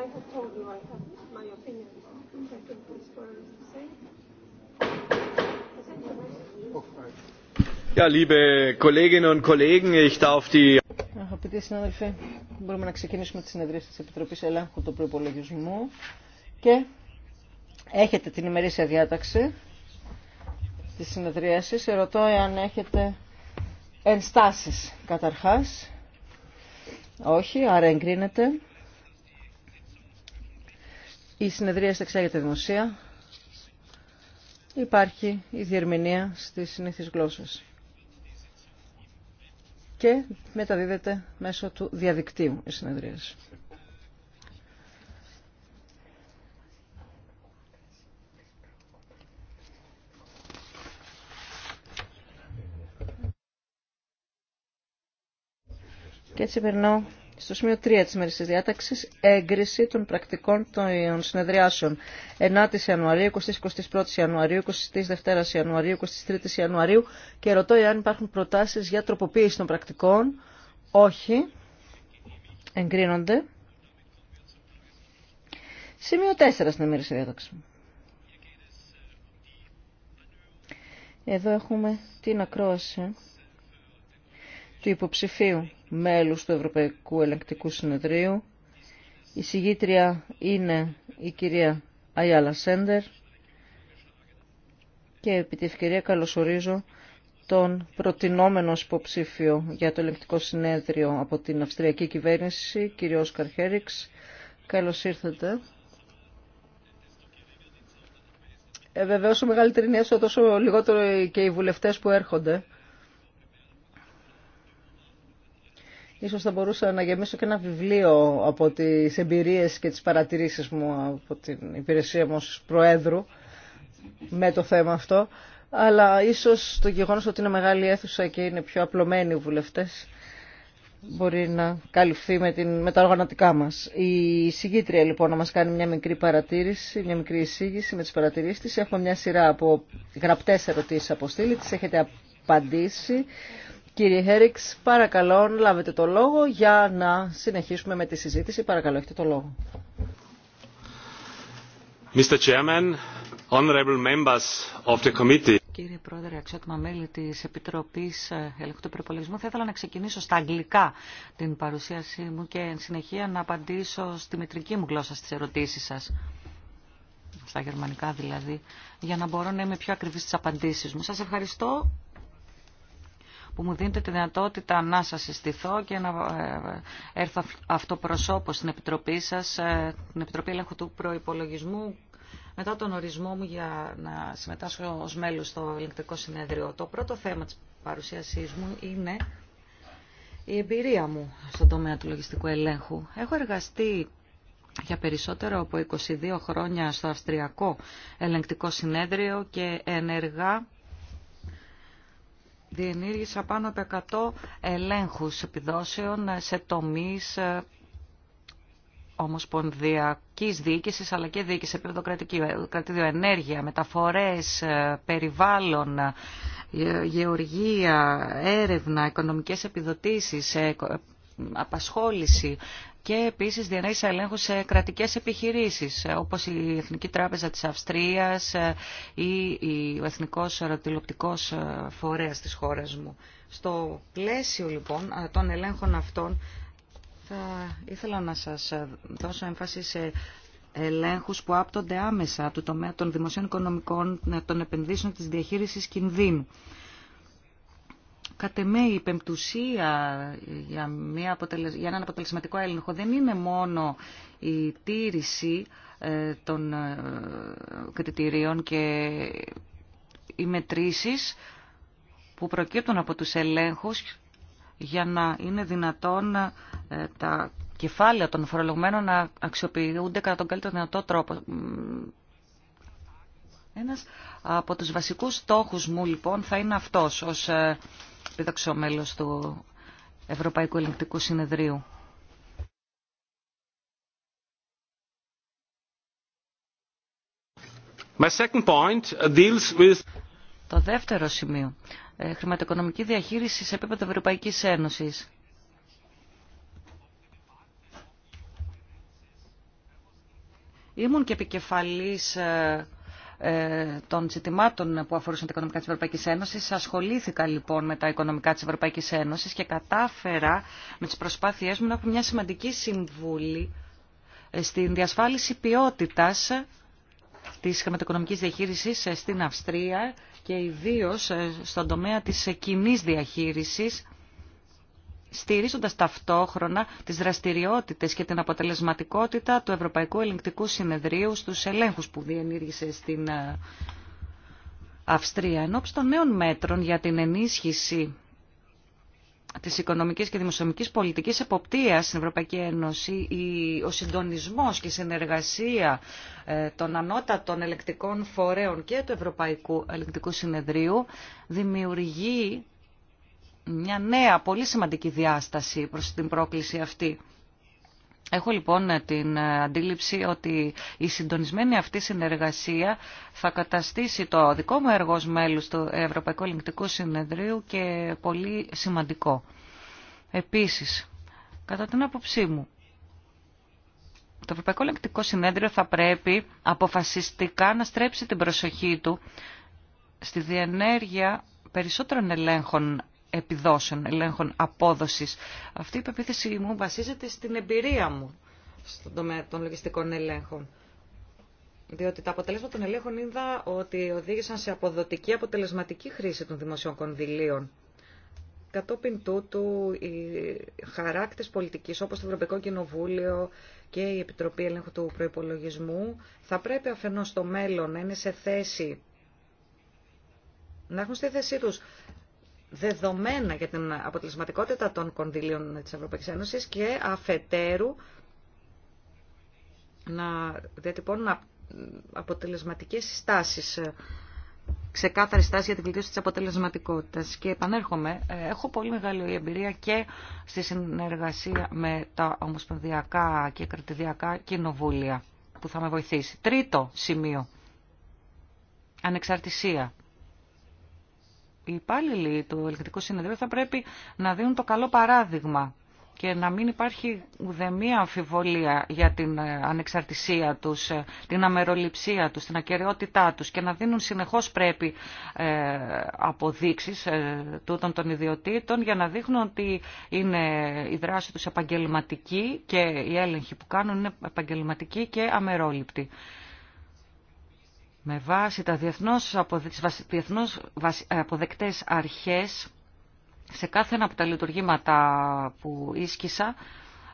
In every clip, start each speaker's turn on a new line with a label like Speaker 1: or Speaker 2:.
Speaker 1: I have told you I have my opinion. I think it's for to say.
Speaker 2: Ja, liebe Kolleginnen und Kollegen, ich darf die...
Speaker 1: Αγαπητοί συνάδελφοι, μπορούμε να ξεκινήσουμε τη συνεδρία τη Επιτροπής Ελέγχου του Προπολογισμού και έχετε την ημερήσια διάταξη της συνεδρίασης. Ρωτώ εάν έχετε ενστάσει καταρχάς. Όχι, άρα εγκρίνεται. Η συνεδρία εξάγεται δημοσία. Υπάρχει η διερμηνία στις συνήθεις γλώσσες. Και μεταδίδεται μέσω του διαδικτύου η συνεδρία. Και έτσι περνώ στο σημείο 3 της της διάταξης, έγκριση των πρακτικών των συνεδριάσεων 9η Ιανουαρίου, 20-21 Ιανουαρίου, 22 Ιανουαρίου, 23 Ιανουαρίου και ρωτώ εάν υπάρχουν προτάσεις για τροποποίηση των πρακτικών. Όχι. Εγκρίνονται. Σημείο 4 στην της διάταξη. Εδώ έχουμε την ακρόαση του υποψηφίου μέλους του Ευρωπαϊκού Ελεγκτικού Συνεδρίου. Η συγγήτρια είναι η κυρία Αιάλα Σέντερ και επί τη ευκαιρία καλωσορίζω τον προτινόμενο υποψήφιο για το ελεγκτικό συνέδριο από την Αυστριακή Κυβέρνηση, κύριο Όσκαρ Χέριξ. Καλώς ήρθατε. Ε, βεβαίως, ο μεγαλύτερη είναι τόσο λιγότερο και οι βουλευτές που έρχονται. Ίσως θα μπορούσα να γεμίσω και ένα βιβλίο από τις εμπειρίες και τις παρατηρήσεις μου από την υπηρεσία μου ως Προέδρου με το θέμα αυτό. Αλλά ίσως το γεγονός ότι είναι μεγάλη αίθουσα και είναι πιο απλωμένοι οι βουλευτές μπορεί να καλυφθεί με, την, με τα οργανωτικά μας. Η συγκήτρια λοιπόν να μας κάνει μια μικρή παρατήρηση, μια μικρή εισήγηση με τις παρατηρήσεις της. Έχουμε μια σειρά από γραπτές ερωτήσεις αποστήλη, τις έχετε απαντήσει. Κύριε Χέριξ, παρακαλώ λάβετε το λόγο για να συνεχίσουμε με τη συζήτηση. Παρακαλώ, έχετε το λόγο.
Speaker 2: Κύριε Πρόεδρε, αξιότιμα μέλη τη Επιτροπή ε, Ελέγχου του Προπολογισμού, θα ήθελα να ξεκινήσω στα αγγλικά την παρουσίασή μου και εν συνεχεία να απαντήσω στη μητρική μου γλώσσα στι ερωτήσει σα. Στα γερμανικά δηλαδή, για να μπορώ να είμαι πιο ακριβή στι απαντήσει μου. Σα ευχαριστώ που μου δίνετε τη δυνατότητα να σας συστηθώ και να ε, έρθω αυτοπροσώπως στην Επιτροπή σας, ε, την Επιτροπή Ελέγχου του Προϋπολογισμού, μετά τον ορισμό μου για να συμμετάσχω ως μέλος στο ελεγκτικό συνέδριο. Το πρώτο θέμα της παρουσίασής μου είναι η εμπειρία μου στον τομέα του λογιστικού ελέγχου. Έχω εργαστεί για περισσότερο από 22 χρόνια στο Αυστριακό Ελεγκτικό Συνέδριο και ενεργά διενήργησα πάνω από 100 ελέγχους επιδόσεων σε τομείς ε, ομοσπονδιακής διοίκησης αλλά και διοίκηση επίπεδο κρατήριο ε, ενέργεια, μεταφορές, ε, περιβάλλον, γεωργία, έρευνα, οικονομικές επιδοτήσεις, απασχόληση και επίσης διενέργησε ελέγχου σε κρατικές επιχειρήσεις όπως η Εθνική Τράπεζα της Αυστρίας ή ο Εθνικός Ρωτηλοπτικός Φορέας της χώρας μου. Στο πλαίσιο λοιπόν των ελέγχων αυτών θα ήθελα να σας δώσω έμφαση σε ελέγχους που άπτονται άμεσα του τομέα των δημοσίων οικονομικών, των επενδύσεων της διαχείρισης κινδύνου. Κατ' εμέ η πεμπτουσία για, μια για έναν αποτελεσματικό έλεγχο δεν είναι μόνο η τήρηση ε, των ε, κριτηρίων και οι μετρήσεις που προκύπτουν από τους ελέγχους για να είναι δυνατόν ε, τα κεφάλαια των φορολογμένων να αξιοποιούνται κατά τον καλύτερο δυνατό τρόπο. Ένας από τους βασικούς στόχους μου λοιπόν θα είναι αυτός ως ε, επίδοξο μέλος του Ευρωπαϊκού Ελληνικτικού Συνεδρίου. Το δεύτερο σημείο. Ε, χρηματοοικονομική διαχείριση σε επίπεδο Ευρωπαϊκής Ένωσης. Ήμουν και επικεφαλής ε, ε, των ζητημάτων που αφορούσαν τα οικονομικά της Ευρωπαϊκής Ένωσης. Ασχολήθηκα λοιπόν με τα οικονομικά της Ευρωπαϊκής Ένωσης και κατάφερα με τις προσπάθειές μου να έχω μια σημαντική συμβούλη ε, στην διασφάλιση ποιότητας της χρηματοοικονομικής διαχείρισης ε, στην Αυστρία και ιδίως στον τομέα της κοινή διαχείρισης στηρίζοντας ταυτόχρονα τις δραστηριότητες και την αποτελεσματικότητα του Ευρωπαϊκού Ελεγκτικού Συνεδρίου στους ελέγχους που διενήργησε στην ε, Αυστρία. Εν των νέων μέτρων για την ενίσχυση της οικονομικής και δημοσιομικής πολιτικής εποπτείας στην Ευρωπαϊκή Ένωση, ο συντονισμός και η συνεργασία ε, των ανώτατων ελεκτικών φορέων και του Ευρωπαϊκού Ελεγκτικού Συνεδρίου δημιουργεί μια νέα πολύ σημαντική διάσταση προς την πρόκληση αυτή. Έχω λοιπόν την αντίληψη ότι η συντονισμένη αυτή συνεργασία θα καταστήσει το δικό μου έργο ως μέλος του Ευρωπαϊκού Ελληνικτικού Συνεδρίου και πολύ σημαντικό. Επίσης, κατά την άποψή μου, το Ευρωπαϊκό Ελεγκτικό Συνέδριο θα πρέπει αποφασιστικά να στρέψει την προσοχή του στη διενέργεια περισσότερων ελέγχων επιδόσεων, ελέγχων απόδοσης. Αυτή η πεποίθηση μου βασίζεται στην εμπειρία μου στον τομέα των λογιστικών ελέγχων. Διότι τα αποτελέσματα των ελέγχων είδα ότι οδήγησαν σε αποδοτική, αποτελεσματική χρήση των δημοσίων κονδυλίων. Κατόπιν τούτου, οι χαράκτες πολιτικής όπως το Ευρωπαϊκό Κοινοβούλιο και η Επιτροπή Ελέγχου του Προϋπολογισμού θα πρέπει αφενός στο μέλλον να είναι σε θέση να έχουν στη θέση τους δεδομένα για την αποτελεσματικότητα των κονδυλίων της Ευρωπαϊκής Ένωσης και αφετέρου να διατυπώνουν αποτελεσματικές στάσεις, ξεκάθαρη στάση για την βελτίωση της αποτελεσματικότητας. Και επανέρχομαι, ε, έχω πολύ μεγάλη εμπειρία και στη συνεργασία με τα ομοσπονδιακά και κρατηδιακά κοινοβούλια που θα με βοηθήσει. Τρίτο σημείο, ανεξαρτησία οι υπάλληλοι του ελεκτικού συνεδρίου θα πρέπει να δίνουν το καλό παράδειγμα και να μην υπάρχει ουδεμία αμφιβολία για την ε, ανεξαρτησία τους, ε, την αμεροληψία τους, την ακαιρεότητά τους και να δίνουν συνεχώς πρέπει ε, αποδείξεις τούτων των ιδιωτήτων για να δείχνουν ότι είναι η δράση τους επαγγελματική και οι έλεγχοι που κάνουν είναι επαγγελματικοί και αμερόληπτοι με βάση τα διεθνώς, διεθνώς ε, αποδεκτές αρχές σε κάθε ένα από τα λειτουργήματα που ίσκησα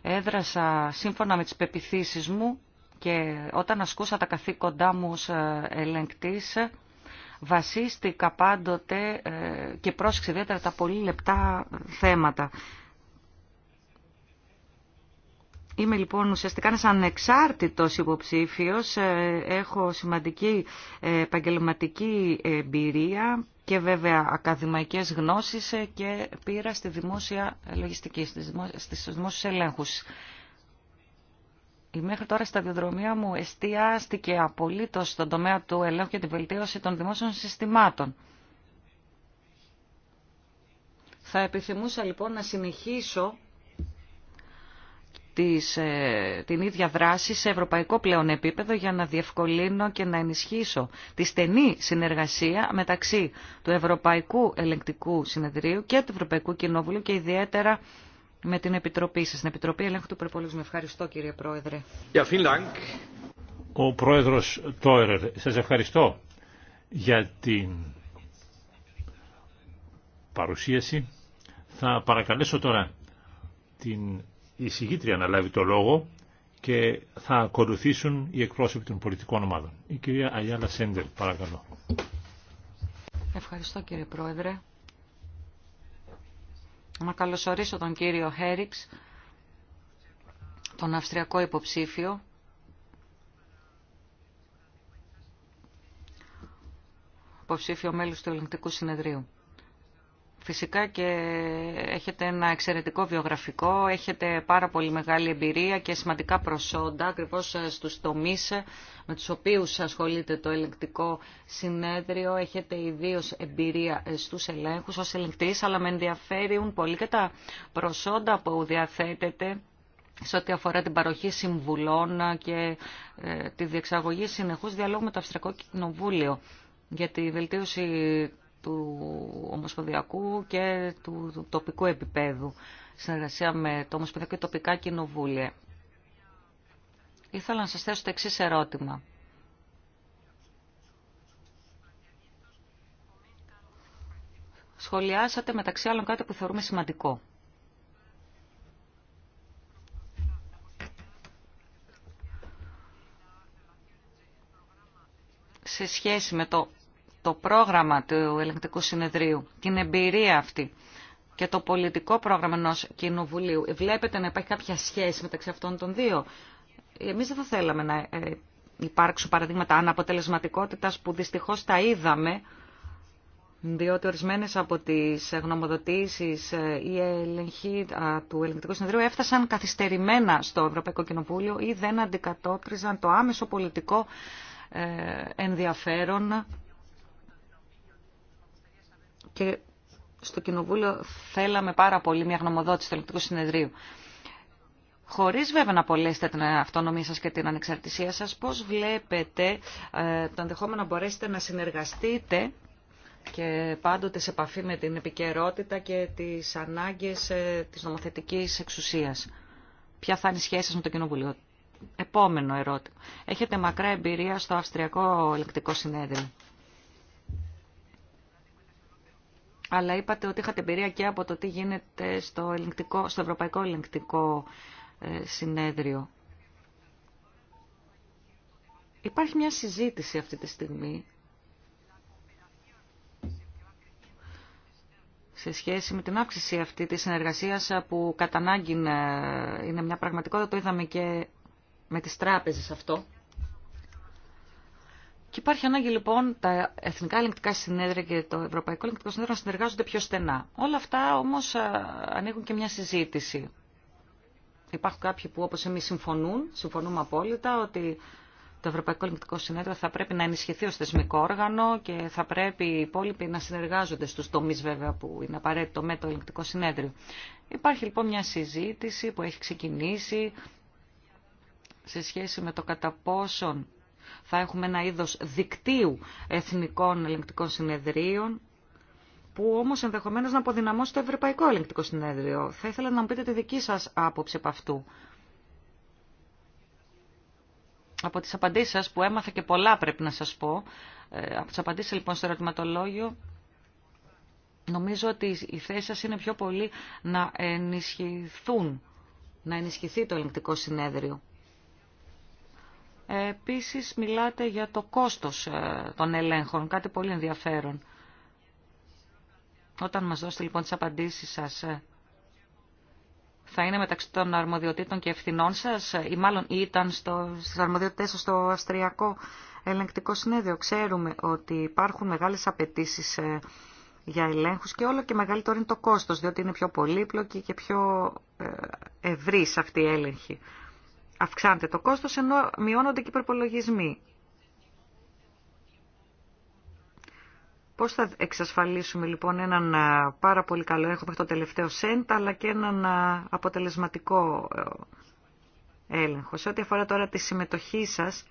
Speaker 2: έδρασα σύμφωνα με τις πεπιθήσεις μου και όταν ασκούσα τα καθήκοντά μου ως ε, ελεγκτής βασίστηκα πάντοτε ε, και πρόσεξε ιδιαίτερα τα πολύ λεπτά θέματα Είμαι λοιπόν ουσιαστικά ένας ανεξάρτητος υποψήφιος, ε, έχω σημαντική ε, επαγγελματική εμπειρία και βέβαια ακαδημαϊκές γνώσεις ε, και πήρα στη δημόσια λογιστική, στις δημόσιους ελέγχους. Η μέχρι τώρα σταδιοδρομία μου εστιάστηκε απολύτως στον τομέα του ελέγχου και τη βελτίωση των δημόσιων συστημάτων. Θα επιθυμούσα λοιπόν να συνεχίσω ε, την ίδια δράση σε ευρωπαϊκό πλέον επίπεδο για να διευκολύνω και να ενισχύσω τη στενή συνεργασία μεταξύ του Ευρωπαϊκού Ελεγκτικού Συνεδρίου και του Ευρωπαϊκού Κοινόβουλου και ιδιαίτερα με την Επιτροπή σας, Στην Επιτροπή Ελέγχου του Με Ευχαριστώ κύριε Πρόεδρε.
Speaker 3: Ο Πρόεδρος Τόερερ, σας ευχαριστώ για την παρουσίαση. Θα παρακαλέσω τώρα την η συγγήτρια να λάβει το λόγο και θα ακολουθήσουν οι εκπρόσωποι των πολιτικών ομάδων. Η κυρία Αγιάλα Σέντερ, παρακαλώ.
Speaker 2: Ευχαριστώ κύριε Πρόεδρε. Να καλωσορίσω τον κύριο Χέριξ, τον Αυστριακό υποψήφιο. Υποψήφιο μέλος του Ελληνικού Συνεδρίου. Φυσικά και έχετε ένα εξαιρετικό βιογραφικό, έχετε πάρα πολύ μεγάλη εμπειρία και σημαντικά προσόντα ακριβώ στους τομείς με τους οποίους ασχολείται το ελεγκτικό συνέδριο. Έχετε ιδίω εμπειρία στους ελέγχους ως ελεγκτής, αλλά με ενδιαφέρουν πολύ και τα προσόντα που διαθέτετε σε ό,τι αφορά την παροχή συμβουλών και ε, τη διεξαγωγή συνεχούς διαλόγου με το Αυστρακό Κοινοβούλιο για τη βελτίωση του ομοσπονδιακού και του τοπικού επίπεδου, συνεργασία με το ομοσπονδιακό και τοπικά κοινοβούλια. Ήθελα να σας θέσω το εξή ερώτημα. Σχολιάσατε μεταξύ άλλων κάτι που θεωρούμε σημαντικό. σε σχέση με το το πρόγραμμα του ελεγκτικού συνεδρίου, την εμπειρία αυτή και το πολιτικό πρόγραμμα ενό κοινοβουλίου, βλέπετε να υπάρχει κάποια σχέση μεταξύ αυτών των δύο. Εμείς δεν θα θέλαμε να ε, υπάρξουν παραδείγματα αναποτελεσματικότητας που δυστυχώς τα είδαμε, διότι ορισμένες από τις γνωμοδοτήσεις ή ε, ελεγχή του Ελεγκτικού Συνεδρίου έφτασαν καθυστερημένα στο Ευρωπαϊκό Κοινοβούλιο ή δεν αντικατόπτριζαν το άμεσο πολιτικό ε, ενδιαφέρον και στο Κοινοβούλιο θέλαμε πάρα πολύ μια γνωμοδότηση του ελεκτρικού Συνεδρίου. Χωρί βέβαια να απολέσετε την αυτονομία σα και την ανεξαρτησία σα, πώ βλέπετε ε, το ενδεχόμενο να μπορέσετε να συνεργαστείτε και πάντοτε σε επαφή με την επικαιρότητα και τι ανάγκε ε, τη νομοθετική εξουσία. Ποια θα είναι η σχέση με το Κοινοβούλιο. Επόμενο ερώτημα. Έχετε μακρά εμπειρία στο Αυστριακό Ελεκτικό Συνέδριο. αλλά είπατε ότι είχατε εμπειρία και από το τι γίνεται στο, στο Ευρωπαϊκό Ελεγκτικό ε, Συνέδριο. Υπάρχει μια συζήτηση αυτή τη στιγμή σε σχέση με την αύξηση αυτή της συνεργασίας που κατά ανάγκη ε, είναι μια πραγματικότητα, το είδαμε και με τις τράπεζες αυτό. Και υπάρχει ανάγκη λοιπόν τα εθνικά ελεγκτικά συνέδρια και το Ευρωπαϊκό Ελεγκτικό Συνέδριο να συνεργάζονται πιο στενά. Όλα αυτά όμω ανοίγουν και μια συζήτηση. Υπάρχουν κάποιοι που όπω εμεί συμφωνούν, συμφωνούμε απόλυτα ότι το Ευρωπαϊκό Ελεγκτικό Συνέδριο θα πρέπει να ενισχυθεί ω θεσμικό όργανο και θα πρέπει οι υπόλοιποι να συνεργάζονται στου τομεί βέβαια που είναι απαραίτητο με το Ελεγκτικό Συνέδριο. Υπάρχει λοιπόν μια συζήτηση που έχει ξεκινήσει σε σχέση με το κατά πόσον θα έχουμε ένα είδος δικτύου εθνικών ελεγκτικών συνεδρίων, που όμως ενδεχομένως να αποδυναμώσει το Ευρωπαϊκό Ελεγκτικό Συνέδριο. Θα ήθελα να μου πείτε τη δική σας άποψη από αυτού. Από τις απαντήσεις σας που έμαθα και πολλά πρέπει να σας πω, ε, από τις απαντήσεις λοιπόν στο ερωτηματολόγιο, νομίζω ότι η θέση σας είναι πιο πολύ να ενισχυθούν, να ενισχυθεί το ελεγκτικό συνέδριο. Επίσης μιλάτε για το κόστος ε, των ελέγχων, κάτι πολύ ενδιαφέρον. Όταν μας δώσετε λοιπόν τις απαντήσεις σας, ε, θα είναι μεταξύ των αρμοδιοτήτων και ευθυνών σας ε, ή μάλλον ήταν στο, στις αρμοδιότητες σας στο Αυστριακό Ελεγκτικό Συνέδριο. Ξέρουμε ότι υπάρχουν μεγάλες απαιτήσει για ελέγχους και όλο και μεγαλύτερο είναι το κόστος, διότι είναι πιο πολύπλοκη και πιο ευρύς αυτή η έλεγχη αυξάνεται το κόστος ενώ μειώνονται και οι προπολογισμοί. Πώς θα εξασφαλίσουμε λοιπόν έναν πάρα πολύ καλό έλεγχο μέχρι το τελευταίο σέντ, αλλά και έναν αποτελεσματικό ε, έλεγχο. Σε ό,τι αφορά τώρα τη συμμετοχή σας,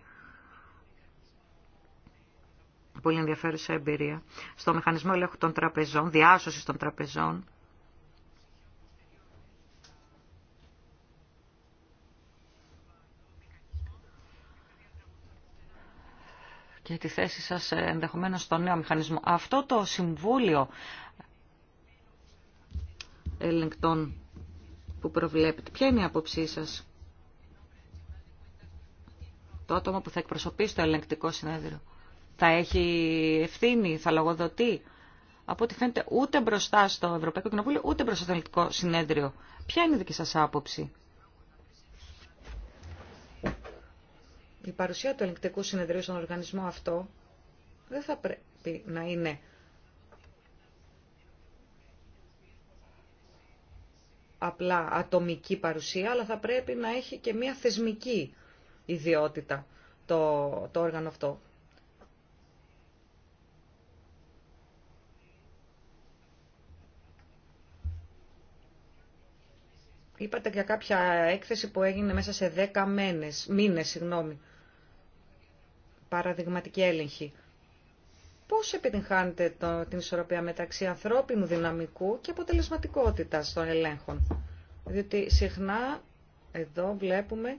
Speaker 2: πολύ ενδιαφέρουσα εμπειρία, στο μηχανισμό ελέγχου των τραπεζών, διάσωση των τραπεζών, και τη θέση σας ε, ενδεχομένως στο νέο μηχανισμό. Αυτό το Συμβούλιο Ελεγκτών που προβλέπετε, ποια είναι η άποψή σας, το άτομο που θα εκπροσωπεί το ελεγκτικό συνέδριο, θα έχει ευθύνη, θα λογοδοτεί, από ό,τι φαίνεται ούτε μπροστά στο Ευρωπαϊκό Κοινοβούλιο, ούτε μπροστά στο Ελεγκτικό Συνέδριο. Ποια είναι η δική σας άποψη η παρουσία του ελεγκτικού συνεδρίου στον οργανισμό αυτό δεν θα πρέπει να είναι απλά ατομική παρουσία, αλλά θα πρέπει να έχει και μια θεσμική ιδιότητα το, το όργανο αυτό. Είπατε για κάποια έκθεση που έγινε μέσα σε 10 μήνες, μήνες συγγνώμη παραδειγματική έλεγχη. Πώς επιτυγχάνετε το, την ισορροπία μεταξύ ανθρώπινου δυναμικού και αποτελεσματικότητας των ελέγχων. Διότι συχνά εδώ βλέπουμε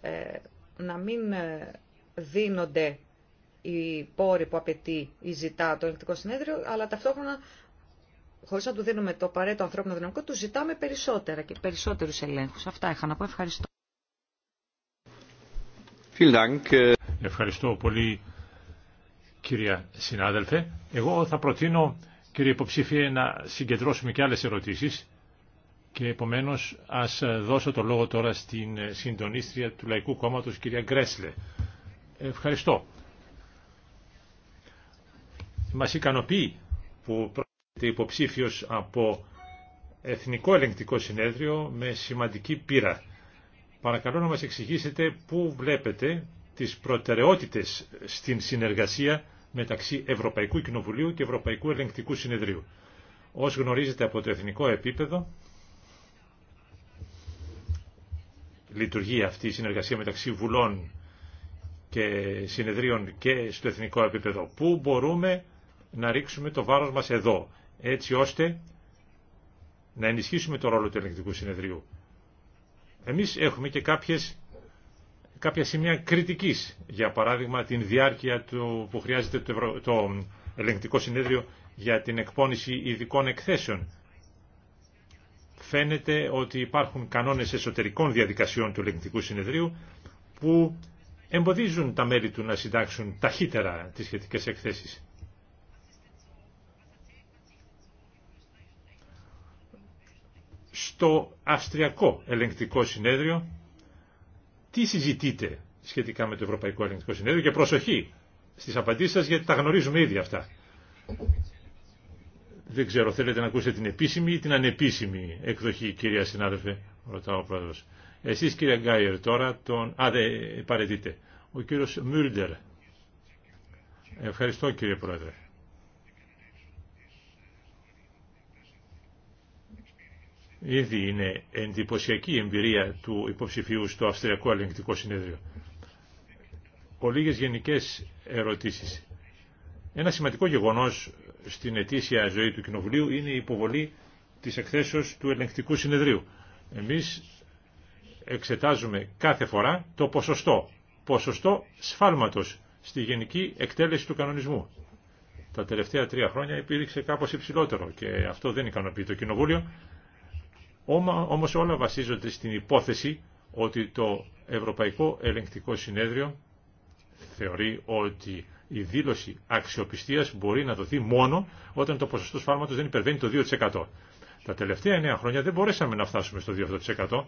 Speaker 2: ε, να μην ε, δίνονται οι πόροι που απαιτεί ή ζητά το ελεγκτικό συνέδριο, αλλά ταυτόχρονα χωρίς να του δίνουμε το παρέτο ανθρώπινο δυναμικό, του ζητάμε περισσότερα και περισσότερους ελέγχους. Αυτά είχα να πω. Ευχαριστώ.
Speaker 3: Äh, Ευχαριστώ πολύ κυρία συνάδελφε. Εγώ θα προτείνω κύριε υποψήφιε να συγκεντρώσουμε και άλλες ερωτήσεις και επομένως ας ε, δώσω το λόγο τώρα στην ε, συντονίστρια του Λαϊκού Κόμματος κυρία Γκρέσλε. Ευχαριστώ. Μας ικανοποιεί που πρόκειται υποψήφιος από Εθνικό Ελεγκτικό Συνέδριο με σημαντική πείρα Παρακαλώ να μας εξηγήσετε πού βλέπετε τις προτεραιότητες στην συνεργασία μεταξύ Ευρωπαϊκού Κοινοβουλίου και Ευρωπαϊκού Ελεγκτικού Συνεδρίου. Ως γνωρίζετε από το εθνικό επίπεδο, λειτουργεί αυτή η συνεργασία μεταξύ βουλών και συνεδρίων και στο εθνικό επίπεδο. Πού μπορούμε να ρίξουμε το βάρος μας εδώ, έτσι ώστε να ενισχύσουμε το ρόλο του ελεγκτικού συνεδρίου. Εμείς έχουμε και κάποιες, κάποια σημεία κριτικής, για παράδειγμα την διάρκεια του, που χρειάζεται το, Ευρω... το ελεγκτικό συνέδριο για την εκπόνηση ειδικών εκθέσεων. Φαίνεται ότι υπάρχουν κανόνες εσωτερικών διαδικασιών του ελεγκτικού συνεδρίου που εμποδίζουν τα μέλη του να συντάξουν ταχύτερα τις σχετικές εκθέσεις. στο Αυστριακό Ελεγκτικό Συνέδριο τι συζητείτε σχετικά με το Ευρωπαϊκό Ελεγκτικό Συνέδριο και προσοχή στις απαντήσεις σας γιατί τα γνωρίζουμε ήδη αυτά. Δεν ξέρω, θέλετε να ακούσετε την επίσημη ή την ανεπίσημη εκδοχή, κυρία συνάδελφε, ρωτάω ο πρόεδρος. Εσείς, κύριε Γκάιερ, τώρα τον... Α, δεν παρετείτε. Ο κύριος Μούλντερ. Ευχαριστώ, κύριε πρόεδρε. Ήδη είναι εντυπωσιακή η εμπειρία του υποψηφίου στο Αυστριακό Ελεγκτικό Συνέδριο. Ολίγες γενικές ερωτήσεις. Ένα σημαντικό γεγονός στην ετήσια ζωή του Κοινοβουλίου είναι η υποβολή της εκθέσεως του Ελεγκτικού Συνεδρίου. Εμείς εξετάζουμε κάθε φορά το ποσοστό, ποσοστό σφάλματος στη γενική εκτέλεση του κανονισμού. Τα τελευταία τρία χρόνια υπήρξε κάπως υψηλότερο και αυτό δεν ικανοποιεί το Κοινοβούλιο όμως όλα βασίζονται στην υπόθεση ότι το Ευρωπαϊκό Ελεγκτικό Συνέδριο θεωρεί ότι η δήλωση αξιοπιστίας μπορεί να δοθεί μόνο όταν το ποσοστό σφάλματος δεν υπερβαίνει το 2%. Τα τελευταία 9 χρόνια δεν μπορέσαμε να φτάσουμε στο 2%.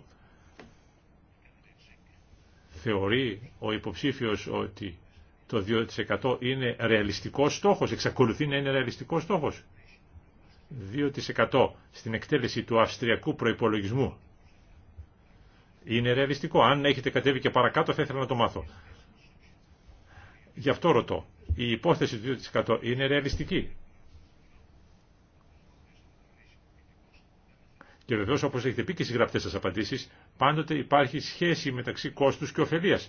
Speaker 3: Θεωρεί ο υποψήφιος ότι το 2% είναι ρεαλιστικός στόχος, εξακολουθεί να είναι ρεαλιστικός στόχος. 2% στην εκτέλεση του αυστριακού προϋπολογισμού. Είναι ρεαλιστικό. Αν έχετε κατέβει και παρακάτω θα ήθελα να το μάθω. Γι' αυτό ρωτώ. Η υπόθεση του 2% είναι ρεαλιστική. Και βεβαίω, όπω έχετε πει και στι γραπτέ σα απαντήσει, πάντοτε υπάρχει σχέση μεταξύ κόστους και ωφελία.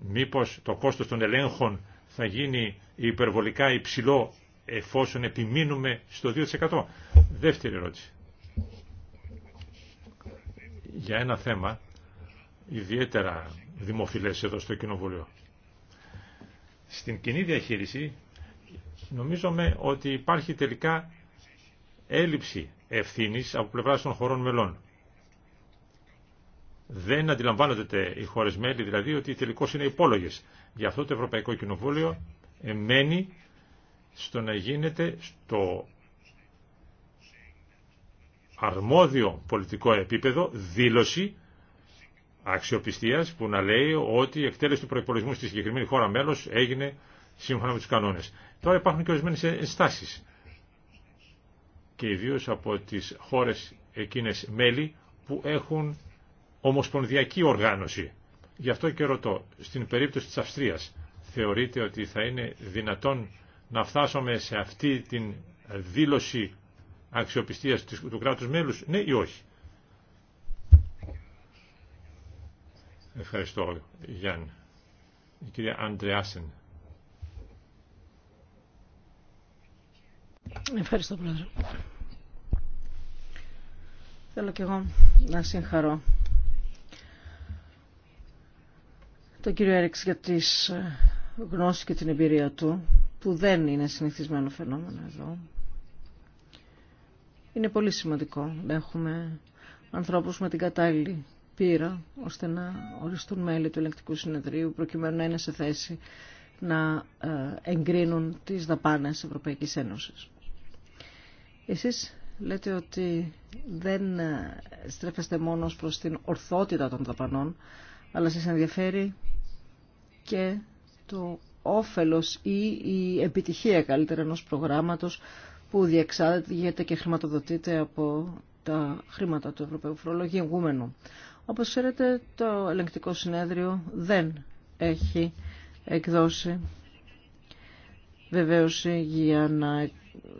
Speaker 3: Μήπως το κόστος των ελέγχων θα γίνει υπερβολικά υψηλό εφόσον επιμείνουμε στο 2%. Δεύτερη ερώτηση. Για ένα θέμα ιδιαίτερα δημοφιλές εδώ στο Κοινοβούλιο. Στην κοινή διαχείριση νομίζομαι ότι υπάρχει τελικά έλλειψη ευθύνης από πλευρά των χωρών μελών. Δεν αντιλαμβάνονται οι χώρες μέλη δηλαδή ότι τελικώς είναι υπόλογες. Γι' αυτό το Ευρωπαϊκό Κοινοβούλιο εμένει στο να γίνεται στο αρμόδιο πολιτικό επίπεδο δήλωση αξιοπιστίας που να λέει ότι η εκτέλεση του προϋπολογισμού στη συγκεκριμένη χώρα μέλος έγινε σύμφωνα με τους κανόνες. Τώρα υπάρχουν και ορισμένες ενστάσεις και ιδίω από τις χώρες εκείνες μέλη που έχουν ομοσπονδιακή οργάνωση. Γι' αυτό και ρωτώ, στην περίπτωση της Αυστρίας θεωρείτε ότι θα είναι δυνατόν να φτάσουμε σε αυτή την δήλωση αξιοπιστίας του κράτους μέλους, ναι ή όχι. Ευχαριστώ, Γιάννη. Η κυρία Αντρεάσεν.
Speaker 1: Ευχαριστώ, Πρόεδρε. Θέλω και εγώ να συγχαρώ τον κύριο Έριξ για τις ε, γνώσεις και την εμπειρία του που δεν είναι συνηθισμένο φαινόμενο εδώ. Είναι πολύ σημαντικό να έχουμε ανθρώπους με την κατάλληλη πείρα ώστε να οριστούν μέλη του Ελεκτικού συνεδρίου προκειμένου να είναι σε θέση να ε, εγκρίνουν τις δαπάνες Ευρωπαϊκής Ένωσης. Εσείς λέτε ότι δεν ε, στρέφεστε μόνο προς την ορθότητα των δαπανών αλλά σας ενδιαφέρει και το όφελος ή η επιτυχία καλύτερα ενός προγράμματος που διεξάγεται και χρηματοδοτείται από τα χρήματα του Ευρωπαίου Προλογίου. Όπως ξέρετε το ελεγκτικό συνέδριο δεν έχει εκδώσει βεβαίωση για να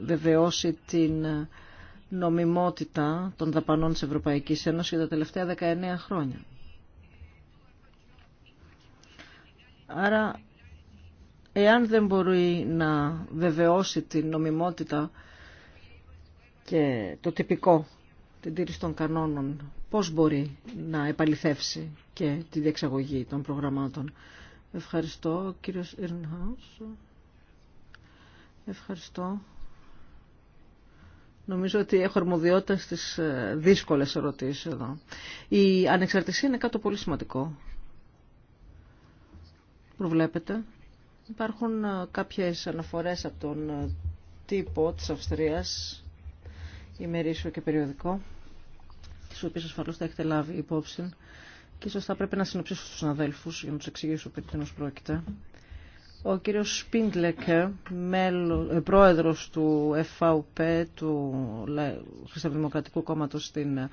Speaker 1: βεβαιώσει την νομιμότητα των δαπανών της Ευρωπαϊκής Ένωσης για τα τελευταία 19 χρόνια. Άρα εάν δεν μπορεί να βεβαιώσει την νομιμότητα και το τυπικό, την τήρηση των κανόνων, πώς μπορεί να επαληθεύσει και τη διεξαγωγή των προγραμμάτων. Ευχαριστώ, κύριος Ιρνχάους. Ευχαριστώ. Νομίζω ότι έχω αρμοδιότητα στις ε, δύσκολες ερωτήσεις εδώ. Η ανεξαρτησία είναι κάτι πολύ σημαντικό. Προβλέπετε Υπάρχουν ε, κάποιες αναφορές από τον ε, τύπο της Αυστρίας, ημερήσιο και περιοδικό, τις οποίες ασφαλώς θα έχετε λάβει υπόψη και ίσως θα πρέπει να συνοψίσω τους αδέλφους για να τους εξηγήσω περί τίνος πρόκειται. Ο κύριος Σπίντλεκε, μέλος, ε, πρόεδρος του FVP, του Χριστιανοδημοκρατικού Κόμματος στην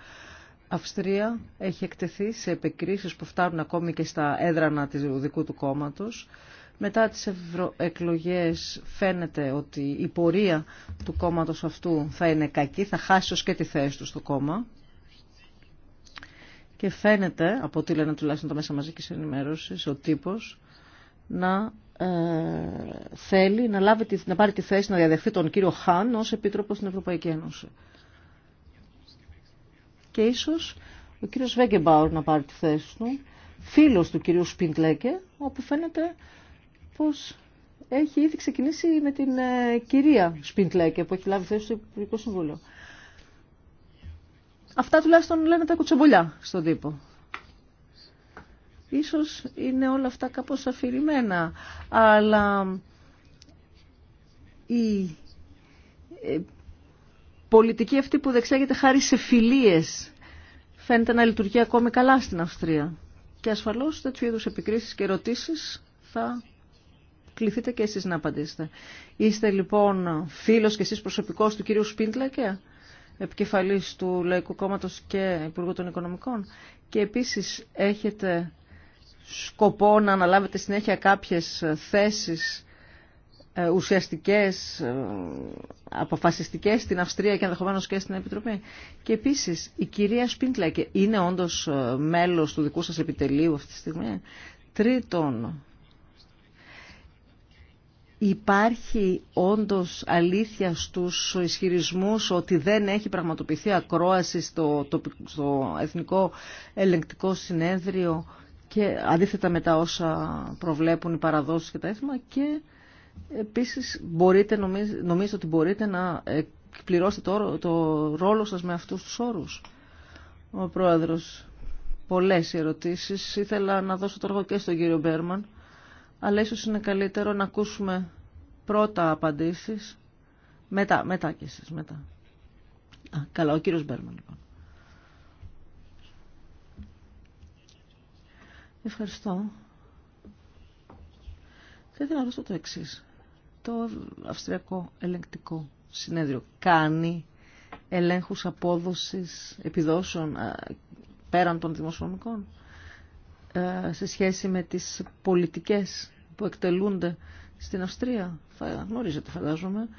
Speaker 1: Αυστρία, έχει εκτεθεί σε επικρίσεις που φτάνουν ακόμη και στα έδρανα του δικού του κόμματος μετά τις εκλογές φαίνεται ότι η πορεία του κόμματος αυτού θα είναι κακή, θα χάσει ως και τη θέση του στο κόμμα. Και φαίνεται, από ό,τι λένε τουλάχιστον τα μέσα μαζικής ενημέρωσης, ο τύπος να ε, θέλει να, λάβει, να πάρει τη θέση να διαδεχθεί τον κύριο Χάν ως επίτροπο στην Ευρωπαϊκή Ένωση. Και ίσως ο κύριος Βέγκεμπάουρ να πάρει τη θέση του, φίλος του κυρίου Σπιντλέκε, όπου φαίνεται πως έχει ήδη ξεκινήσει με την ε, κυρία Σπιντλέκε που έχει λάβει θέση στο Υπουργικό Συμβούλιο. Αυτά τουλάχιστον λένε τα κουτσομπολιά στον τύπο. Ίσως είναι όλα αυτά κάπως αφηρημένα, αλλά η ε, πολιτική αυτή που δεξάγεται χάρη σε φιλίες φαίνεται να λειτουργεί ακόμη καλά στην Αυστρία. Και ασφαλώς τέτοιου είδους επικρίσεις και ερωτήσεις θα κληθείτε και εσείς να απαντήσετε. Είστε λοιπόν φίλος και εσείς προσωπικός του κύριου Σπίντλακε, επικεφαλής του Λαϊκού Κόμματος και Υπουργού των Οικονομικών και επίσης έχετε σκοπό να αναλάβετε συνέχεια κάποιες θέσεις ε, ουσιαστικές, ε, αποφασιστικές στην Αυστρία και ενδεχομένω και στην Επιτροπή. Και επίσης, η κυρία Σπίντλακε είναι όντως ε, μέλος του δικού σας επιτελείου αυτή τη στιγμή. Τρίτον, Υπάρχει όντως αλήθεια στους ισχυρισμούς ότι δεν έχει πραγματοποιηθεί ακρόαση στο, Εθνικό Ελεγκτικό Συνέδριο και αντίθετα με τα όσα προβλέπουν οι παραδόσεις και τα έθιμα και επίσης μπορείτε, νομίζω, ότι μπορείτε να εκπληρώσετε το, το ρόλο σας με αυτούς τους όρους. Ο Πρόεδρος, πολλές ερωτήσεις. Ήθελα να δώσω το έργο και στον κύριο Μπέρμαν αλλά ίσως είναι καλύτερο να ακούσουμε πρώτα απαντήσεις. Μετά, μετά εσείς, μετά. Α, καλά, ο κύριος Μπέρμαν λοιπόν. Ευχαριστώ. Θα ήθελα να ρωτήσω το εξή. Το Αυστριακό Ελεγκτικό Συνέδριο κάνει ελέγχους απόδοσης επιδόσεων πέραν των δημοσιονομικών ε, σε σχέση με τις πολιτικές που εκτελούνται στην Αυστρία θα γνωρίζετε φαντάζομαι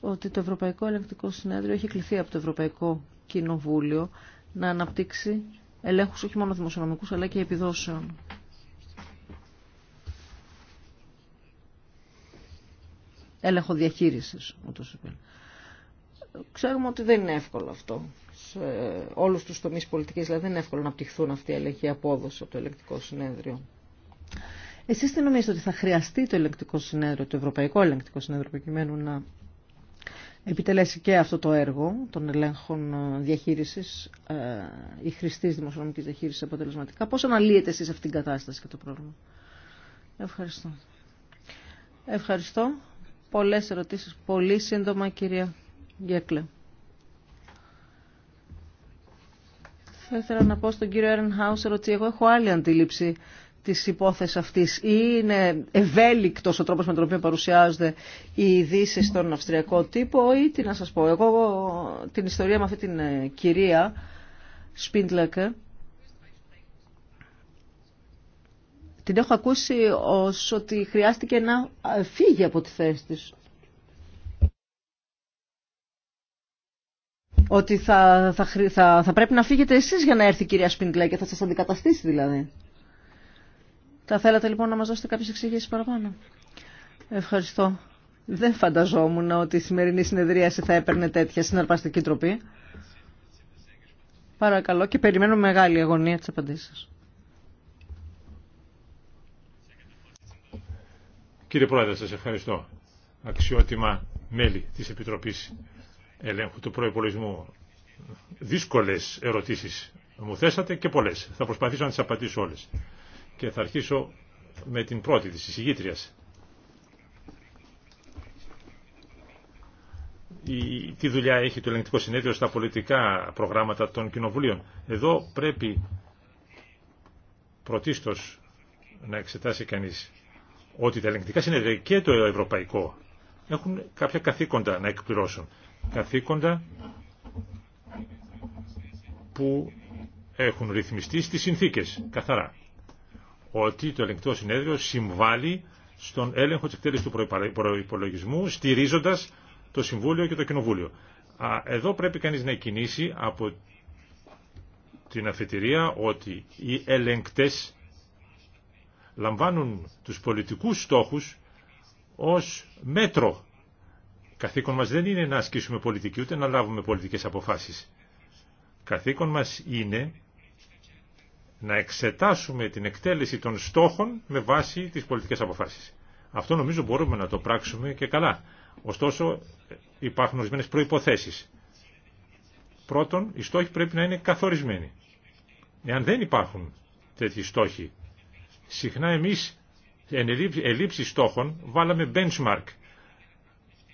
Speaker 1: ότι το Ευρωπαϊκό Ελεγκτικό Συνέδριο έχει κληθεί από το Ευρωπαϊκό Κοινοβούλιο να αναπτύξει ελέγχους όχι μόνο δημοσιονομικούς αλλά και επιδόσεων. Έλεγχο διαχείρισης, ούτως είπε. Ξέρουμε ότι δεν είναι εύκολο αυτό σε όλους τους τομείς πολιτικής, δηλαδή δεν είναι εύκολο να πτυχθούν αυτή η ελεγχή απόδοση από το ελεγκτικό συνέδριο. Εσείς τι νομίζετε ότι θα χρειαστεί το ελεγκτικό συνέδριο, το Ευρωπαϊκό Ελεγκτικό Συνέδριο προκειμένου να επιτελέσει και αυτό το έργο των ελέγχων ε, διαχείρισης ή ε, χρηστή δημοσιονομική διαχείριση αποτελεσματικά. Πώς αναλύετε εσείς αυτήν την κατάσταση και το πρόβλημα. Ευχαριστώ. Ευχαριστώ. Πολλές ερωτήσεις. Πολύ σύντομα κυρία Γκέκλε. Θα ήθελα να πω στον κύριο Έρεν Χάουσερ ότι εγώ έχω άλλη αντίληψη της υπόθεσης αυτής ή είναι ευέλικτος ο τρόπος με τον οποίο παρουσιάζονται οι ειδήσει στον αυστριακό τύπο ή τι να σας πω. Εγώ την ιστορία με αυτή την ε, κυρία Σπίντλεκε την έχω ακούσει ως ότι χρειάστηκε να ε, φύγει από τη θέση της. Ότι θα, θα, θα, πρέπει να φύγετε εσείς για να έρθει η κυρία Σπίντλεκε, θα σας αντικαταστήσει δηλαδή. Θα θέλατε λοιπόν να μας δώσετε κάποιες εξηγήσεις παραπάνω. Ευχαριστώ. Δεν φανταζόμουν ότι η σημερινή συνεδρίαση θα έπαιρνε τέτοια συναρπαστική τροπή. Παρακαλώ και περιμένω μεγάλη αγωνία της
Speaker 3: απαντήσεις. Κύριε Πρόεδρε, σας ευχαριστώ. Αξιότιμα μέλη της Επιτροπής Ελέγχου του Προϋπολογισμού. Δύσκολες ερωτήσεις μου θέσατε και πολλές. Θα προσπαθήσω να τις απαντήσω όλες και θα αρχίσω με την πρώτη της εισηγήτριας. Η, τι δουλειά έχει το ελεγκτικό συνέδριο στα πολιτικά προγράμματα των κοινοβουλίων. Εδώ πρέπει πρωτίστως να εξετάσει κανείς ότι τα ελεγκτικά συνέδρια και το ευρωπαϊκό έχουν κάποια καθήκοντα να εκπληρώσουν. Καθήκοντα που έχουν ρυθμιστεί στις συνθήκες, καθαρά ότι το ελεγκτικό συνέδριο συμβάλλει στον έλεγχο της εκτέλεσης του προϋπολογισμού στηρίζοντας το Συμβούλιο και το Κοινοβούλιο. Εδώ πρέπει κανείς να κινήσει από την αφετηρία ότι οι ελεγκτές λαμβάνουν τους πολιτικούς στόχους ως μέτρο. Καθήκον μας δεν είναι να ασκήσουμε πολιτική ούτε να λάβουμε πολιτικές αποφάσεις. Καθήκον μας είναι να εξετάσουμε την εκτέλεση των στόχων με βάση τις πολιτικές αποφάσεις. Αυτό νομίζω μπορούμε να το πράξουμε και καλά. Ωστόσο υπάρχουν ορισμένε προϋποθέσεις. Πρώτον, οι στόχοι πρέπει να είναι καθορισμένοι. Εάν δεν υπάρχουν τέτοιοι στόχοι, συχνά εμείς εν ελήψη στόχων βάλαμε benchmark.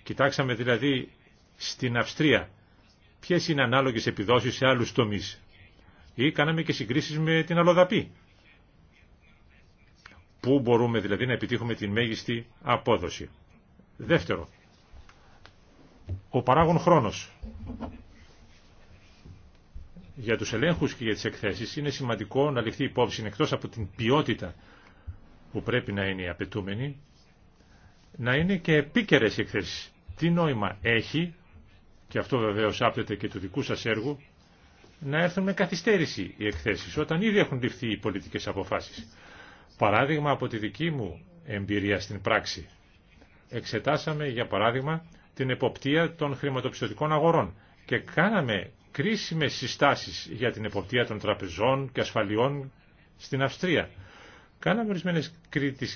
Speaker 3: Κοιτάξαμε δηλαδή στην Αυστρία ποιες είναι ανάλογες επιδόσεις σε άλλους τομείς. Ή κάναμε και συγκρίσεις με την αλλοδαπή. Πού μπορούμε δηλαδή να επιτύχουμε την μέγιστη απόδοση. Δεύτερο, ο παράγων χρόνος. Για τους ελέγχους και για τις εκθέσεις είναι σημαντικό να ληφθεί υπόψη εκτός από την ποιότητα που πρέπει να είναι η απαιτούμενη, να είναι και επίκαιρε εκθέσεις. Τι νόημα έχει, και αυτό βεβαίως άπτεται και του δικού σας έργου, να έρθουν με καθυστέρηση οι εκθέσεις, όταν ήδη έχουν ληφθεί οι πολιτικές αποφάσεις. Παράδειγμα από τη δική μου εμπειρία στην πράξη. Εξετάσαμε, για παράδειγμα, την εποπτεία των χρηματοπιστωτικών αγορών και κάναμε κρίσιμες συστάσεις για την εποπτεία των τραπεζών και ασφαλιών στην Αυστρία. Κάναμε ορισμένες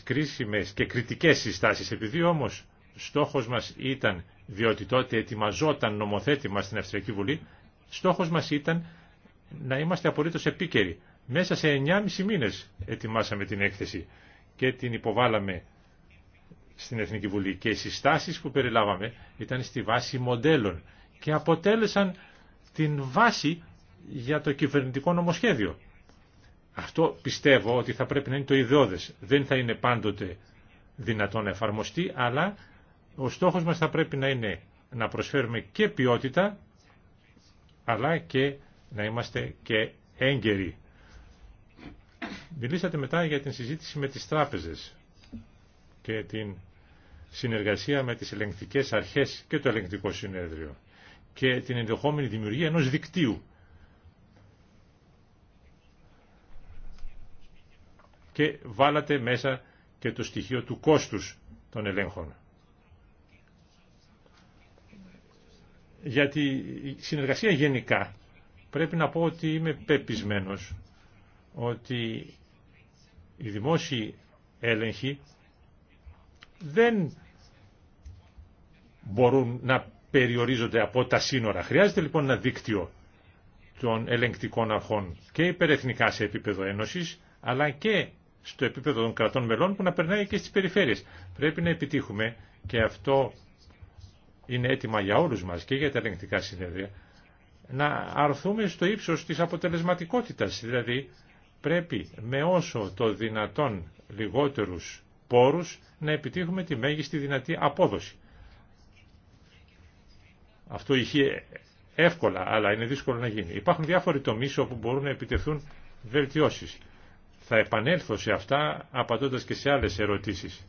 Speaker 3: κρίσιμες και κριτικές συστάσεις, επειδή όμως στόχος μας ήταν, διότι τότε ετοιμαζόταν νομοθέτημα στην Αυστριακή Βουλή, Στόχος μας ήταν να είμαστε απολύτως επίκαιροι. Μέσα σε 9,5 μήνες ετοιμάσαμε την έκθεση και την υποβάλαμε στην Εθνική Βουλή και οι συστάσεις που περιλάβαμε ήταν στη βάση μοντέλων και αποτέλεσαν την βάση για το κυβερνητικό νομοσχέδιο. Αυτό πιστεύω ότι θα πρέπει να είναι το ιδεώδες. Δεν θα είναι πάντοτε δυνατόν να εφαρμοστεί, αλλά ο στόχος μας θα πρέπει να είναι να προσφέρουμε και ποιότητα αλλά και να είμαστε και έγκαιροι. Μιλήσατε μετά για την συζήτηση με τις τράπεζες και την συνεργασία με τις ελεγκτικές αρχές και το ελεγκτικό συνέδριο και την ενδεχόμενη δημιουργία ενός δικτύου. Και βάλατε μέσα και το στοιχείο του κόστους των ελέγχων. γιατί τη συνεργασία γενικά πρέπει να πω ότι είμαι πεπισμένος ότι οι δημόσιοι έλεγχοι δεν μπορούν να περιορίζονται από τα σύνορα. Χρειάζεται λοιπόν ένα δίκτυο των ελεγκτικών αρχών και υπερεθνικά σε επίπεδο ένωσης, αλλά και στο επίπεδο των κρατών μελών που να περνάει και στις περιφέρειες. Πρέπει να επιτύχουμε, και αυτό είναι έτοιμα για όλους μας και για τα ελεγκτικά συνέδρια, να αρθούμε στο ύψος της αποτελεσματικότητας. Δηλαδή πρέπει με όσο το δυνατόν λιγότερους πόρους να επιτύχουμε τη μέγιστη δυνατή απόδοση. Αυτό είχε εύκολα, αλλά είναι δύσκολο να γίνει. Υπάρχουν διάφοροι τομείς όπου μπορούν να επιτεθούν βελτιώσεις. Θα επανέλθω σε αυτά απαντώντας και σε άλλες ερωτήσεις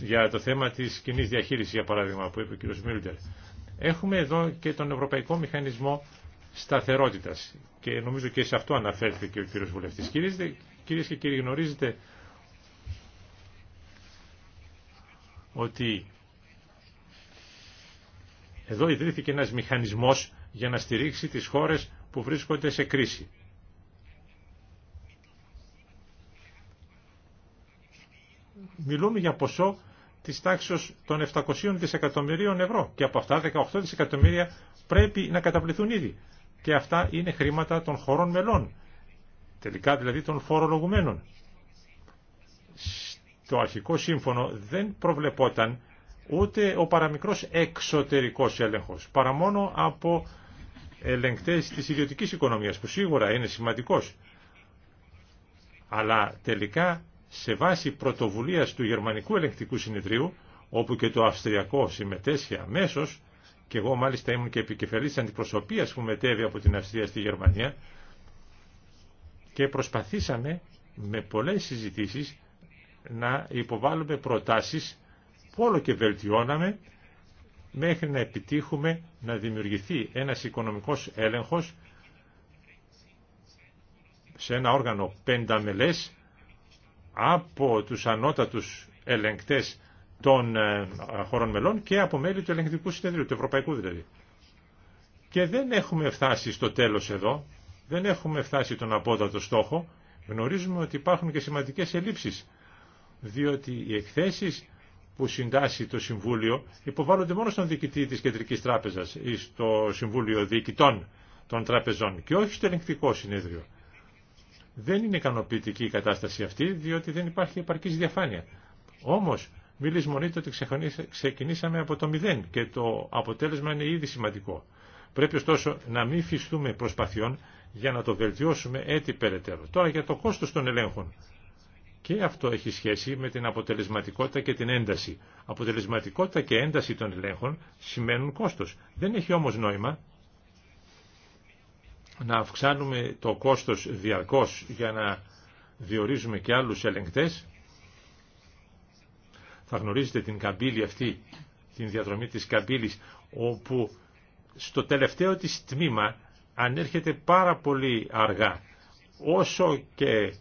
Speaker 3: για το θέμα της κοινή διαχείρισης, για παράδειγμα, που είπε ο κ. Μίλτερ. Έχουμε εδώ και τον Ευρωπαϊκό Μηχανισμό Σταθερότητας και νομίζω και σε αυτό αναφέρθηκε ο κ. Βουλευτής. Κυρίε και κύριοι, γνωρίζετε ότι εδώ ιδρύθηκε ένας μηχανισμός για να στηρίξει τις χώρες που βρίσκονται σε κρίση. Μιλούμε για ποσό Τη τάξη των 700 δισεκατομμυρίων ευρώ και από αυτά 18 δισεκατομμύρια πρέπει να καταπληθούν ήδη και αυτά είναι χρήματα των χωρών μελών τελικά δηλαδή των φορολογουμένων. Στο αρχικό σύμφωνο δεν προβλεπόταν ούτε ο παραμικρός εξωτερικός έλεγχος, παρά μόνο από ελεγκτές της ιδιωτικής οικονομίας, που σίγουρα είναι σημαντικός. Αλλά τελικά σε βάση πρωτοβουλίας του Γερμανικού Ελεγκτικού Συνεδρίου, όπου και το Αυστριακό συμμετέσχει αμέσω, και εγώ μάλιστα ήμουν και επικεφαλής αντιπροσωπείας που μετέβη από την Αυστρία στη Γερμανία, και προσπαθήσαμε με πολλές συζητήσεις να υποβάλουμε προτάσεις που όλο και βελτιώναμε μέχρι να επιτύχουμε να δημιουργηθεί ένας οικονομικός έλεγχος σε ένα όργανο πενταμελές από τους ανώτατους ελεγκτές των ε, χωρών μελών και από μέλη του ελεγκτικού συνεδρίου, του ευρωπαϊκού δηλαδή. Και δεν έχουμε φτάσει στο τέλος εδώ, δεν έχουμε φτάσει τον απόδοτο στόχο, γνωρίζουμε ότι υπάρχουν και σημαντικές ελλείψεις, διότι οι εκθέσεις που συντάσσει το Συμβούλιο υποβάλλονται μόνο στον διοικητή της Κεντρικής Τράπεζας ή στο Συμβούλιο Διοικητών των Τραπεζών και όχι στο ελεγκτικό συνέδριο. Δεν είναι ικανοποιητική η κατάσταση αυτή, διότι δεν υπάρχει επαρκής διαφάνεια. Όμως, μη λησμονείτε ότι ξεκινήσαμε από το μηδέν και το αποτέλεσμα είναι ήδη σημαντικό. Πρέπει ωστόσο να μην φυστούμε προσπαθειών για να το βελτιώσουμε έτσι περαιτέρω. Τώρα για το κόστος των ελέγχων. Και αυτό έχει σχέση με την αποτελεσματικότητα και την ένταση. Αποτελεσματικότητα και ένταση των ελέγχων σημαίνουν κόστος. Δεν έχει όμως νόημα να αυξάνουμε το κόστος διαρκώς για να διορίζουμε και άλλους ελεγκτές. Θα γνωρίζετε την καμπύλη αυτή, την διαδρομή της καμπύλης, όπου στο τελευταίο της τμήμα ανέρχεται πάρα πολύ αργά. Όσο και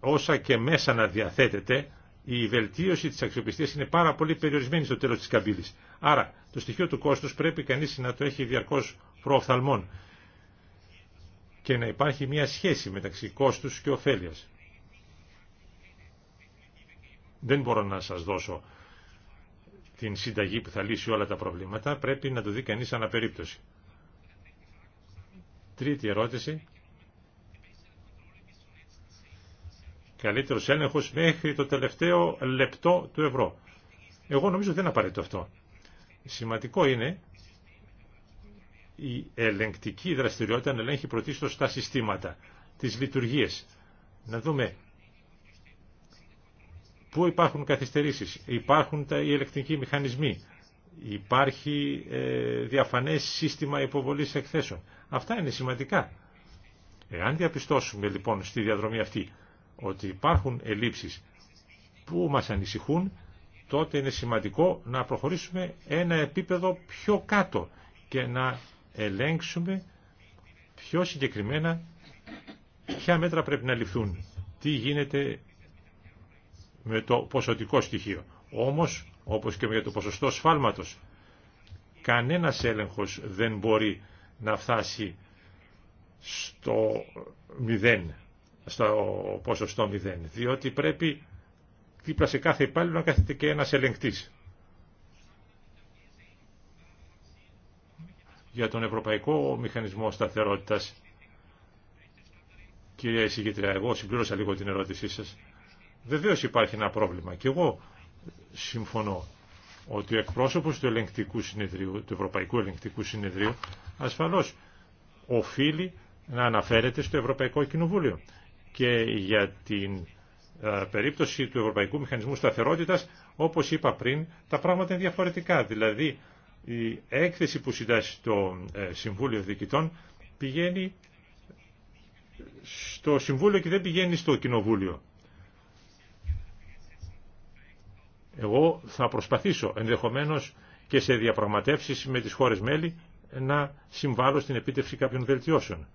Speaker 3: όσα και μέσα να διαθέτεται, η βελτίωση της αξιοπιστίας είναι πάρα πολύ περιορισμένη στο τέλος της καμπύλης. Άρα το στοιχείο του κόστους πρέπει κανείς να το έχει διαρκώς προοφθαλμών και να υπάρχει μια σχέση μεταξύ κόστους και ωφέλειας. Δεν μπορώ να σας δώσω την συνταγή που θα λύσει όλα τα προβλήματα, πρέπει να το δει κανείς αναπερίπτωση. Τρίτη ερώτηση. Καλύτερος έλεγχος μέχρι το τελευταίο λεπτό του ευρώ. Εγώ νομίζω δεν απαραίτητο αυτό. Σημαντικό είναι η ελεγκτική δραστηριότητα να ελέγχει πρωτίστως τα συστήματα, τις λειτουργίες. Να δούμε πού υπάρχουν καθυστερήσεις, υπάρχουν τα, οι ελεκτρικοί μηχανισμοί, υπάρχει ε, διαφανές σύστημα υποβολή εκθέσεων. Αυτά είναι σημαντικά. Εάν διαπιστώσουμε λοιπόν στη διαδρομή αυτή ότι υπάρχουν ελλείψεις που μας ανησυχούν, τότε είναι σημαντικό να προχωρήσουμε ένα επίπεδο πιο κάτω και να ελέγξουμε πιο συγκεκριμένα ποια μέτρα πρέπει να ληφθούν, τι γίνεται με το ποσοτικό στοιχείο. Όμως, όπως και με το ποσοστό σφάλματος, κανένας έλεγχος δεν μπορεί να φτάσει στο μηδέν, στο ποσοστό μηδέν, διότι πρέπει δίπλα σε κάθε υπάλληλο να κάθεται και ένας ελεγκτής. για τον Ευρωπαϊκό Μηχανισμό Σταθερότητας. Κυρία Εισηγητρία, εγώ συμπλήρωσα λίγο την ερώτησή σας. Βεβαίως υπάρχει ένα πρόβλημα και εγώ συμφωνώ ότι ο εκπρόσωπος του, συνεδρίου, του Ευρωπαϊκού Ελεγκτικού Συνεδρίου ασφαλώς οφείλει να αναφέρεται στο Ευρωπαϊκό Κοινοβούλιο. Και για την ε, περίπτωση του Ευρωπαϊκού Μηχανισμού Σταθερότητας, όπως είπα πριν, τα πράγματα είναι διαφορετικά. Δηλαδή, η έκθεση που συντάσσει το ε, Συμβούλιο Διοικητών πηγαίνει στο Συμβούλιο και δεν πηγαίνει στο Κοινοβούλιο. Εγώ θα προσπαθήσω ενδεχομένως και σε διαπραγματεύσεις με τις χώρες μέλη να συμβάλλω στην επίτευξη κάποιων βελτιώσεων.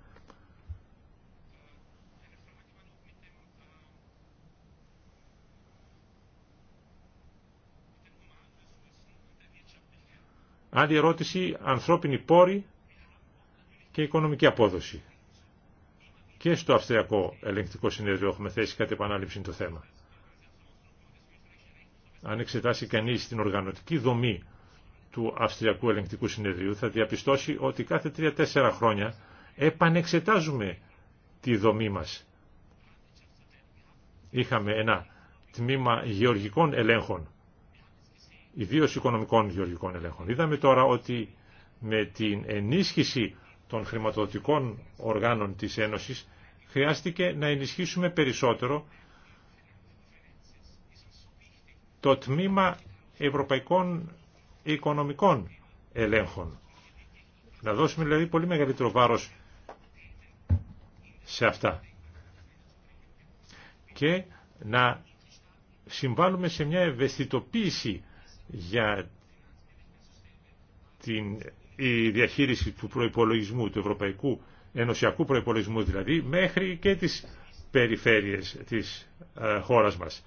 Speaker 3: Άλλη ερώτηση, ανθρώπινη πόρη και οικονομική απόδοση. Και στο Αυστριακό Ελεγκτικό Συνέδριο έχουμε θέσει κάτι επανάληψη το θέμα. Αν εξετάσει κανείς την οργανωτική δομή του Αυστριακού Ελεγκτικού Συνεδρίου θα διαπιστώσει ότι κάθε 3-4 χρόνια επανεξετάζουμε τη δομή μας. Είχαμε ένα τμήμα γεωργικών ελέγχων ιδίω οικονομικών γεωργικών ελέγχων. Είδαμε τώρα ότι με την ενίσχυση των χρηματοδοτικών οργάνων της Ένωσης χρειάστηκε να ενισχύσουμε περισσότερο το τμήμα ευρωπαϊκών οικονομικών ελέγχων. Να δώσουμε δηλαδή πολύ μεγαλύτερο βάρος σε αυτά. Και να συμβάλλουμε σε μια ευαισθητοποίηση για την διαχείριση του προϋπολογισμού, του ευρωπαϊκού ενωσιακού προϋπολογισμού δηλαδή, μέχρι και τις περιφέρειες της ε, χώρας μας.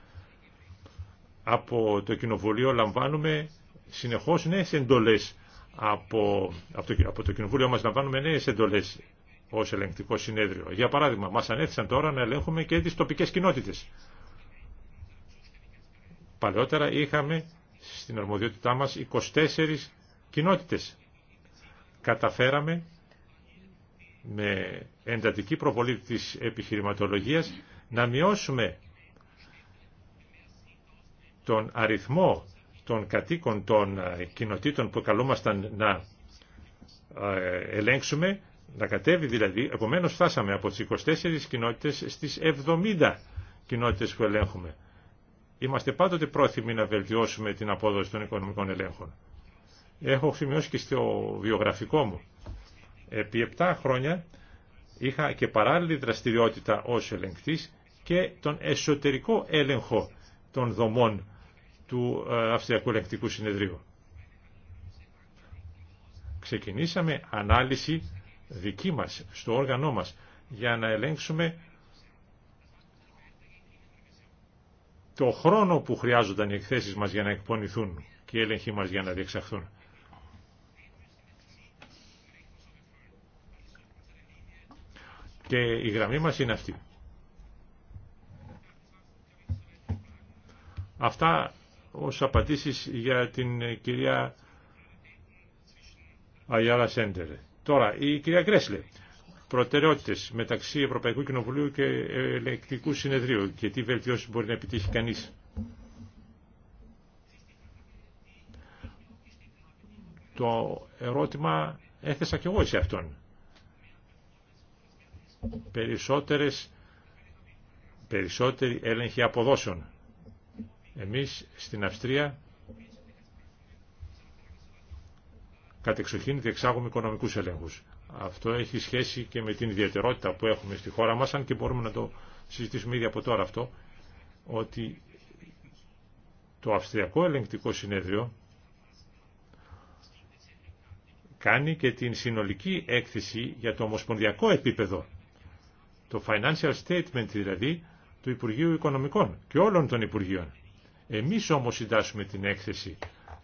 Speaker 3: Από το Κοινοβουλίο λαμβάνουμε συνεχώς νέες εντολές. Από, από, το, από το Κοινοβούλιο μας λαμβάνουμε νέες εντολές ως ελεγκτικό συνέδριο. Για παράδειγμα, μας ανέθεσαν τώρα να ελέγχουμε και τις τοπικές κοινότητες. Παλαιότερα είχαμε στην αρμοδιότητά μας 24 κοινότητες. Καταφέραμε με εντατική προβολή της επιχειρηματολογίας να μειώσουμε τον αριθμό των κατοίκων των ε, κοινοτήτων που καλούμασταν να ε, ελέγξουμε, να κατέβει δηλαδή, επομένως φτάσαμε από τις 24 κοινότητες στις 70 κοινότητες που ελέγχουμε. Είμαστε πάντοτε πρόθυμοι να βελτιώσουμε την απόδοση των οικονομικών ελέγχων. Έχω σημειώσει και στο βιογραφικό μου. Επί 7 χρόνια είχα και παράλληλη δραστηριότητα ως ελεγκτής και τον εσωτερικό έλεγχο των δομών του ε, Αυστριακού Ελεγκτικού Συνεδρίου. Ξεκινήσαμε ανάλυση δική μας, στο όργανό μας, για να ελέγξουμε το χρόνο που χρειάζονταν οι εκθέσεις μας για να εκπονηθούν και οι έλεγχοι μας για να διεξαχθούν. Και η γραμμή μας είναι αυτή. Αυτά ως απαντήσεις για την κυρία Αγιάρα Σέντερ. Τώρα, η κυρία Κρέσλε προτεραιότητε μεταξύ Ευρωπαϊκού Κοινοβουλίου και Ελεκτικού Συνεδρίου και τι βελτιώσει μπορεί να επιτύχει κανείς. Το ερώτημα έθεσα και εγώ σε αυτόν. Περισσότερες, περισσότερη έλεγχη αποδόσεων. Εμείς στην Αυστρία κατεξοχήν διεξάγουμε οικονομικούς ελέγχους. Αυτό έχει σχέση και με την ιδιαιτερότητα που έχουμε στη χώρα μας, αν και μπορούμε να το συζητήσουμε ήδη από τώρα αυτό, ότι το Αυστριακό Ελεγκτικό Συνέδριο κάνει και την συνολική έκθεση για το ομοσπονδιακό επίπεδο. Το financial statement δηλαδή του Υπουργείου Οικονομικών και όλων των Υπουργείων. Εμείς όμως συντάσσουμε την έκθεση.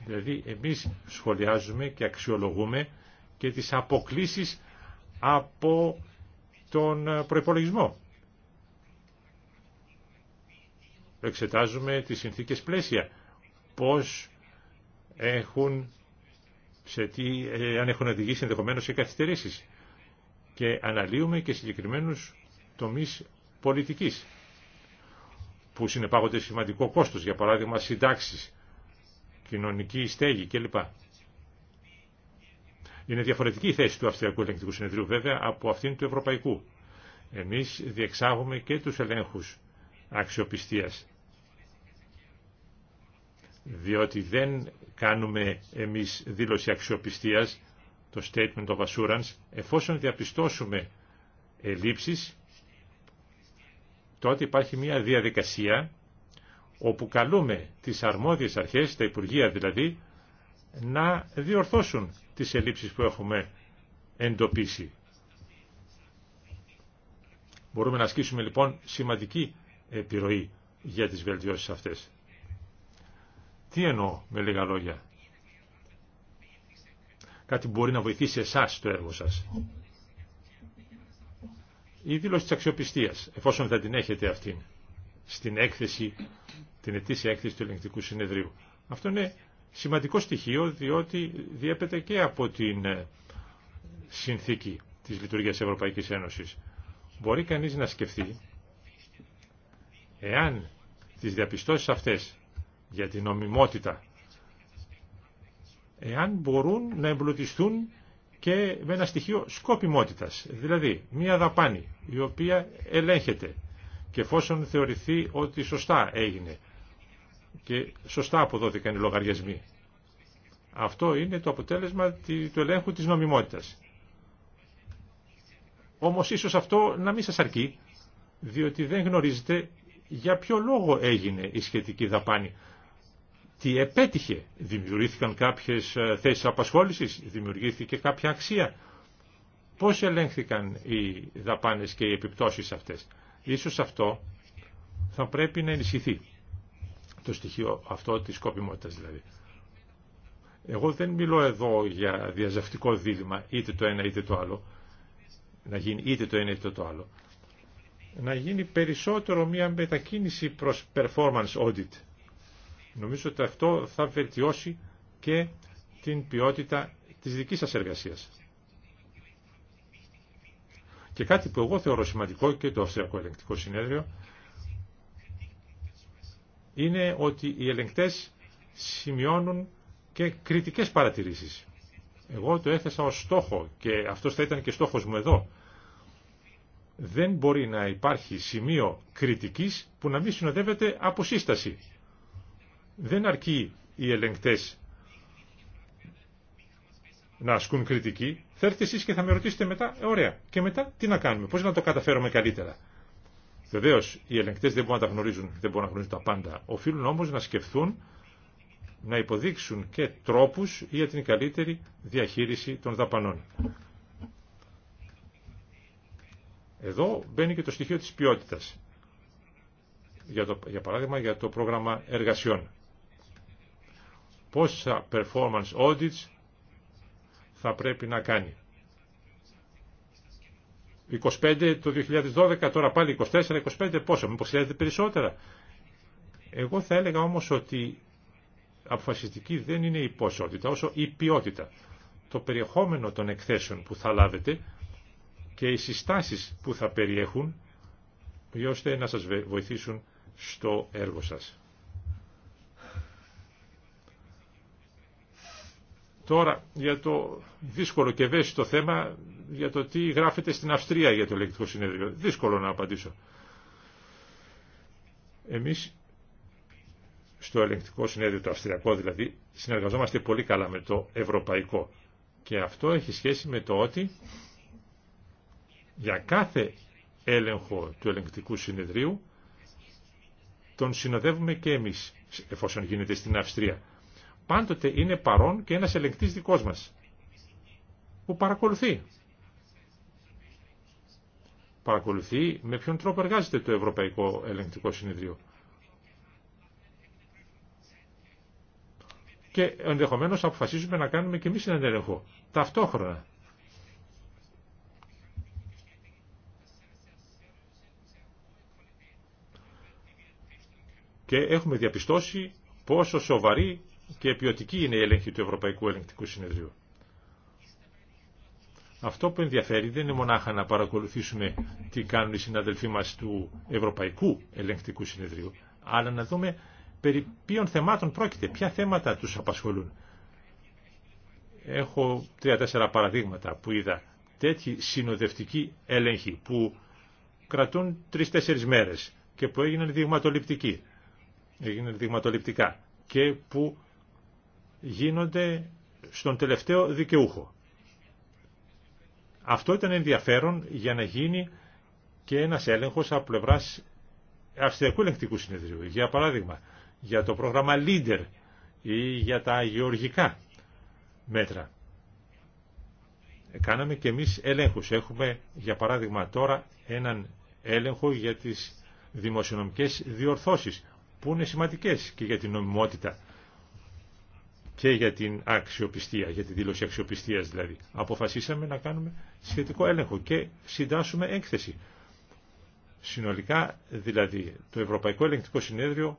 Speaker 3: Δηλαδή εμείς σχολιάζουμε και αξιολογούμε και τις αποκλήσεις από τον προϋπολογισμό. Εξετάζουμε τις συνθήκες πλαίσια, πώς έχουν, σε ε, αν έχουν οδηγήσει ενδεχομένως σε καθυστερήσεις και αναλύουμε και συγκεκριμένους τομείς πολιτικής που συνεπάγονται σημαντικό κόστος, για παράδειγμα συντάξεις, κοινωνική στέγη κλπ. Είναι διαφορετική η θέση του Αυστριακού Ελεγκτικού Συνεδρίου βέβαια από αυτήν του Ευρωπαϊκού. Εμείς διεξάγουμε και τους ελέγχους αξιοπιστίας. Διότι δεν κάνουμε εμείς δήλωση αξιοπιστίας, το statement of assurance, εφόσον διαπιστώσουμε ελλείψεις, τότε υπάρχει μια διαδικασία όπου καλούμε τις αρμόδιες αρχές, τα Υπουργεία δηλαδή, να διορθώσουν τις ελλείψεις που έχουμε εντοπίσει. Μπορούμε να ασκήσουμε λοιπόν σημαντική επιρροή για τις βελτιώσεις αυτές. Τι εννοώ με λίγα λόγια. Κάτι μπορεί να βοηθήσει εσά το έργο σας. Η δήλωση της αξιοπιστίας, εφόσον δεν την έχετε αυτήν, στην έκθεση, την ετήσια έκθεση του ελεγκτικού συνεδρίου. Αυτό είναι σημαντικό στοιχείο διότι διέπεται και από την ε, συνθήκη της λειτουργίας Ευρωπαϊκής Ένωσης. Μπορεί κανείς να σκεφτεί εάν τις διαπιστώσεις αυτές για την νομιμότητα εάν μπορούν να εμπλουτιστούν και με ένα στοιχείο σκοπιμότητας. Δηλαδή, μία δαπάνη η οποία ελέγχεται και εφόσον θεωρηθεί ότι σωστά έγινε και σωστά αποδόθηκαν οι λογαριασμοί. Αυτό είναι το αποτέλεσμα του ελέγχου της νομιμότητας. Όμως ίσως αυτό να μην σας αρκεί, διότι δεν γνωρίζετε για ποιο λόγο έγινε η σχετική δαπάνη. Τι επέτυχε. Δημιουργήθηκαν κάποιες ε, θέσεις απασχόλησης, δημιουργήθηκε κάποια αξία. Πώς ελέγχθηκαν οι δαπάνες και οι επιπτώσεις αυτές. Ίσως αυτό θα πρέπει να ενισχυθεί το στοιχείο αυτό της σκοπιμότητας δηλαδή. Εγώ δεν μιλώ εδώ για διαζευτικό δίλημα, είτε το ένα είτε το άλλο, να γίνει είτε το ένα είτε το άλλο. Να γίνει περισσότερο μια μετακίνηση προς performance audit. Νομίζω ότι αυτό θα βελτιώσει και την ποιότητα της δικής σας εργασίας. Και κάτι που εγώ θεωρώ σημαντικό και το Αυστριακό Ελεγκτικό Συνέδριο είναι ότι οι ελεγκτές σημειώνουν και κριτικές παρατηρήσεις. Εγώ το έθεσα ως στόχο και αυτός θα ήταν και στόχος μου εδώ. Δεν μπορεί να υπάρχει σημείο κριτικής που να μην συνοδεύεται από σύσταση. Δεν αρκεί οι ελεγκτές να ασκούν κριτική. Θα έρθετε εσείς και θα με ρωτήσετε μετά, ε, ωραία, και μετά τι να κάνουμε, πώς να το καταφέρουμε καλύτερα. Βεβαίω, οι ελεγκτέ δεν μπορούν να τα γνωρίζουν, δεν μπορούν να γνωρίζουν τα πάντα. Οφείλουν όμω να σκεφτούν να υποδείξουν και τρόπους για την καλύτερη διαχείριση των δαπανών. Εδώ μπαίνει και το στοιχείο της ποιότητας. Για, για παράδειγμα, για το πρόγραμμα εργασιών. Πόσα performance audits θα πρέπει να κάνει. 25 το 2012, τώρα πάλι 24, 25 πόσο, μήπως χρειάζεται περισσότερα. Εγώ θα έλεγα όμως ότι αποφασιστική δεν είναι η ποσότητα, όσο η ποιότητα. Το περιεχόμενο των εκθέσεων που θα λάβετε και οι συστάσεις που θα περιέχουν, ώστε να σας βοηθήσουν στο έργο σας. Τώρα για το δύσκολο και ευαίσθητο θέμα για το τι γράφεται στην Αυστρία για το ελεγκτικό συνέδριο. Δύσκολο να απαντήσω. Εμείς στο ελεγκτικό συνέδριο το αυστριακό δηλαδή συνεργαζόμαστε πολύ καλά με το ευρωπαϊκό και αυτό έχει σχέση με το ότι για κάθε έλεγχο του ελεγκτικού συνεδρίου τον συνοδεύουμε και εμείς εφόσον γίνεται στην Αυστρία πάντοτε είναι παρόν και ένας ελεγκτής δικός μας που παρακολουθεί. Παρακολουθεί με ποιον τρόπο εργάζεται το Ευρωπαϊκό Ελεγκτικό Συνεδρίο. Και ενδεχομένως αποφασίζουμε να κάνουμε και εμείς έναν έλεγχο. Ταυτόχρονα. Και έχουμε διαπιστώσει πόσο σοβαρή και ποιοτική είναι η έλεγχη του Ευρωπαϊκού Ελεγκτικού Συνεδρίου. Αυτό που ενδιαφέρει δεν είναι μονάχα να παρακολουθήσουμε τι κάνουν οι συναδελφοί μας του Ευρωπαϊκού Ελεγκτικού Συνεδρίου, αλλά να δούμε περί ποιων θεμάτων πρόκειται, ποια θέματα τους απασχολούν. Έχω τρία-τέσσερα παραδείγματα που είδα τέτοιοι συνοδευτικοί έλεγχοι που κρατούν τρεις-τέσσερις μέρες και που έγιναν δειγματοληπτικοί, έγιναν δειγματοληπτικά και που γίνονται στον τελευταίο δικαιούχο. Αυτό ήταν ενδιαφέρον για να γίνει και ένας έλεγχος από πλευράς Αυστριακού Ελεγκτικού Συνεδρίου. Για παράδειγμα, για το πρόγραμμα Leader ή για τα γεωργικά μέτρα. Κάναμε και εμείς έλεγχους. Έχουμε, για παράδειγμα, τώρα έναν έλεγχο για τις δημοσιονομικές διορθώσεις, που είναι σημαντικές και για την νομιμότητα και για την αξιοπιστία, για τη δήλωση αξιοπιστίας δηλαδή. Αποφασίσαμε να κάνουμε σχετικό έλεγχο και συντάσσουμε έκθεση. Συνολικά δηλαδή το Ευρωπαϊκό Ελεγκτικό Συνέδριο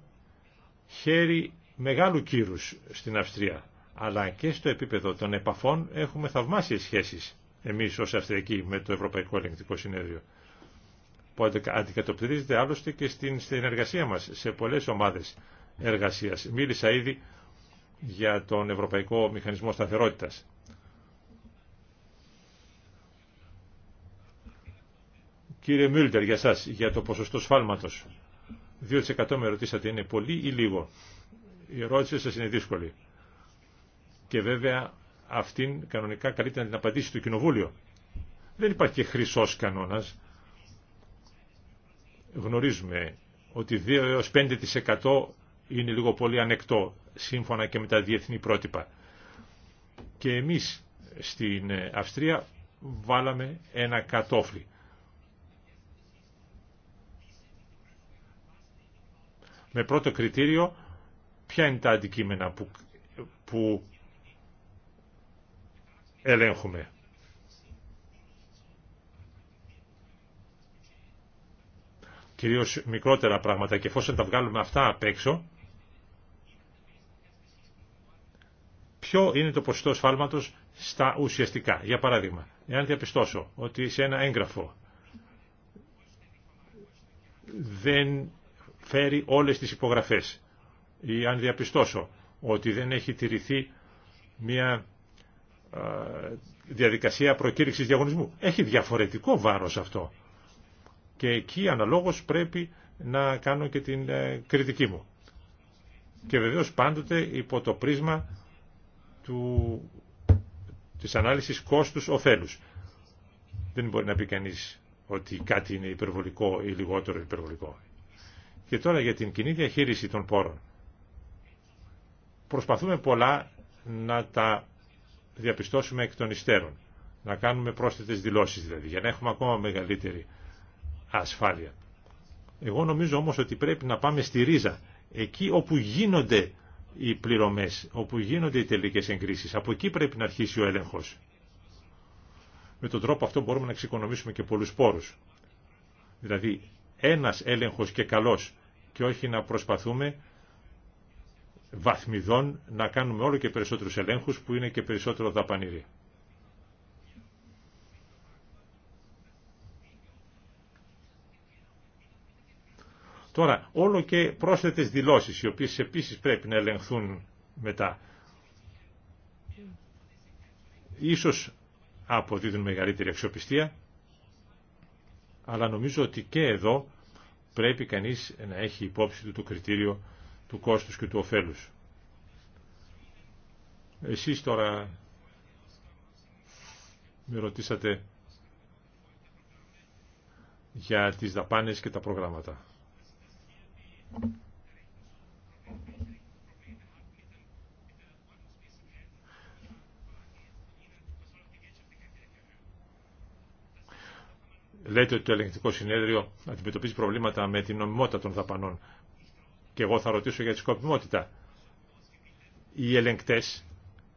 Speaker 3: χαίρει μεγάλου κύρους στην Αυστρία, αλλά και στο επίπεδο των επαφών έχουμε θαυμάσιες σχέσεις εμείς ως Αυστριακοί με το Ευρωπαϊκό Ελεγκτικό Συνέδριο που αντικατοπτρίζεται άλλωστε και στην συνεργασία μας σε πολλές ομάδες εργασίας. Μίλησα ήδη για τον Ευρωπαϊκό Μηχανισμό Σταθερότητας. Κύριε Μίλτερ, για σας, για το ποσοστό σφάλματος. 2% με ρωτήσατε είναι πολύ ή λίγο. Η ερώτηση σας είναι δύσκολη. Και βέβαια αυτήν κανονικά καλύτερα να την απαντήσει το Κοινοβούλιο. Δεν υπάρχει και χρυσός κανόνας. Γνωρίζουμε ότι 2 έως 5% είναι λίγο πολύ ανεκτό σύμφωνα και με τα διεθνή πρότυπα. Και εμείς στην ε, Αυστρία βάλαμε ένα κατόφλι. Με πρώτο κριτήριο, ποια είναι τα αντικείμενα που, που ελέγχουμε. Κυρίως μικρότερα πράγματα και εφόσον τα βγάλουμε αυτά απ' έξω, ποιο είναι το ποσοστό σφάλματος στα ουσιαστικά. Για παράδειγμα, εάν διαπιστώσω ότι σε ένα έγγραφο δεν φέρει όλες τις υπογραφές ή αν διαπιστώσω ότι δεν έχει τηρηθεί μια διαδικασία προκήρυξης διαγωνισμού. Έχει διαφορετικό βάρος αυτό. Και εκεί αναλόγως πρέπει να κάνω και την ε, κριτική μου. Και βεβαίως πάντοτε υπό το πρίσμα του, της ανάλυσης κόστους ωφέλους. Δεν μπορεί να πει κανείς ότι κάτι είναι υπερβολικό ή λιγότερο υπερβολικό. Και τώρα για την κοινή διαχείριση των πόρων. Προσπαθούμε πολλά να τα διαπιστώσουμε εκ των υστέρων. Να κάνουμε πρόσθετες δηλώσεις δηλαδή, για να έχουμε ακόμα μεγαλύτερη ασφάλεια. Εγώ νομίζω όμως ότι πρέπει να πάμε στη ρίζα, εκεί όπου γίνονται οι πληρωμές, όπου γίνονται οι τελικές εγκρίσεις. Από εκεί πρέπει να αρχίσει ο έλεγχος. Με τον τρόπο αυτό μπορούμε να εξοικονομήσουμε και πολλούς πόρους. Δηλαδή ένας έλεγχος και καλός και όχι να προσπαθούμε βαθμιδών να κάνουμε όλο και περισσότερους ελέγχους που είναι και περισσότερο δαπανηροί. Τώρα, όλο και πρόσθετες δηλώσεις, οι οποίες επίσης πρέπει να ελεγχθούν μετά. Ίσως αποδίδουν μεγαλύτερη αξιοπιστία, αλλά νομίζω ότι και εδώ πρέπει κανείς να έχει υπόψη του το κριτήριο του κόστους και του ωφέλους. Εσείς τώρα με ρωτήσατε για τις δαπάνες και τα προγράμματα. Λέτε ότι το ελεγκτικό συνέδριο αντιμετωπίζει προβλήματα με την νομιμότητα των δαπανών. Και εγώ θα ρωτήσω για τη σκοπιμότητα. Οι ελεγκτές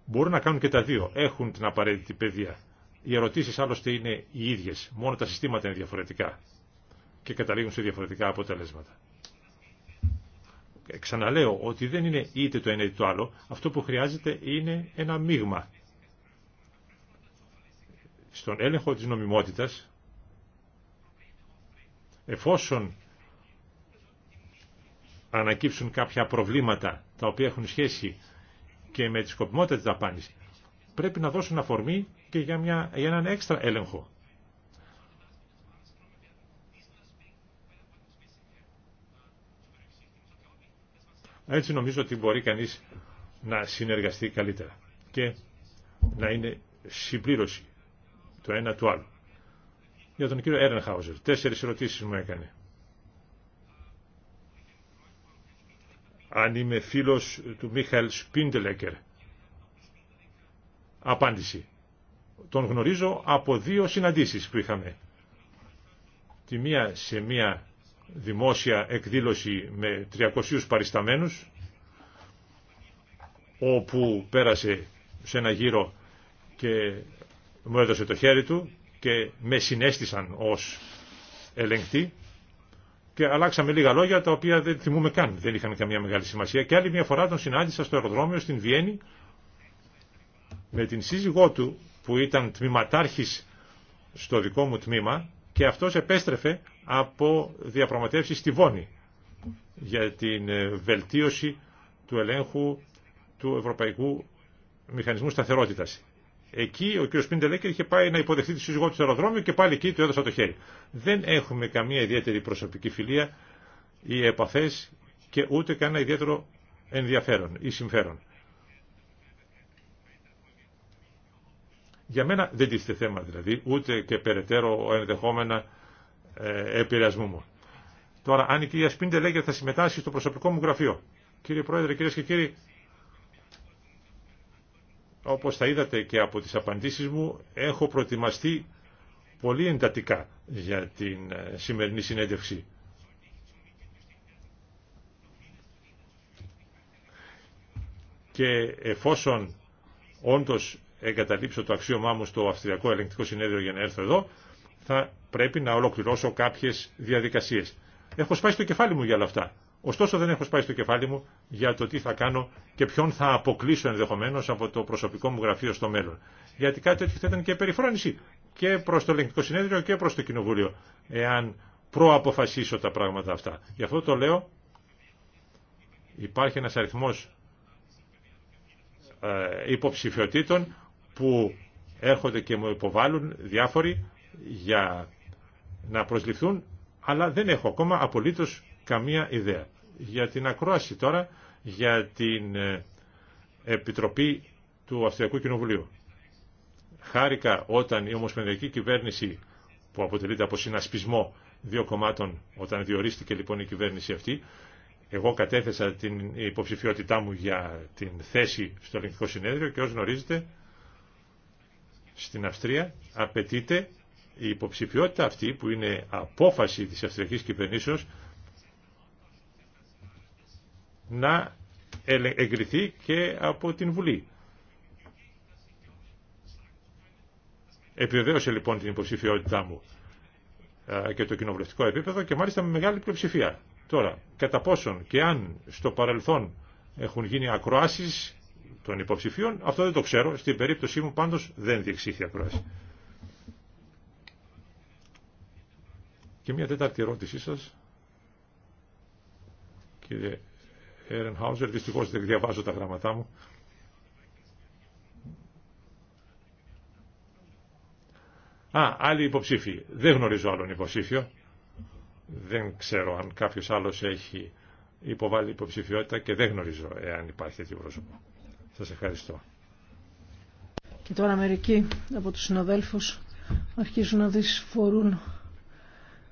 Speaker 3: μπορούν να κάνουν και τα δύο. Έχουν την απαραίτητη παιδεία. Οι ερωτήσει άλλωστε είναι οι ίδιε. Μόνο τα συστήματα είναι διαφορετικά. Και καταλήγουν σε διαφορετικά αποτελέσματα ξαναλέω ότι δεν είναι είτε το ένα είτε το άλλο. Αυτό που χρειάζεται είναι ένα μείγμα. Στον έλεγχο της νομιμότητας, εφόσον ανακύψουν κάποια προβλήματα τα οποία έχουν σχέση και με τη σκοπιμότητα της δαπάνης, πρέπει να δώσουν αφορμή και για, μια, για έναν έξτρα έλεγχο. Έτσι νομίζω ότι μπορεί κανείς να συνεργαστεί καλύτερα και να είναι συμπλήρωση το ένα του άλλου. Για τον κύριο Έρενχάουζερ, τέσσερις ερωτήσεις μου έκανε. Αν είμαι φίλος του Μίχαελ Σπίντελεκερ. Απάντηση. Τον γνωρίζω από δύο συναντήσεις που είχαμε. Τη μία σε μία δημόσια εκδήλωση με 300 παρισταμένους όπου πέρασε σε ένα γύρο και μου έδωσε το χέρι του και με συνέστησαν ως ελεγκτή και αλλάξαμε λίγα λόγια τα οποία δεν θυμούμε καν, δεν είχαν καμία μεγάλη σημασία και άλλη μια φορά τον συνάντησα στο αεροδρόμιο στην Βιέννη με την σύζυγό του που ήταν τμήματάρχης στο δικό μου τμήμα και αυτός επέστρεφε από διαπραγματεύσεις στη Βόνη για την ε, βελτίωση του ελέγχου του Ευρωπαϊκού Μηχανισμού Σταθερότητας. Εκεί ο κ. Σπιντελέκερ είχε πάει να υποδεχτεί τη σύζυγό του στο αεροδρόμιο και πάλι εκεί του έδωσα το χέρι. Δεν έχουμε καμία ιδιαίτερη προσωπική φιλία ή επαφές και ούτε κανένα ιδιαίτερο ενδιαφέρον ή συμφέρον. Για μένα δεν τίθεται θέμα δηλαδή, ούτε και περαιτέρω ενδεχόμενα ε, επηρεασμού μου. Τώρα, αν η κυρία Σπίντε λέγεται θα συμμετάσχει στο προσωπικό μου γραφείο. Κύριε Πρόεδρε, κυρίε και κύριοι, όπως θα είδατε και από τις απαντήσεις μου, έχω προετοιμαστεί πολύ εντατικά για την ε, σημερινή συνέντευξη. Και εφόσον όντως εγκαταλείψω το αξίωμά μου στο Αυστριακό Ελεγκτικό Συνέδριο για να έρθω εδώ, θα πρέπει να ολοκληρώσω κάποιε διαδικασίε. Έχω σπάσει το κεφάλι μου για όλα αυτά. Ωστόσο δεν έχω σπάσει το κεφάλι μου για το τι θα κάνω και ποιον θα αποκλείσω ενδεχομένω από το προσωπικό μου γραφείο στο μέλλον. Γιατί κάτι τέτοιο θα ήταν και περιφρόνηση και προ το ελεγκτικό συνέδριο και προ το κοινοβούλιο, εάν προαποφασίσω τα πράγματα αυτά. Γι' αυτό το λέω. Υπάρχει ένα αριθμό ε, υποψηφιότήτων που έρχονται και μου υποβάλλουν διάφοροι για να προσληφθούν, αλλά δεν έχω ακόμα απολύτως καμία ιδέα. Για την ακρόαση τώρα, για την ε, Επιτροπή του Αυστριακού Κοινοβουλίου. Χάρηκα όταν η Ομοσπονδιακή Κυβέρνηση, που αποτελείται από συνασπισμό δύο κομμάτων, όταν διορίστηκε λοιπόν η κυβέρνηση αυτή, εγώ κατέθεσα την υποψηφιότητά μου για την θέση στο Ελληνικό Συνέδριο και ως γνωρίζετε στην Αυστρία απαιτείται η υποψηφιότητα αυτή που είναι απόφαση της αυστριακής κυβερνήσεως να εγκριθεί και από την Βουλή. Επιβεβαίωσε λοιπόν την υποψηφιότητά μου και το κοινοβουλευτικό επίπεδο και μάλιστα με μεγάλη πλειοψηφία. Τώρα, κατά πόσον και αν στο παρελθόν έχουν γίνει ακροάσεις των υποψηφίων, αυτό δεν το ξέρω. Στην περίπτωσή μου πάντως δεν διεξήχθη ακρόαση. Και μια τέταρτη ερώτησή σας, κύριε Χάουζερ, δυστυχώς δεν διαβάζω τα γραμματά μου. Α, άλλοι υποψήφοι. Δεν γνωρίζω άλλον υποψήφιο. Δεν ξέρω αν κάποιος άλλος έχει υποβάλει υποψηφιότητα και δεν γνωρίζω εάν υπάρχει τέτοιο πρόσωπο. Σας ευχαριστώ.
Speaker 1: Και τώρα μερικοί από τους συναδέλφους αρχίζουν να δυσφορούν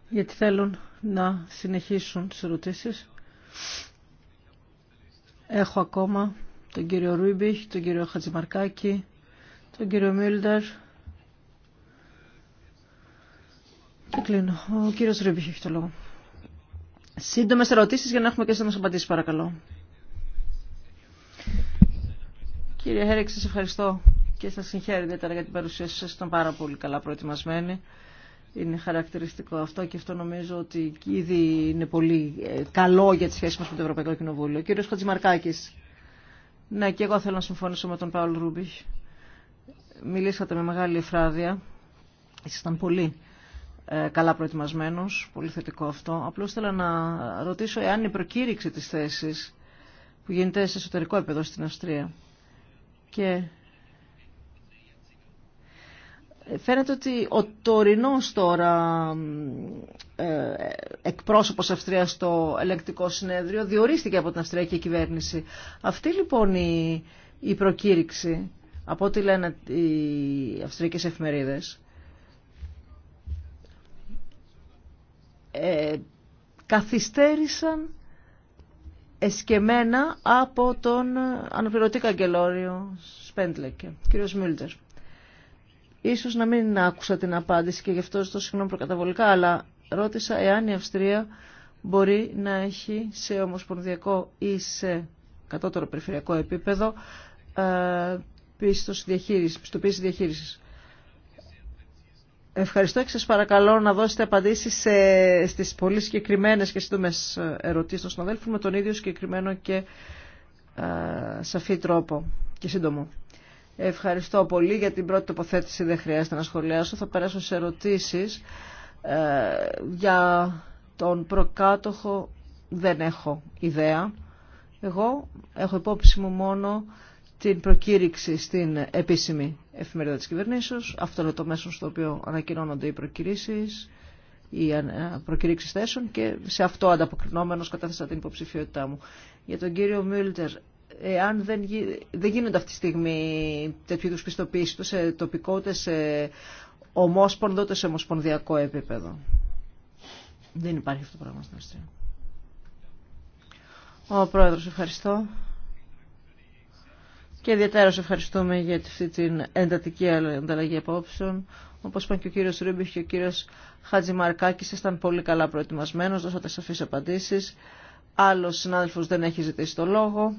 Speaker 1: γιατί θέλουν να συνεχίσουν τις ερωτήσει. Έχω ακόμα τον κύριο Ρούιμπιχ, τον κύριο Χατζημαρκάκη, τον κύριο Μίλντερ. Και κλείνω. Ο κύριος Ρούιμπιχ έχει το λόγο. Σύντομες ερωτήσεις για να έχουμε και σύντομες απαντήσει παρακαλώ. Κύριε Χέρεξ, σας ευχαριστώ και σας συγχαίρω ιδιαίτερα για την παρουσία σας. Ήταν πάρα πολύ καλά προετοιμασμένη. Είναι χαρακτηριστικό αυτό και αυτό νομίζω ότι ήδη είναι πολύ ε, καλό για τη σχέση μας με το Ευρωπαϊκό Κοινοβούλιο. Κύριο κύριος Χατζημαρκάκης. Ναι, και εγώ θέλω να συμφωνήσω με τον Παύλο Ρούμπιχ. Μιλήσατε με μεγάλη εφράδια. Ήσασταν πολύ ε, καλά προετοιμασμένο, πολύ θετικό αυτό. Απλώ θέλω να ρωτήσω εάν η προκήρυξη τη θέση που γίνεται σε εσωτερικό επίπεδο στην Αυστρία και φαίνεται ότι ο τωρινός τώρα ε, εκπρόσωπος Αυστρίας στο ελεγκτικό συνέδριο διορίστηκε από την Αυστριακή κυβέρνηση. Αυτή λοιπόν η, η προκήρυξη, από ό,τι λένε οι αυστριακές εφημερίδες, ε, καθυστέρησαν εσκεμένα από τον αναπληρωτή καγκελόριο Σπέντλεκε, Κύριο Μίλτερ. Ίσως να μην άκουσα την απάντηση και γι' αυτό ζητώ συγγνώμη προκαταβολικά, αλλά ρώτησα εάν η Αυστρία μπορεί να έχει σε ομοσπονδιακό ή σε κατώτερο περιφερειακό επίπεδο ε, πιστοποίηση διαχείρισης. Ευχαριστώ και σας παρακαλώ να δώσετε απαντήσεις σε, στις πολύ συγκεκριμένε και σύντομες ερωτήσεις των συναδέλφων με τον ίδιο συγκεκριμένο και α, σαφή τρόπο και σύντομο. Ευχαριστώ πολύ για την πρώτη τοποθέτηση, δεν χρειάζεται να σχολιάσω. Θα περάσω σε ερωτήσεις ε, για τον προκάτοχο δεν έχω ιδέα. Εγώ έχω υπόψη μου μόνο την προκήρυξη στην επίσημη εφημερίδα της κυβερνήσεως. Αυτό είναι το μέσο στο οποίο ανακοινώνονται οι προκηρύξεις, οι προκηρύξεις θέσεων και σε αυτό ανταποκρινόμενος κατάθεσα την υποψηφιότητά μου. Για τον κύριο Μίλτερ, εάν δεν, γι... δεν γίνονται αυτή τη στιγμή τέτοιου είδους πιστοποίησης σε τοπικό, ούτε σε ομόσπονδο, ούτε σε ομοσπονδιακό επίπεδο. Δεν υπάρχει αυτό το πράγμα στην Αυστρία. Ο Πρόεδρος, ευχαριστώ. Και ιδιαίτερα ευχαριστούμε για αυτή την εντατική ανταλλαγή απόψεων. Όπως είπαν και ο κύριο Ρίμπιχ και ο κύριος Χατζημαρκάκης ήταν πολύ καλά προετοιμασμένο δώσατε σαφεί απαντήσεις. Άλλο συνάδελφος δεν έχει ζητήσει το λόγο.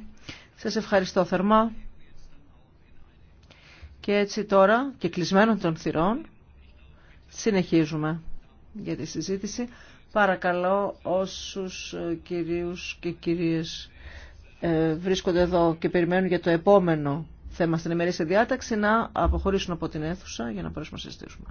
Speaker 1: Σας ευχαριστώ θερμά. Και έτσι τώρα, και κλεισμένων των θυρών, συνεχίζουμε για τη συζήτηση. Παρακαλώ όσους ε, κυρίους και κυρίες ε, βρίσκονται εδώ και περιμένουν για το επόμενο θέμα στην ημερήσια διάταξη να αποχωρήσουν από την αίθουσα για να μπορέσουμε να συζητήσουμε.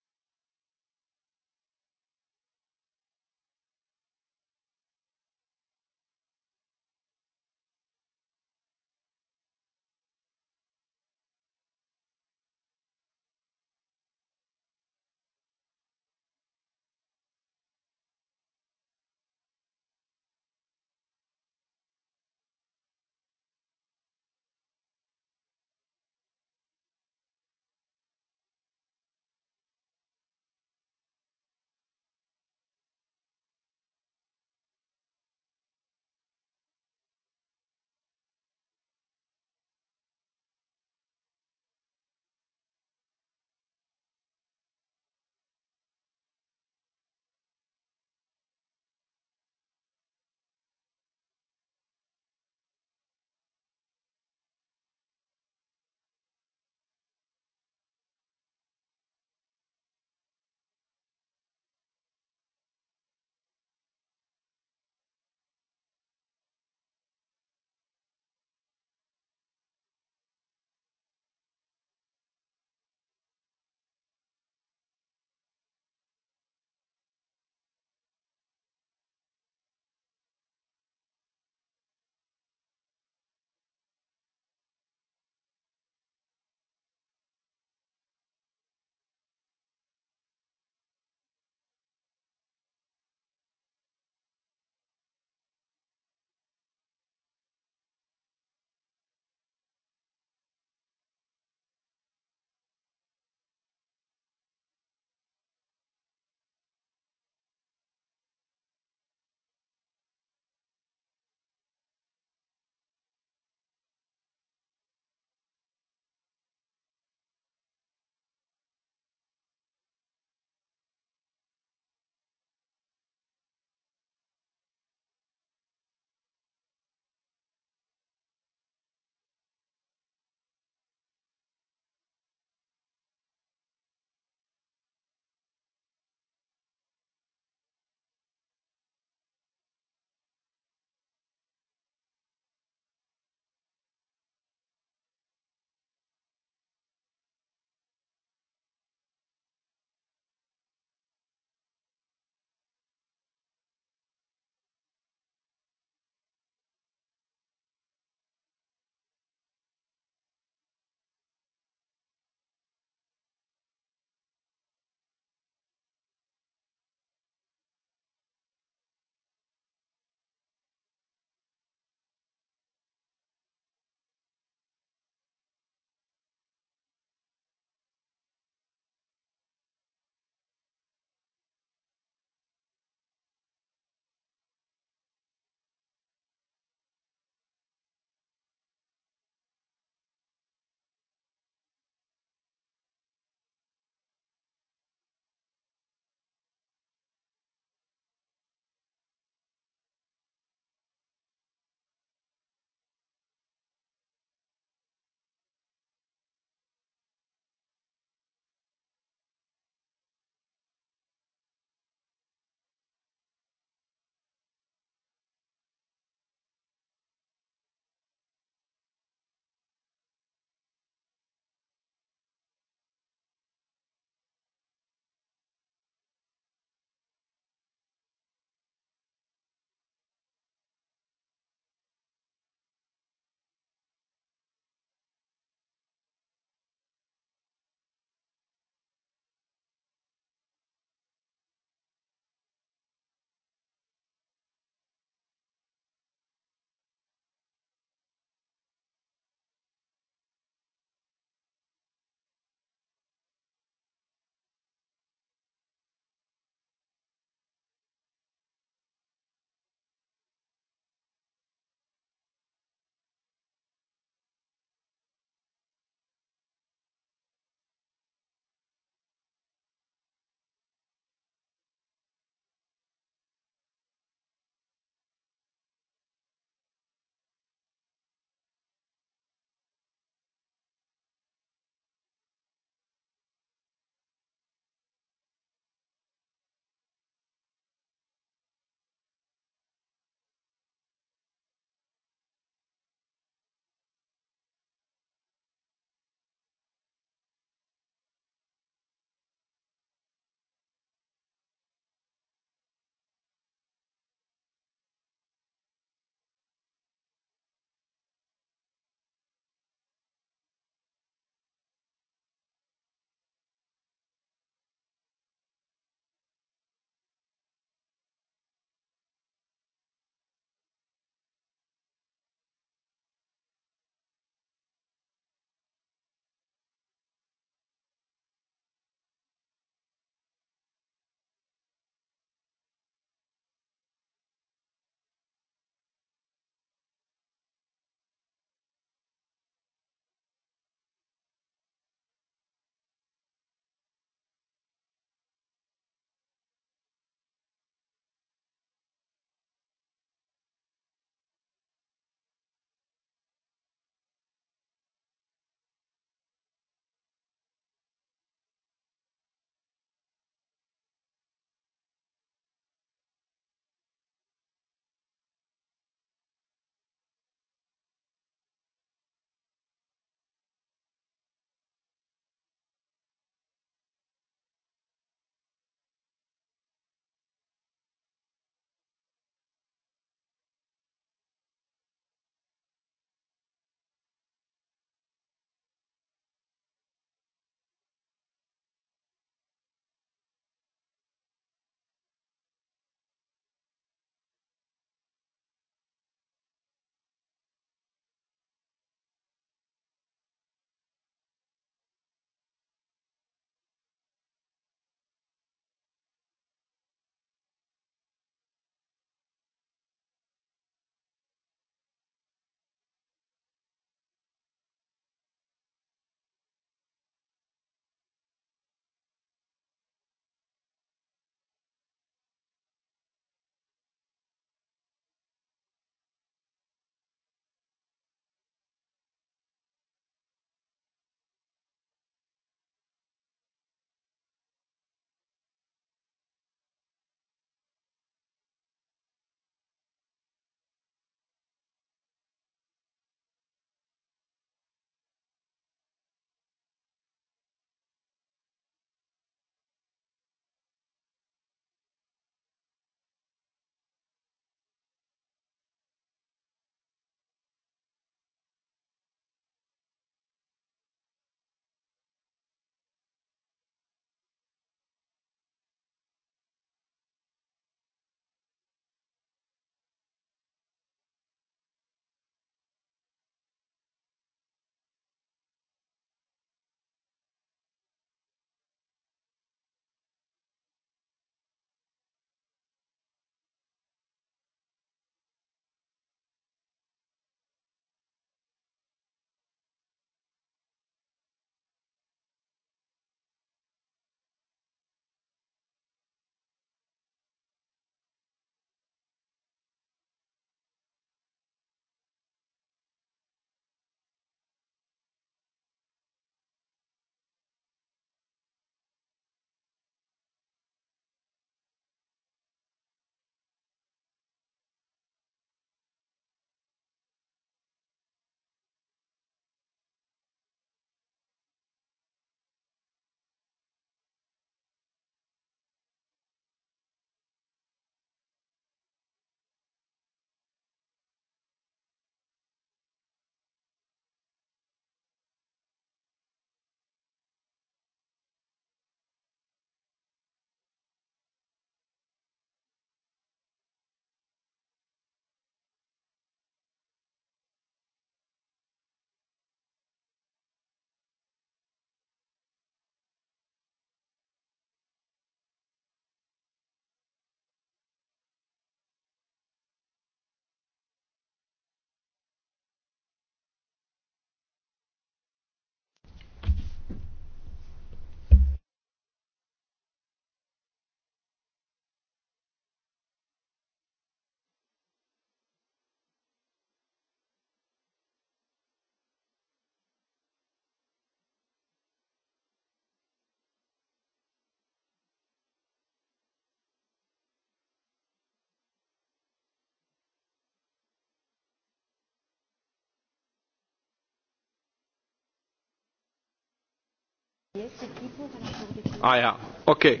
Speaker 3: Ah ja,
Speaker 2: okay.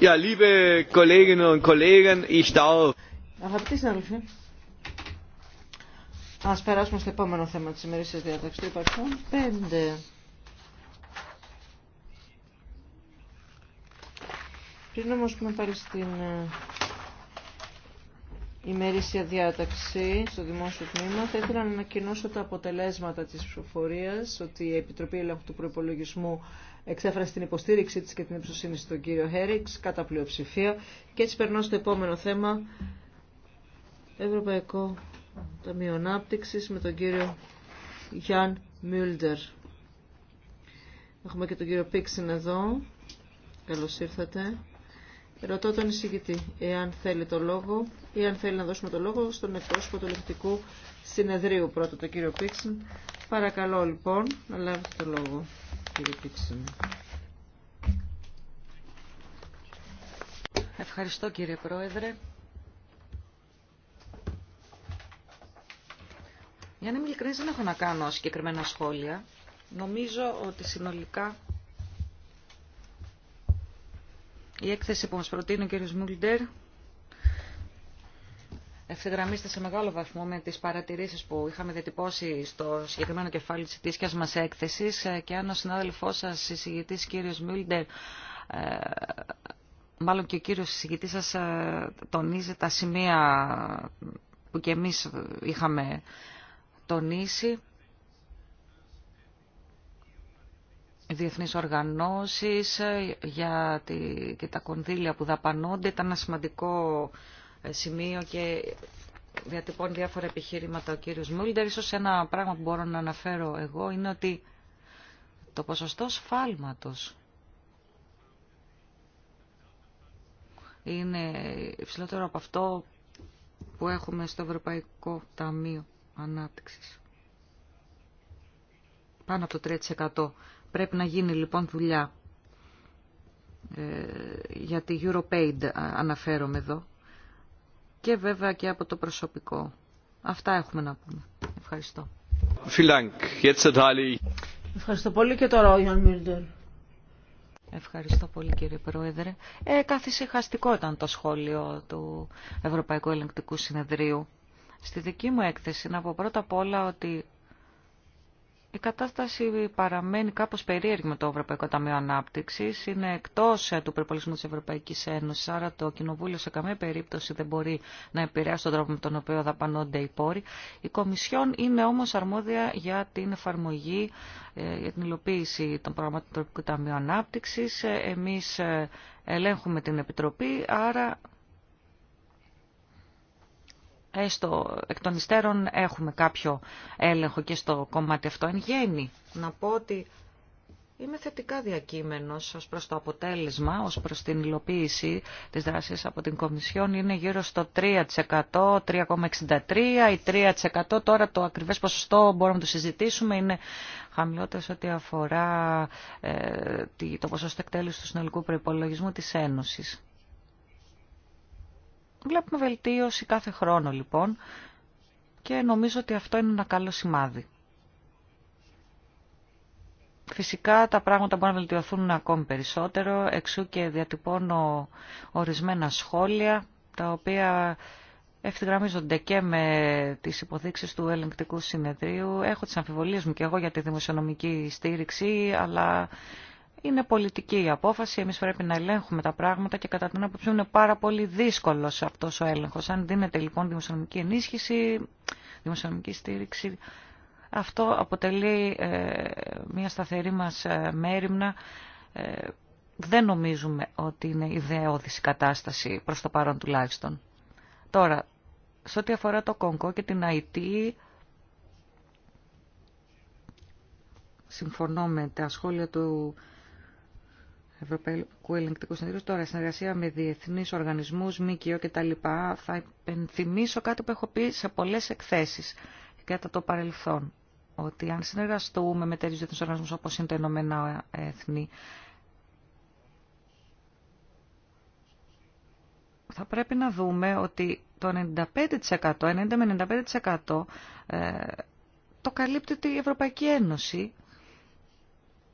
Speaker 2: Ja, liebe Kolleginnen und Kollegen, ich darf.
Speaker 1: Αγαπητοί συνάδελφοι, ας περάσουμε στο επόμενο θέμα της ημερήσιας διάταξης του υπαρχούν. Πέντε. Πριν όμως πούμε πάλι στην ε, ημερήσια διάταξη στο δημόσιο τμήμα. Θα ήθελα να ανακοινώσω τα αποτελέσματα της ψηφοφορίας, ότι η Επιτροπή Ελέγχου του Προπολογισμού εξέφρασε την υποστήριξή της και την εμπιστοσύνη στον κύριο Χέριξ κατά πλειοψηφία. Και έτσι περνώ στο επόμενο θέμα, Ευρωπαϊκό Ταμείο Ανάπτυξη με τον κύριο Γιάν Μιούλντερ. Έχουμε και τον κύριο Πίξιν εδώ. Καλώς ήρθατε. Ρωτώ τον εισηγητή εάν θέλει το λόγο ή θέλει να δώσουμε το λόγο στον εκπρόσωπο του λεπτικού συνεδρίου πρώτο, τον κύριο Πίξεν. Παρακαλώ λοιπόν να λάβετε το λόγο, κύριε Πίξεν.
Speaker 2: Ευχαριστώ κύριε Πρόεδρε. Για να είμαι ειλικρινής δεν έχω να κάνω συγκεκριμένα σχόλια. Νομίζω ότι συνολικά Η έκθεση που μας προτείνει ο κ. Μούλντερ ευθυγραμμίστε σε μεγάλο βαθμό με τις παρατηρήσεις που είχαμε διατυπώσει στο συγκεκριμένο κεφάλι της ετήσιας μας έκθεσης και αν ο συνάδελφός σας, συζητητής κύριος Μούλντερ, ε, μάλλον και ο κύριος συζητητής σας ε, τονίζει τα σημεία που και εμείς είχαμε τονίσει. διεθνείς οργανώσεις ε, για και τα κονδύλια που δαπανώνται. Ήταν ένα σημαντικό ε, σημείο και διατυπώνει διάφορα επιχείρηματα ο κύριος Μούλντερ. Ίσως ένα πράγμα που μπορώ να αναφέρω εγώ είναι ότι το ποσοστό σφάλματος είναι υψηλότερο από αυτό που έχουμε στο Ευρωπαϊκό Ταμείο Ανάπτυξης. Πάνω από το 3%. Πρέπει να γίνει λοιπόν δουλειά ε, για τη Europaid ε, αναφέρομαι εδώ και βέβαια και από το προσωπικό. Αυτά έχουμε να πούμε. Ευχαριστώ. Ευχαριστώ πολύ και τώρα ο Ιαν Ευχαριστώ πολύ κύριε Πρόεδρε. Ε, καθυσυχαστικό ήταν το σχόλιο του Ευρωπαϊκού Ελεγκτικού Συνεδρίου. Στη δική μου έκθεση να πω πρώτα απ' όλα ότι η κατάσταση παραμένει κάπως περίεργη με το Ευρωπαϊκό Ταμείο Ανάπτυξης. Είναι εκτός ε, του προπολισμού της Ευρωπαϊκής Ένωσης, άρα το Κοινοβούλιο σε καμία περίπτωση δεν μπορεί να επηρεάσει τον τρόπο με τον οποίο δαπανώνται οι πόροι. Η Κομισιόν είναι όμως αρμόδια για την εφαρμογή, ε, για την υλοποίηση των προγραμμάτων του Ευρωπαϊκού Ταμείου Ανάπτυξης. Ε, εμείς ελέγχουμε την Επιτροπή, άρα στο εκ των υστέρων έχουμε κάποιο έλεγχο και στο κομμάτι αυτό εν γέννη. Να πω ότι είμαι θετικά διακείμενος ως προς το αποτέλεσμα, ως προς την υλοποίηση της δράσης από την Κομισιόν είναι γύρω στο 3%, 3,63% ή 3%. Τώρα το ακριβές ποσοστό μπορούμε να το συζητήσουμε, είναι χαμηλότερο σε ό,τι αφορά ε, το ποσοστό εκτέλεσης του συνολικού προϋπολογισμού της Ένωσης. Βλέπουμε βελτίωση κάθε χρόνο λοιπόν και νομίζω ότι αυτό είναι ένα καλό σημάδι. Φυσικά τα πράγματα μπορούν να βελτιωθούν ακόμη περισσότερο, εξού και διατυπώνω ορισμένα σχόλια, τα οποία ευθυγραμμίζονται και με τις υποδείξεις του ελεγκτικού συνεδρίου. Έχω τις αμφιβολίες μου και εγώ για τη δημοσιονομική στήριξη, αλλά είναι πολιτική η απόφαση, εμείς πρέπει να ελέγχουμε τα πράγματα και κατά την άποψή μου είναι πάρα πολύ δύσκολος αυτός ο έλεγχος. Αν δίνεται λοιπόν δημοσιονομική ενίσχυση, δημοσιονομική στήριξη, αυτό αποτελεί ε, μια σταθερή μας ε, μέρημνα. Ε, δεν νομίζουμε ότι είναι ιδεώδης η κατάσταση προς το παρόν τουλάχιστον. Τώρα, σε ό,τι αφορά το Κονκό και την Αιτή. συμφωνώ με τα σχόλια του Ευρωπαϊκού Ελεγκτικού Συνεδρίου. Τώρα, συνεργασία με διεθνείς οργανισμούς, ΜΚΟ κτλ. Θα υπενθυμίσω κάτι που έχω πει σε πολλέ εκθέσεις κατά το παρελθόν. Ότι αν συνεργαστούμε με τέτοιου διεθνείς οργανισμούς όπως είναι τα Ηνωμένα Έθνη, θα πρέπει να δούμε ότι το 95%, 90 με 95% ε, το καλύπτει η Ευρωπαϊκή Ένωση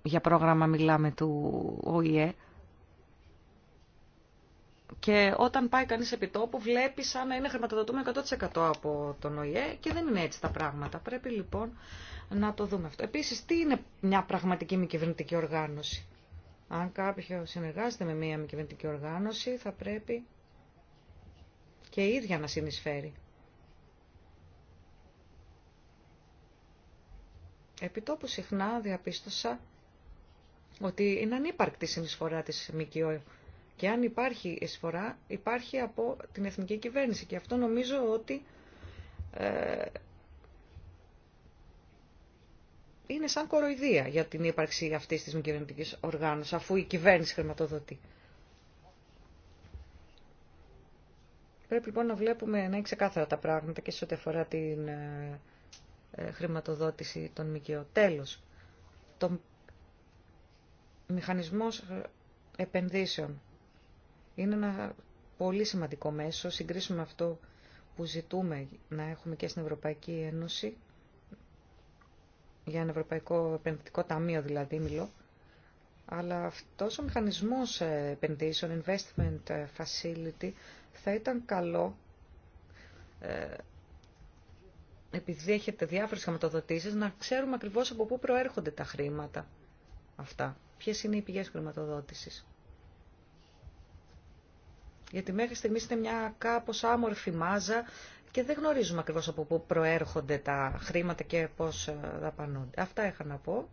Speaker 2: για πρόγραμμα μιλάμε του ΟΗΕ. Και όταν πάει κανείς επί τόπου βλέπει σαν να είναι χρηματοδοτούμε 100% από τον ΟΗΕ και δεν είναι έτσι τα πράγματα. Πρέπει λοιπόν να το δούμε αυτό. Επίσης, τι είναι μια πραγματική μη κυβερνητική οργάνωση. Αν κάποιο συνεργάζεται με μια μη κυβερνητική οργάνωση θα πρέπει και η ίδια να συνεισφέρει. Επιτόπου συχνά διαπίστωσα ότι είναι ανύπαρκτη η συνεισφορά της ΜΚΟ. Και αν υπάρχει εισφορά, υπάρχει από την εθνική κυβέρνηση. Και αυτό νομίζω ότι ε, είναι σαν κοροϊδία για την ύπαρξη αυτής της μη κυβερνητικής οργάνωσης, αφού η κυβέρνηση χρηματοδοτεί. Πρέπει λοιπόν να βλέπουμε να είναι ξεκάθαρα τα πράγματα και σε ό,τι αφορά την ε, ε, χρηματοδότηση των ΜΚΟ. Τέλος, το μηχανισμός επενδύσεων είναι ένα πολύ σημαντικό μέσο, συγκρίσουμε αυτό που ζητούμε να έχουμε και στην Ευρωπαϊκή Ένωση, για ένα Ευρωπαϊκό Επενδυτικό Ταμείο δηλαδή μιλώ, αλλά αυτός ο μηχανισμός επενδύσεων, investment facility, θα ήταν καλό ε, επειδή έχετε διάφορες χρηματοδοτήσεις, να ξέρουμε ακριβώς από πού προέρχονται τα χρήματα αυτά ποιες είναι οι πηγές χρηματοδότησης. Γιατί μέχρι στιγμής είναι μια κάπως άμορφη μάζα και δεν γνωρίζουμε ακριβώς από πού προέρχονται τα χρήματα και πώς ε, δαπανούνται. Αυτά είχα να πω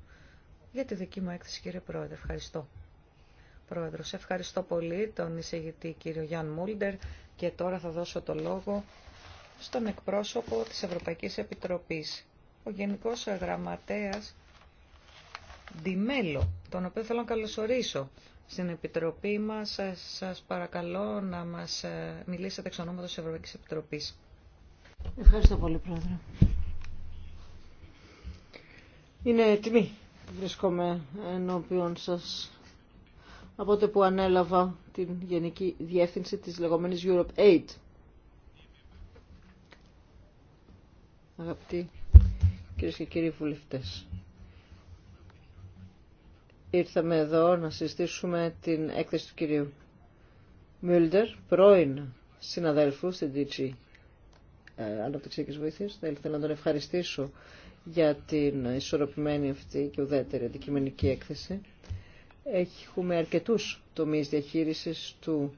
Speaker 2: για τη δική μου έκθεση κύριε Πρόεδρε. Ευχαριστώ. σε ευχαριστώ πολύ τον εισηγητή κύριο Γιάν Μούλντερ και τώρα θα δώσω το λόγο στον εκπρόσωπο της Ευρωπαϊκής Επιτροπής. Ο Γενικός Γραμματέας Ντιμέλο, τον οποίο θέλω να καλωσορίσω στην Επιτροπή μας. Σας παρακαλώ να μας ε, μιλήσετε εξ ονόματος της Ευρωπαϊκής Επιτροπής.
Speaker 1: Ευχαριστώ πολύ, Πρόεδρε. Είναι τιμή που βρίσκομαι ενώπιον σας από τότε που ανέλαβα την Γενική Διεύθυνση της λεγόμενης Europe Aid. Αγαπητοί κυρίες και κύριοι βουλευτές, ήρθαμε εδώ να συζητήσουμε την έκθεση του κυρίου Μιούλντερ, πρώην συναδέλφου στην DG ε, Αναπτυξιακής Βοήθειας. Θα ήθελα να τον ευχαριστήσω για την ισορροπημένη αυτή και ουδέτερη αντικειμενική έκθεση. Έχουμε αρκετούς τομείς διαχείρισης του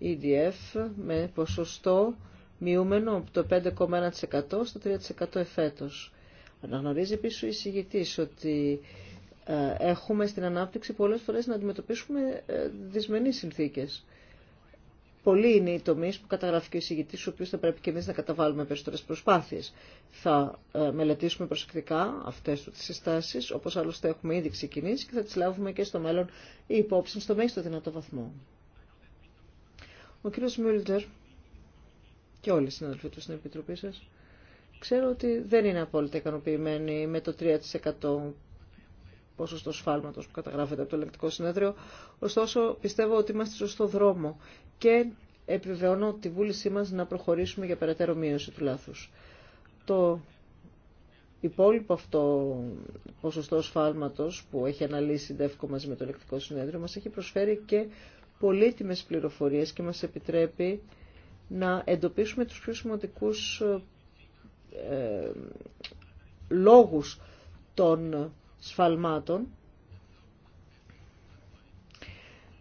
Speaker 1: EDF με ποσοστό μειούμενο από το 5,1% στο 3% εφέτος. Αναγνωρίζει επίσης ο εισηγητής ότι ε, έχουμε στην ανάπτυξη πολλές φορές να αντιμετωπίσουμε ε, δυσμενείς συνθήκες. Πολλοί είναι οι τομεί που καταγράφει και ο εισηγητή, στου οποίου θα πρέπει και εμεί να καταβάλουμε περισσότερε προσπάθειε. Θα ε, μελετήσουμε προσεκτικά αυτέ τι συστάσει, όπω άλλωστε έχουμε ήδη ξεκινήσει και θα τι λάβουμε και στο μέλλον υπόψη στο μέγιστο δυνατό βαθμό. Ο κύριο Μιούλτζερ και όλοι οι συναδελφοί του στην Επιτροπή σα, ξέρω ότι δεν είναι απόλυτα ικανοποιημένοι με το 3% ποσοστό σφάλματος που καταγράφεται από το ελεγκτικό συνέδριο. Ωστόσο, πιστεύω ότι είμαστε στο σωστό δρόμο και επιβεβαιώνω τη βούλησή μας να προχωρήσουμε για περαιτέρω μείωση του λάθους. Το υπόλοιπο αυτό ποσοστό σφάλματος που έχει αναλύσει η ΔΕΦΚΟ μαζί με το ελεκτικό συνέδριο μας έχει προσφέρει και πολύτιμες πληροφορίες και μας επιτρέπει να εντοπίσουμε τους πιο σημαντικούς ε, ε λόγους των σφαλμάτων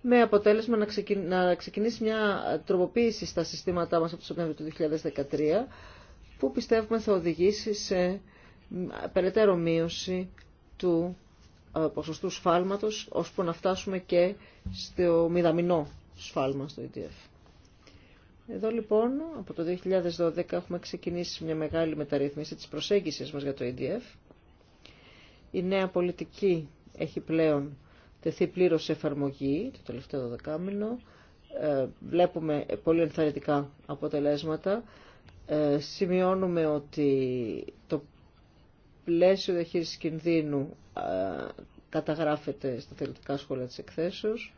Speaker 1: με αποτέλεσμα να ξεκινήσει μια τροποποίηση στα συστήματά μας από το Σεπτέμβριο του 2013 που πιστεύουμε θα οδηγήσει σε περαιτέρω μείωση του ε, ποσοστού σφάλματος ώσπου να φτάσουμε και στο μηδαμινό σφάλμα στο ETF. Εδώ λοιπόν από το 2012 έχουμε ξεκινήσει μια μεγάλη μεταρρύθμιση της προσέγγισης μας για το EDF η νέα πολιτική έχει πλέον τεθεί πλήρως σε εφαρμογή το τελευταίο δεκάμινο. Ε, βλέπουμε πολύ ενθαρρυντικά αποτελέσματα. Ε, σημειώνουμε ότι το πλαίσιο διαχείρισης κινδύνου ε, καταγράφεται στα θεωρητικά σχόλια της εκθέσεως.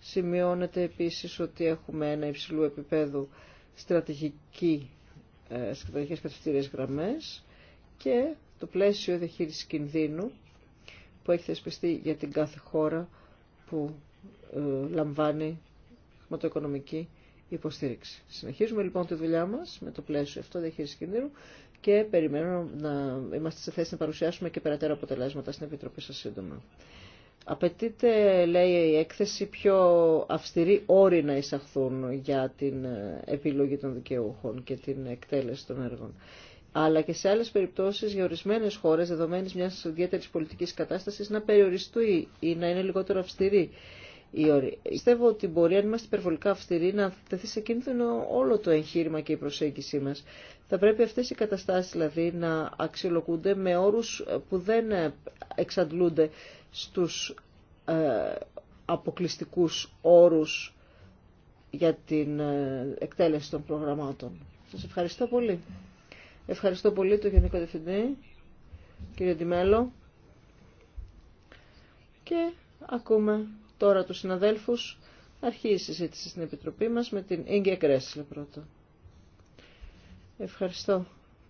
Speaker 1: Σημειώνεται επίσης ότι έχουμε ένα υψηλού επίπεδου στρατηγική, στρατηγικές κατευθυντήριες γραμμές και το πλαίσιο διαχείρισης κινδύνου που έχει θεσπιστεί για την κάθε χώρα που ε, λαμβάνει χρηματοοικονομική υποστήριξη. Συνεχίζουμε λοιπόν τη δουλειά μας με το πλαίσιο αυτό διαχείρισης κινδύνου και περιμένω να είμαστε σε θέση να παρουσιάσουμε και περαιτέρω αποτελέσματα στην Επιτροπή σας σύντομα. Απαιτείται, λέει η έκθεση, πιο αυστηροί όροι να εισαχθούν για την ε, επιλογή των δικαιούχων και την εκτέλεση των έργων αλλά και σε άλλε περιπτώσει για ορισμένε χώρες, δεδομένη μιας ιδιαίτερη πολιτική κατάσταση να περιοριστεί ή να είναι λιγότερο αυστηρή η όρη. Πιστεύω ότι μπορεί, αν είμαστε υπερβολικά αυστηροί, να ειναι λιγοτερο αυστηρη πιστευω οτι μπορει αν ειμαστε υπερβολικα αυστηροι να τεθει σε κίνδυνο όλο το εγχείρημα και η προσέγγιση μα. Θα πρέπει αυτέ οι καταστάσει δηλαδή να αξιολογούνται με όρου που δεν εξαντλούνται στου ε, αποκλειστικούς όρους για την ε, εκτέλεση των προγραμμάτων. Σας ευχαριστώ πολύ. Ευχαριστώ πολύ τον Γενικό Διευθυντή, κύριο Ντιμέλο. Και ακούμε τώρα τους συναδέλφους. Αρχίζει η συζήτηση στην Επιτροπή μας με την Ίγκια Κρέσλε πρώτα. Ευχαριστώ.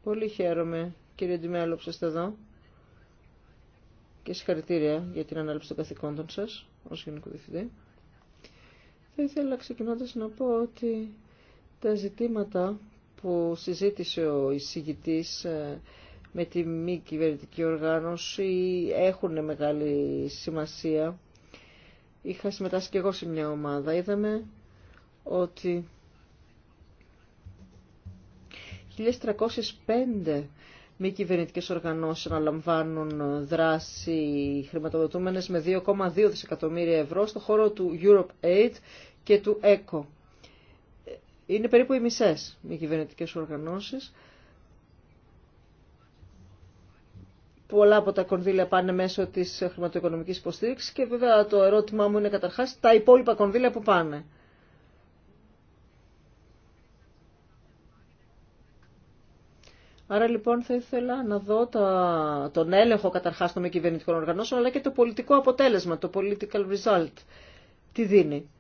Speaker 1: Πολύ χαίρομαι κύριε Ντιμέλο που είστε εδώ και συγχαρητήρια για την ανάληψη των καθηκόντων σας ως Γενικό Διευθυντή. Θα ήθελα ξεκινώντας να πω ότι τα ζητήματα που συζήτησε ο εισηγητής ε, με τη μη κυβερνητική οργάνωση έχουν μεγάλη σημασία. Είχα συμμετάσχει και εγώ σε μια ομάδα. Είδαμε ότι 1305 μη κυβερνητικέ οργανώσει αναλαμβάνουν δράση χρηματοδοτούμενες με 2,2 δισεκατομμύρια ευρώ στο χώρο του Europe Aid και του ECO. Είναι περίπου οι μισές οι κυβερνητικές οργανώσεις. Πολλά από τα κονδύλια πάνε μέσω της χρηματοοικονομικής υποστήριξης και βέβαια το ερώτημά μου είναι καταρχάς τα υπόλοιπα κονδύλια που πάνε. Άρα λοιπόν θα ήθελα να δω τα, τον έλεγχο καταρχάς των κυβερνητικών οργανώσεων αλλά και το πολιτικό αποτέλεσμα, το political result. Τι δίνει.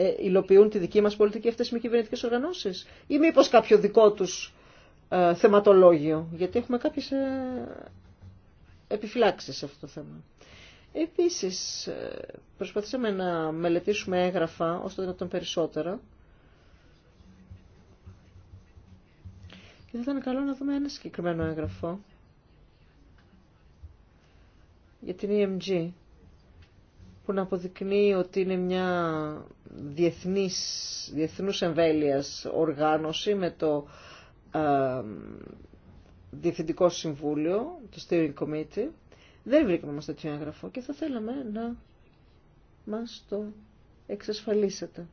Speaker 1: Ε, υλοποιούν τη δική μας πολιτική αυτές οι μη κυβερνητικές οργανώσεις ή μήπως κάποιο δικό τους ε, θεματολόγιο, γιατί έχουμε κάποιες ε, επιφυλάξεις σε αυτό το θέμα. Επίσης, ε, προσπαθήσαμε να μελετήσουμε έγγραφα, ώστε να τον περισσότερα, και θα ήταν καλό να δούμε ένα συγκεκριμένο έγγραφο για την EMG, που να αποδεικνύει ότι είναι μια διεθνής, διεθνούς εμβέλειας οργάνωση με το ε, Διευθυντικό Συμβούλιο, το Steering Committee. Δεν βρήκαμε μας τέτοιο έγγραφο και θα θέλαμε να μας το εξασφαλίσετε.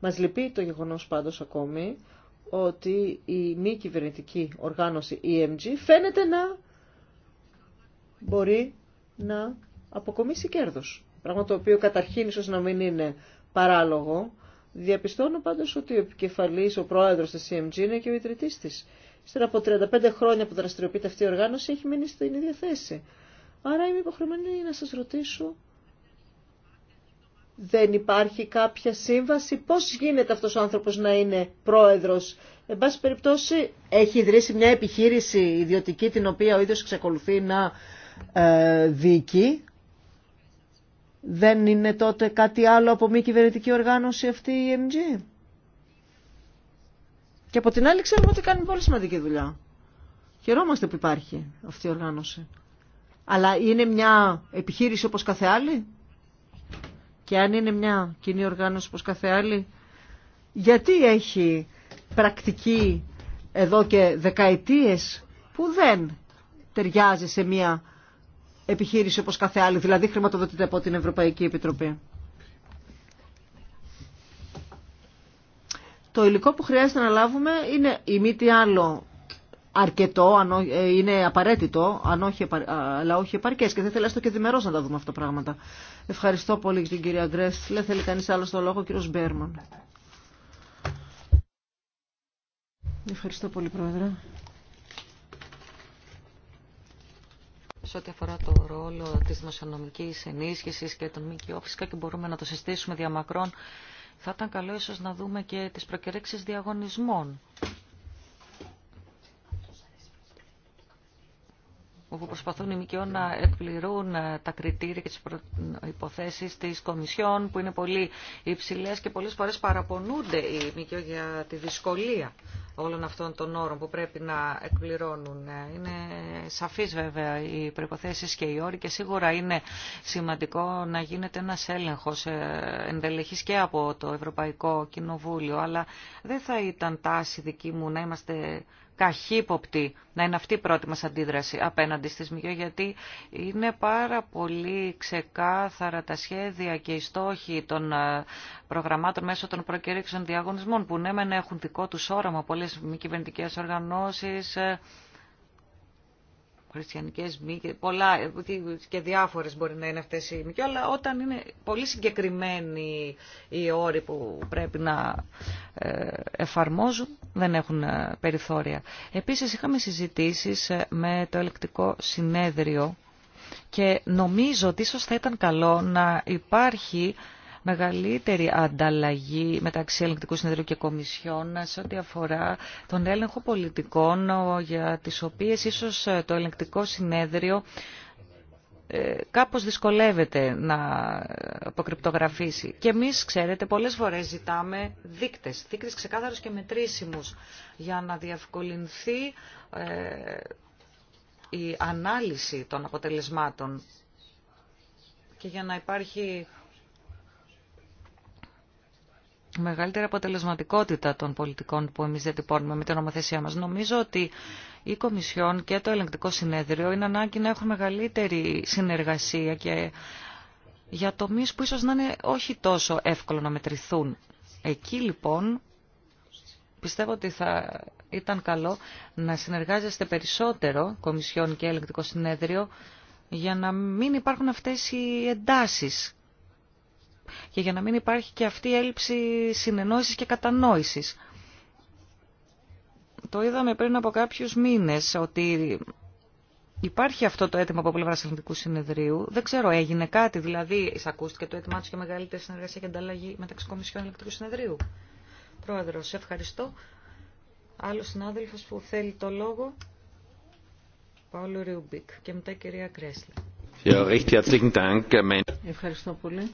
Speaker 1: Μας λυπεί το γεγονός πάντως ακόμη ότι η μη κυβερνητική οργάνωση EMG φαίνεται να μπορεί να αποκομίσει κέρδος. Πράγμα το οποίο καταρχήν ίσως να μην είναι παράλογο. Διαπιστώνω πάντως ότι ο επικεφαλής, ο πρόεδρος της CMG είναι και ο ιδρυτής της. Ύστερα από 35 χρόνια που δραστηριοποιείται αυτή η οργάνωση έχει μείνει στην ίδια θέση. Άρα είμαι υποχρεωμένη να σας ρωτήσω δεν υπάρχει κάποια σύμβαση. Πώς γίνεται αυτός ο άνθρωπος να είναι πρόεδρος. Εν πάση περιπτώσει έχει ιδρύσει μια επιχείρηση ιδιωτική την οποία ο ίδιος εξακολουθεί να ε, δεν είναι τότε κάτι άλλο από μη κυβερνητική οργάνωση αυτή η EMG. Και από την άλλη ξέρουμε ότι κάνει πολύ σημαντική δουλειά. Χαιρόμαστε που υπάρχει αυτή η οργάνωση. Αλλά είναι μια επιχείρηση όπως κάθε άλλη. Και αν είναι μια κοινή οργάνωση όπως κάθε άλλη, γιατί έχει πρακτική εδώ και δεκαετίες που δεν ταιριάζει σε μια επιχείρηση όπως κάθε άλλη, δηλαδή χρηματοδοτείται από την Ευρωπαϊκή Επιτροπή. Το υλικό που χρειάζεται να λάβουμε είναι η μη άλλο αρκετό, ε, είναι απαραίτητο, αν όχι, αλλά όχι επαρκές. Και δεν ήθελα έστω και διμερώς να τα δούμε αυτά τα πράγματα. Ευχαριστώ πολύ την κυρία Δεν Θέλει κανείς άλλο το λόγο, ο Μπέρμαν. Ευχαριστώ πολύ, Πρόεδρε.
Speaker 2: σε ό,τι αφορά το ρόλο της δημοσιονομικής ενίσχυσης και των ΜΚΟ, φυσικά και μπορούμε να το συστήσουμε διαμακρών, θα ήταν καλό ίσως να δούμε και τις προκηρύξεις διαγωνισμών όπου προσπαθούν οι ΜΚΟ να εκπληρούν ε, τα κριτήρια και τις ε, υποθέσεις της Κομισιόν που είναι πολύ υψηλές και πολλές φορές παραπονούνται οι ΜΚΟ για τη δυσκολία όλων αυτών των όρων που πρέπει να εκπληρώνουν. Ε, είναι σαφής βέβαια οι προϋποθέσεις και οι όροι και σίγουρα είναι σημαντικό να γίνεται ένας έλεγχος ενδελεχής και από το Ευρωπαϊκό Κοινοβούλιο αλλά δεν θα ήταν τάση δική μου να είμαστε καχύποπτη να είναι αυτή η πρώτη μας αντίδραση απέναντι στις ΜΚΟ, γιατί είναι πάρα πολύ ξεκάθαρα τα σχέδια και οι στόχοι των ε, προγραμμάτων μέσω των προκηρύξεων διαγωνισμών, που ναι μεν έχουν δικό τους όραμα πολλές μη κυβερνητικές οργανώσεις, ε, Χριστιανικέ μη και πολλά και διάφορες μπορεί να είναι αυτέ οι μη αλλά όταν είναι πολύ συγκεκριμένοι οι όροι που πρέπει να ε, εφαρμόζουν δεν έχουν ε, περιθώρια. Επίσης είχαμε συζητήσεις ε, με το ελεκτικό συνέδριο και νομίζω ότι ίσω θα ήταν καλό να υπάρχει μεγαλύτερη ανταλλαγή μεταξύ Ελεγκτικού Συνεδρίου και Κομισιών σε ό,τι αφορά τον έλεγχο πολιτικών για τις οποίες ίσως ε, το Ελεγκτικό Συνέδριο ε, κάπως δυσκολεύεται να ε, αποκρυπτογραφήσει. Και εμείς, ξέρετε, πολλές φορές ζητάμε δείκτες, δείκτες ξεκάθαρους και μετρήσιμους, για να διευκολυνθεί η ανάλυση των αποτελεσμάτων και για να υπάρχει μεγαλύτερη αποτελεσματικότητα των πολιτικών που εμείς διατυπώνουμε με την νομοθεσία μας. Νομίζω ότι η Κομισιόν και το Ελεγκτικό Συνέδριο είναι ανάγκη να έχουν μεγαλύτερη συνεργασία και για τομείς που ίσως να είναι όχι τόσο εύκολο να μετρηθούν. Εκεί λοιπόν πιστεύω ότι θα ήταν καλό να συνεργάζεστε περισσότερο Κομισιόν και Ελεγκτικό Συνέδριο για να μην υπάρχουν αυτές οι εντάσεις και για να μην υπάρχει και αυτή η έλλειψη συνεννόησης και κατανόησης. Το είδαμε πριν από κάποιους μήνες ότι υπάρχει αυτό το αίτημα από πλευρά Ελληνικού Συνεδρίου. Δεν ξέρω, έγινε κάτι, δηλαδή εισακούστηκε το αίτημά του για μεγαλύτερη συνεργασία και ανταλλαγή μεταξύ Κομισιών Ελεκτρικού Συνεδρίου. Πρόεδρο, σε ευχαριστώ. Άλλο συνάδελφο που θέλει το λόγο. Παόλο Ριουμπίκ και μετά η κυρία Κρέσλα. Ευχαριστώ πολύ.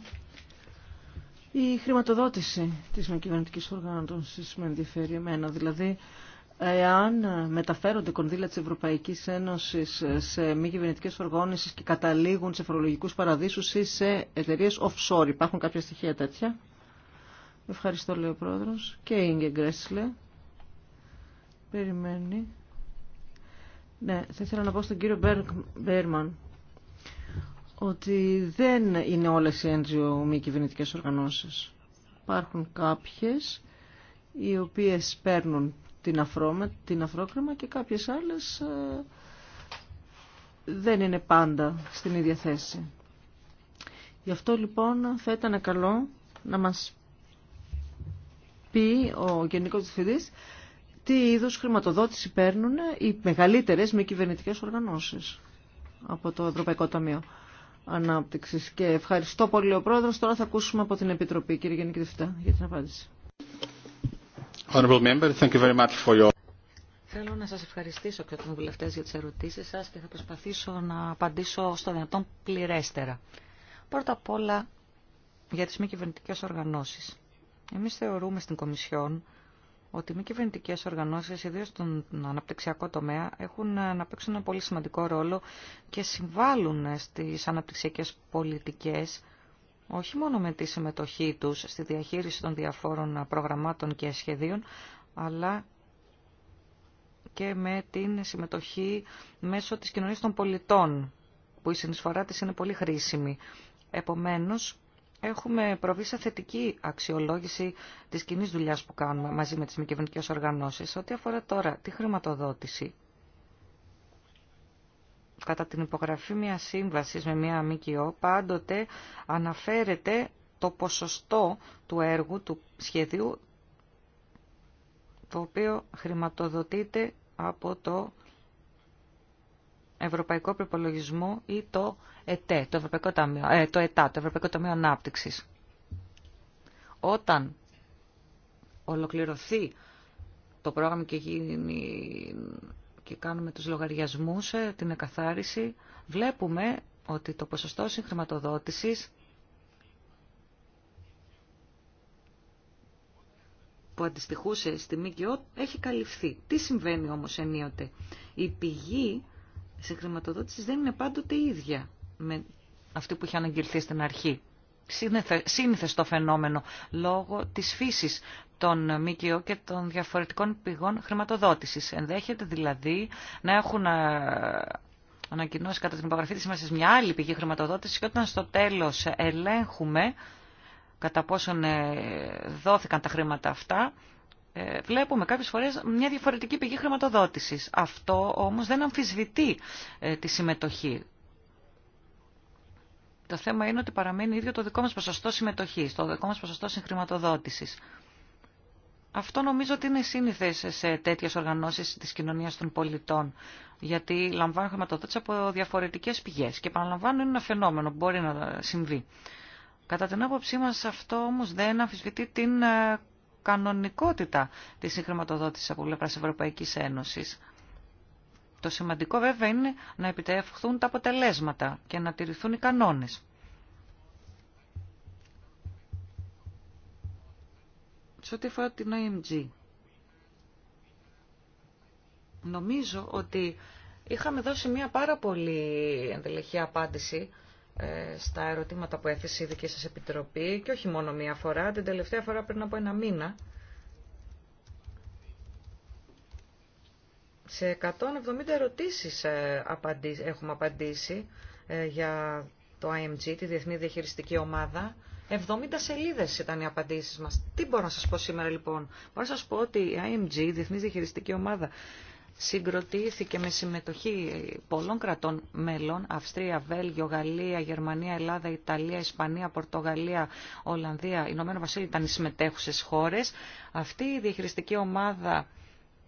Speaker 1: Η χρηματοδότηση της μη κυβερνητικής οργάνωσης με ενδιαφέρει εμένα. Δηλαδή, εάν μεταφέρονται κονδύλια της Ευρωπαϊκής Ένωσης σε μη κυβερνητικές οργάνωσεις και καταλήγουν σε φορολογικούς παραδείσους ή σε εταιρείες offshore. Υπάρχουν κάποια στοιχεία τέτοια. Ευχαριστώ, λέει ο Πρόεδρος. Και η Ίγκε Γκρέσλε. Περιμένει. Ναι, θα ήθελα να πω στον κύριο Μπέρμαν ότι δεν είναι όλες οι NGO μη κυβερνητικέ οργανώσεις. Υπάρχουν κάποιες οι οποίες παίρνουν την, αφρό, την και κάποιες άλλες ε, δεν είναι πάντα στην ίδια θέση. Γι' αυτό λοιπόν θα ήταν καλό να μας πει ο Γενικός Διευθυντής τι είδους χρηματοδότηση παίρνουν οι μεγαλύτερες μη κυβερνητικέ οργανώσεις από το Ευρωπαϊκό Ταμείο. Ανάπτυξης. Και ευχαριστώ πολύ ο Πρόεδρος. Τώρα θα ακούσουμε από την Επιτροπή, κύριε Γενική Διευθυντά, για την απάντηση.
Speaker 2: Θέλω να σας ευχαριστήσω και τον βουλευτές για τις ερωτήσεις σας και θα προσπαθήσω να απαντήσω στο δυνατόν πληρέστερα. Πρώτα απ' όλα για τις μη κυβερνητικέ οργανώσεις. Εμείς θεωρούμε στην Κομισιόν ότι μη κυβερνητικέ οργανώσει, ιδίω στον αναπτυξιακό τομέα, έχουν να παίξουν ένα πολύ σημαντικό ρόλο και συμβάλλουν στι αναπτυξιακέ πολιτικέ, όχι μόνο με τη συμμετοχή του στη διαχείριση των διαφόρων προγραμμάτων και σχεδίων, αλλά και με την συμμετοχή μέσω της κοινωνίας των πολιτών, που η συνεισφορά της είναι πολύ χρήσιμη. Επομένως, έχουμε προβεί σε θετική αξιολόγηση της κοινή δουλειά που κάνουμε μαζί με τις μη κυβερνητικέ οργανώσεις. Ό,τι αφορά τώρα τη χρηματοδότηση, κατά την υπογραφή μια σύμβασης με μια ΜΚΟ, πάντοτε αναφέρεται το ποσοστό του έργου, του σχεδίου, το οποίο χρηματοδοτείται από το Ευρωπαϊκό Προπολογισμό ή το ΕΤΕ, το, Ευρωπαϊκό Ταμείο, ε, το ΕΤΑ, το Ευρωπαϊκό Ταμείο Ανάπτυξης. Όταν ολοκληρωθεί το πρόγραμμα και, γίνει, και κάνουμε τους λογαριασμούς, ε, την εκαθάριση, βλέπουμε ότι το ποσοστό συγχρηματοδότησης που αντιστοιχούσε στη ΜΚΟ έχει καλυφθεί. Τι συμβαίνει όμως ενίοτε. Η πηγή χρηματοδότηση δεν είναι πάντοτε ίδια με αυτή που είχε αναγγελθεί στην αρχή. Σύνηθε το φαινόμενο λόγω της φύσης των ΜΚΟ και των διαφορετικών πηγών χρηματοδότησης. Ενδέχεται δηλαδή να έχουν ε, ανακοινώσει κατά την υπογραφή της μας μια άλλη πηγή χρηματοδότησης και όταν στο τέλος ελέγχουμε κατά πόσον ε, δόθηκαν τα χρήματα αυτά, ε, βλέπουμε κάποιες φορές μια διαφορετική πηγή χρηματοδότησης. Αυτό όμως δεν αμφισβητεί ε, τη συμμετοχή. Το θέμα είναι ότι παραμένει ίδιο το δικό μας ποσοστό συμμετοχής, το δικό μας ποσοστό συγχρηματοδότησης. Αυτό νομίζω ότι είναι σύνηθε σε τέτοιες οργανώσεις της κοινωνίας των πολιτών, γιατί λαμβάνουν χρηματοδότηση από διαφορετικές πηγές και επαναλαμβάνω ένα φαινόμενο που μπορεί να συμβεί. Κατά την άποψή μας αυτό όμως δεν αμφισβητεί την ε, κανονικότητα της συγχρηματοδότησης από πλευρά Ευρωπαϊκής Ένωσης. Το σημαντικό βέβαια είναι να επιτευχθούν τα αποτελέσματα και να τηρηθούν οι κανόνες. Σε ό,τι αφορά την IMG, νομίζω ότι είχαμε δώσει μια πάρα πολύ εντελεχή απάντηση ε, στα ερωτήματα που έθεσε η δική σας επιτροπή και όχι μόνο μία φορά, την τελευταία φορά πριν από ένα μήνα. Σε 170 ερωτήσεις ε, έχουμε απαντήσει ε, για το IMG, τη Διεθνή Διαχειριστική Ομάδα. 70 σελίδες ήταν οι απαντήσεις μας. Τι μπορώ να σας πω σήμερα λοιπόν. Μπορώ να σας πω ότι η IMG, η Διεθνής Διαχειριστική Ομάδα, συγκροτήθηκε με συμμετοχή πολλών κρατών μέλων, Αυστρία, Βέλγιο, Γαλλία, Γερμανία, Ελλάδα, Ιταλία, Ισπανία, Πορτογαλία, Ολλανδία, Ηνωμένο Βασίλειο ήταν οι συμμετέχουσες χώρες. Αυτή η διαχειριστική ομάδα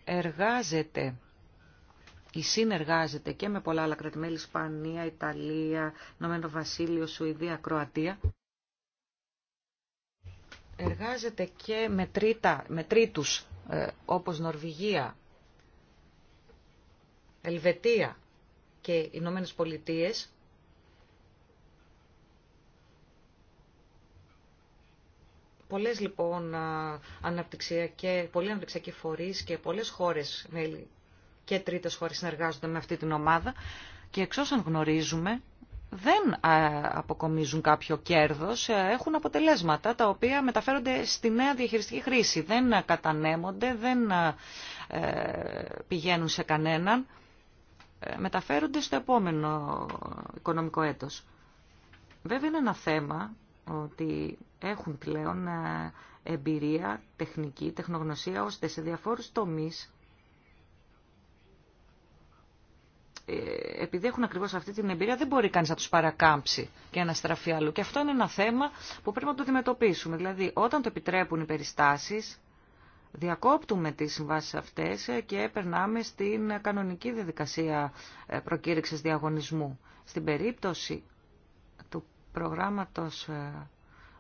Speaker 2: εργάζεται ή συνεργάζεται και με πολλά άλλα κρατημέλη, Ισπανία, Ιταλία, Ηνωμένο Βασίλειο, Σουηδία, Κροατία. Εργάζεται και με, τρίτα, με τρίτους, ε, όπως Νορβηγία, Ελβετία και οι Ηνωμένε Πολιτείε. Πολλές λοιπόν αναπτυξιακές, πολλοί αναπτυξιακοί φορείς και πολλές χώρες και τρίτες χώρες συνεργάζονται με αυτή την ομάδα και εξ όσων γνωρίζουμε δεν αποκομίζουν κάποιο κέρδος, ε, έχουν αποτελέσματα τα οποία μεταφέρονται στη νέα διαχειριστική χρήση. Δεν κατανέμονται, δεν ε, πηγαίνουν σε κανέναν μεταφέρονται στο επόμενο οικονομικό έτος. Βέβαια είναι ένα θέμα ότι έχουν πλέον ε, εμπειρία, τεχνική, τεχνογνωσία, ώστε σε διαφόρους τομείς, ε, επειδή έχουν ακριβώς αυτή την εμπειρία, δεν μπορεί κανείς να τους παρακάμψει και να στραφεί αλλού. Και αυτό είναι ένα θέμα που πρέπει να το αντιμετωπίσουμε. Δηλαδή, όταν το επιτρέπουν οι περιστάσεις, διακόπτουμε τις συμβάσεις αυτές και περνάμε στην κανονική διαδικασία ε, προκήρυξης διαγωνισμού. Στην περίπτωση του προγράμματος ε,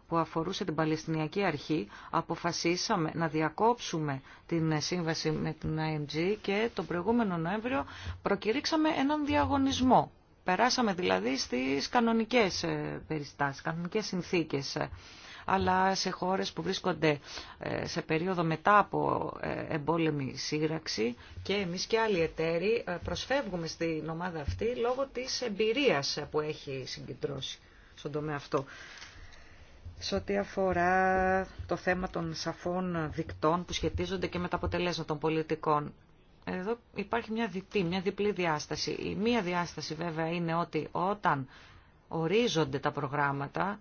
Speaker 2: που αφορούσε την Παλαιστινιακή Αρχή, αποφασίσαμε να διακόψουμε την σύμβαση με την IMG και τον προηγούμενο Νοέμβριο προκηρύξαμε έναν διαγωνισμό. Περάσαμε δηλαδή στις κανονικές ε, περιστάσεις, κανονικές συνθήκες αλλά σε χώρες που βρίσκονται ε, σε περίοδο μετά από ε, εμπόλεμη σύραξη και εμείς και άλλοι εταίροι ε, προσφεύγουμε στην ομάδα αυτή λόγω της εμπειρίας που έχει συγκεντρώσει στον τομέα αυτό. Σε ό,τι αφορά το θέμα των σαφών δικτών που σχετίζονται και με τα αποτελέσματα των πολιτικών, εδώ υπάρχει μια μια διπλή διάσταση. Η μία διάσταση βέβαια είναι ότι όταν ορίζονται τα προγράμματα,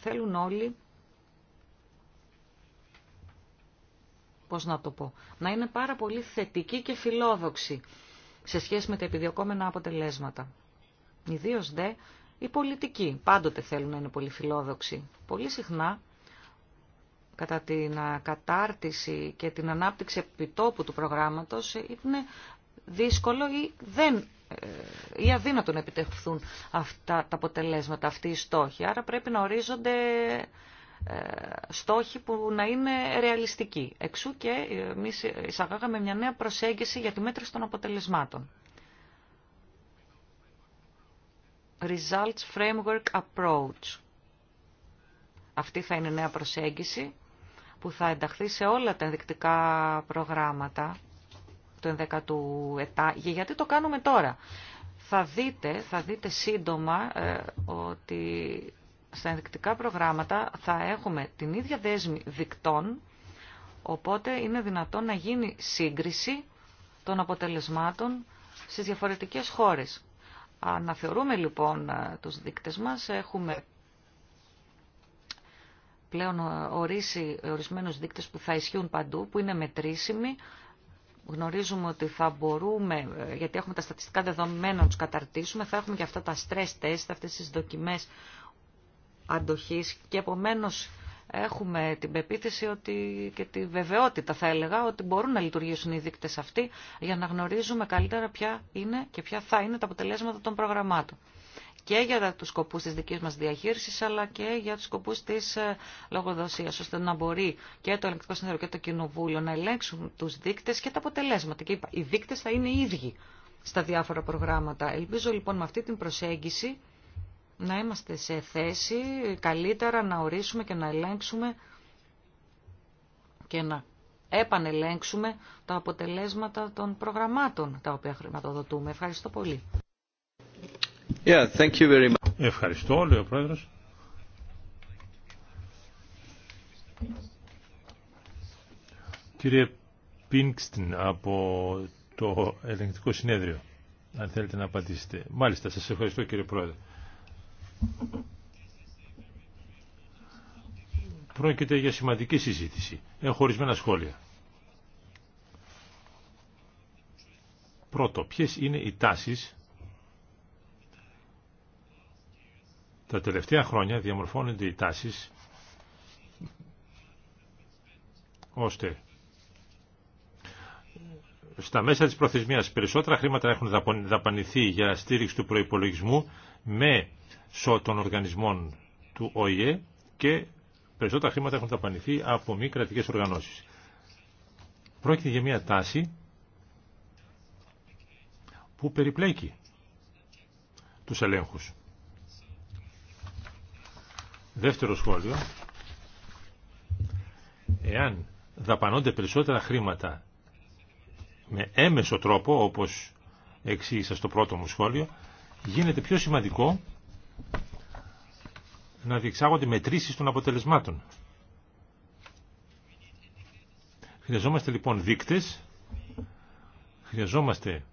Speaker 2: θέλουν όλοι πώς να το πω, να είναι πάρα πολύ θετική και φιλόδοξη σε σχέση με τα επιδιωκόμενα αποτελέσματα. Ιδίω δε οι πολιτικοί πάντοτε θέλουν να είναι πολύ φιλόδοξοι. Πολύ συχνά κατά την κατάρτιση και την ανάπτυξη επιτόπου του προγράμματος είναι δύσκολο ή, δεν, ε, ή αδύνατο να επιτευχθούν αυτά τα αποτελέσματα, αυτοί οι στόχοι. Άρα πρέπει να ορίζονται ε, στόχοι που να είναι ρεαλιστικοί. Εξού και ε, εμεί εισαγάγαμε μια νέα προσέγγιση για τη μέτρηση των αποτελεσμάτων. Results Framework Approach. Αυτή θα είναι η νέα προσέγγιση που θα ενταχθεί σε όλα τα ενδεικτικά προγράμματα του 11ου Γιατί το κάνουμε τώρα. Θα δείτε, θα δείτε σύντομα ε, ότι στα ενδεικτικά προγράμματα θα έχουμε την ίδια δέσμη δικτών, οπότε είναι δυνατόν να γίνει σύγκριση των αποτελεσμάτων στις διαφορετικές χώρες. Αναθεωρούμε λοιπόν ε, τους δείκτες μας, έχουμε πλέον ε, ορίσει ορισμένους δείκτες που θα ισχύουν παντού, που είναι μετρήσιμοι, γνωρίζουμε ότι θα μπορούμε, ε, γιατί έχουμε τα στατιστικά δεδομένα να τους καταρτήσουμε, θα έχουμε και αυτά τα stress test, αυτές τις δοκιμές αντοχής και επομένως έχουμε την πεποίθηση ότι και τη βεβαιότητα θα έλεγα ότι μπορούν να λειτουργήσουν οι δείκτες αυτοί για να γνωρίζουμε καλύτερα ποια είναι και ποια θα είναι τα αποτελέσματα των προγραμμάτων και για τους σκοπούς της δικής μας διαχείρισης αλλά και για τους σκοπούς της ε, λογοδοσίας ώστε να μπορεί και το Ελεκτικό Συνέδριο και το Κοινοβούλιο να ελέγξουν τους δείκτες και τα αποτελέσματα. Και είπα, οι δείκτες θα είναι οι ίδιοι στα διάφορα προγράμματα. Ελπίζω λοιπόν με αυτή την προσέγγιση να είμαστε σε θέση καλύτερα να ορίσουμε και να ελέγξουμε και να επανελέγξουμε τα αποτελέσματα των προγραμμάτων τα οποία χρηματοδοτούμε. Ευχαριστώ πολύ.
Speaker 3: Yeah, thank you very much. Ευχαριστώ, λέει ο Πρόεδρος. Κύριε Πίνξτιν από το Ελεγκτικό Συνέδριο, αν θέλετε να απαντήσετε. Μάλιστα, σας ευχαριστώ κύριε Πρόεδρε. Πρόκειται για σημαντική συζήτηση. Έχω ορισμένα σχόλια. Πρώτο, ποιες είναι οι τάσεις τα τελευταία χρόνια διαμορφώνονται οι τάσεις ώστε στα μέσα της προθεσμίας περισσότερα χρήματα έχουν δαπανηθεί για στήριξη του προϋπολογισμού με των οργανισμών του ΟΗΕ και περισσότερα χρήματα έχουν ταπανηθεί από μη κρατικέ οργανώσεις. Πρόκειται για μια τάση που περιπλέκει τους ελέγχους. Δεύτερο σχόλιο. Εάν δαπανώνται περισσότερα χρήματα με έμεσο τρόπο, όπως εξήγησα στο πρώτο μου σχόλιο, γίνεται πιο σημαντικό να διεξάγονται μετρήσεις των αποτελεσμάτων. Χρειαζόμαστε λοιπόν δείκτες, χρειαζόμαστε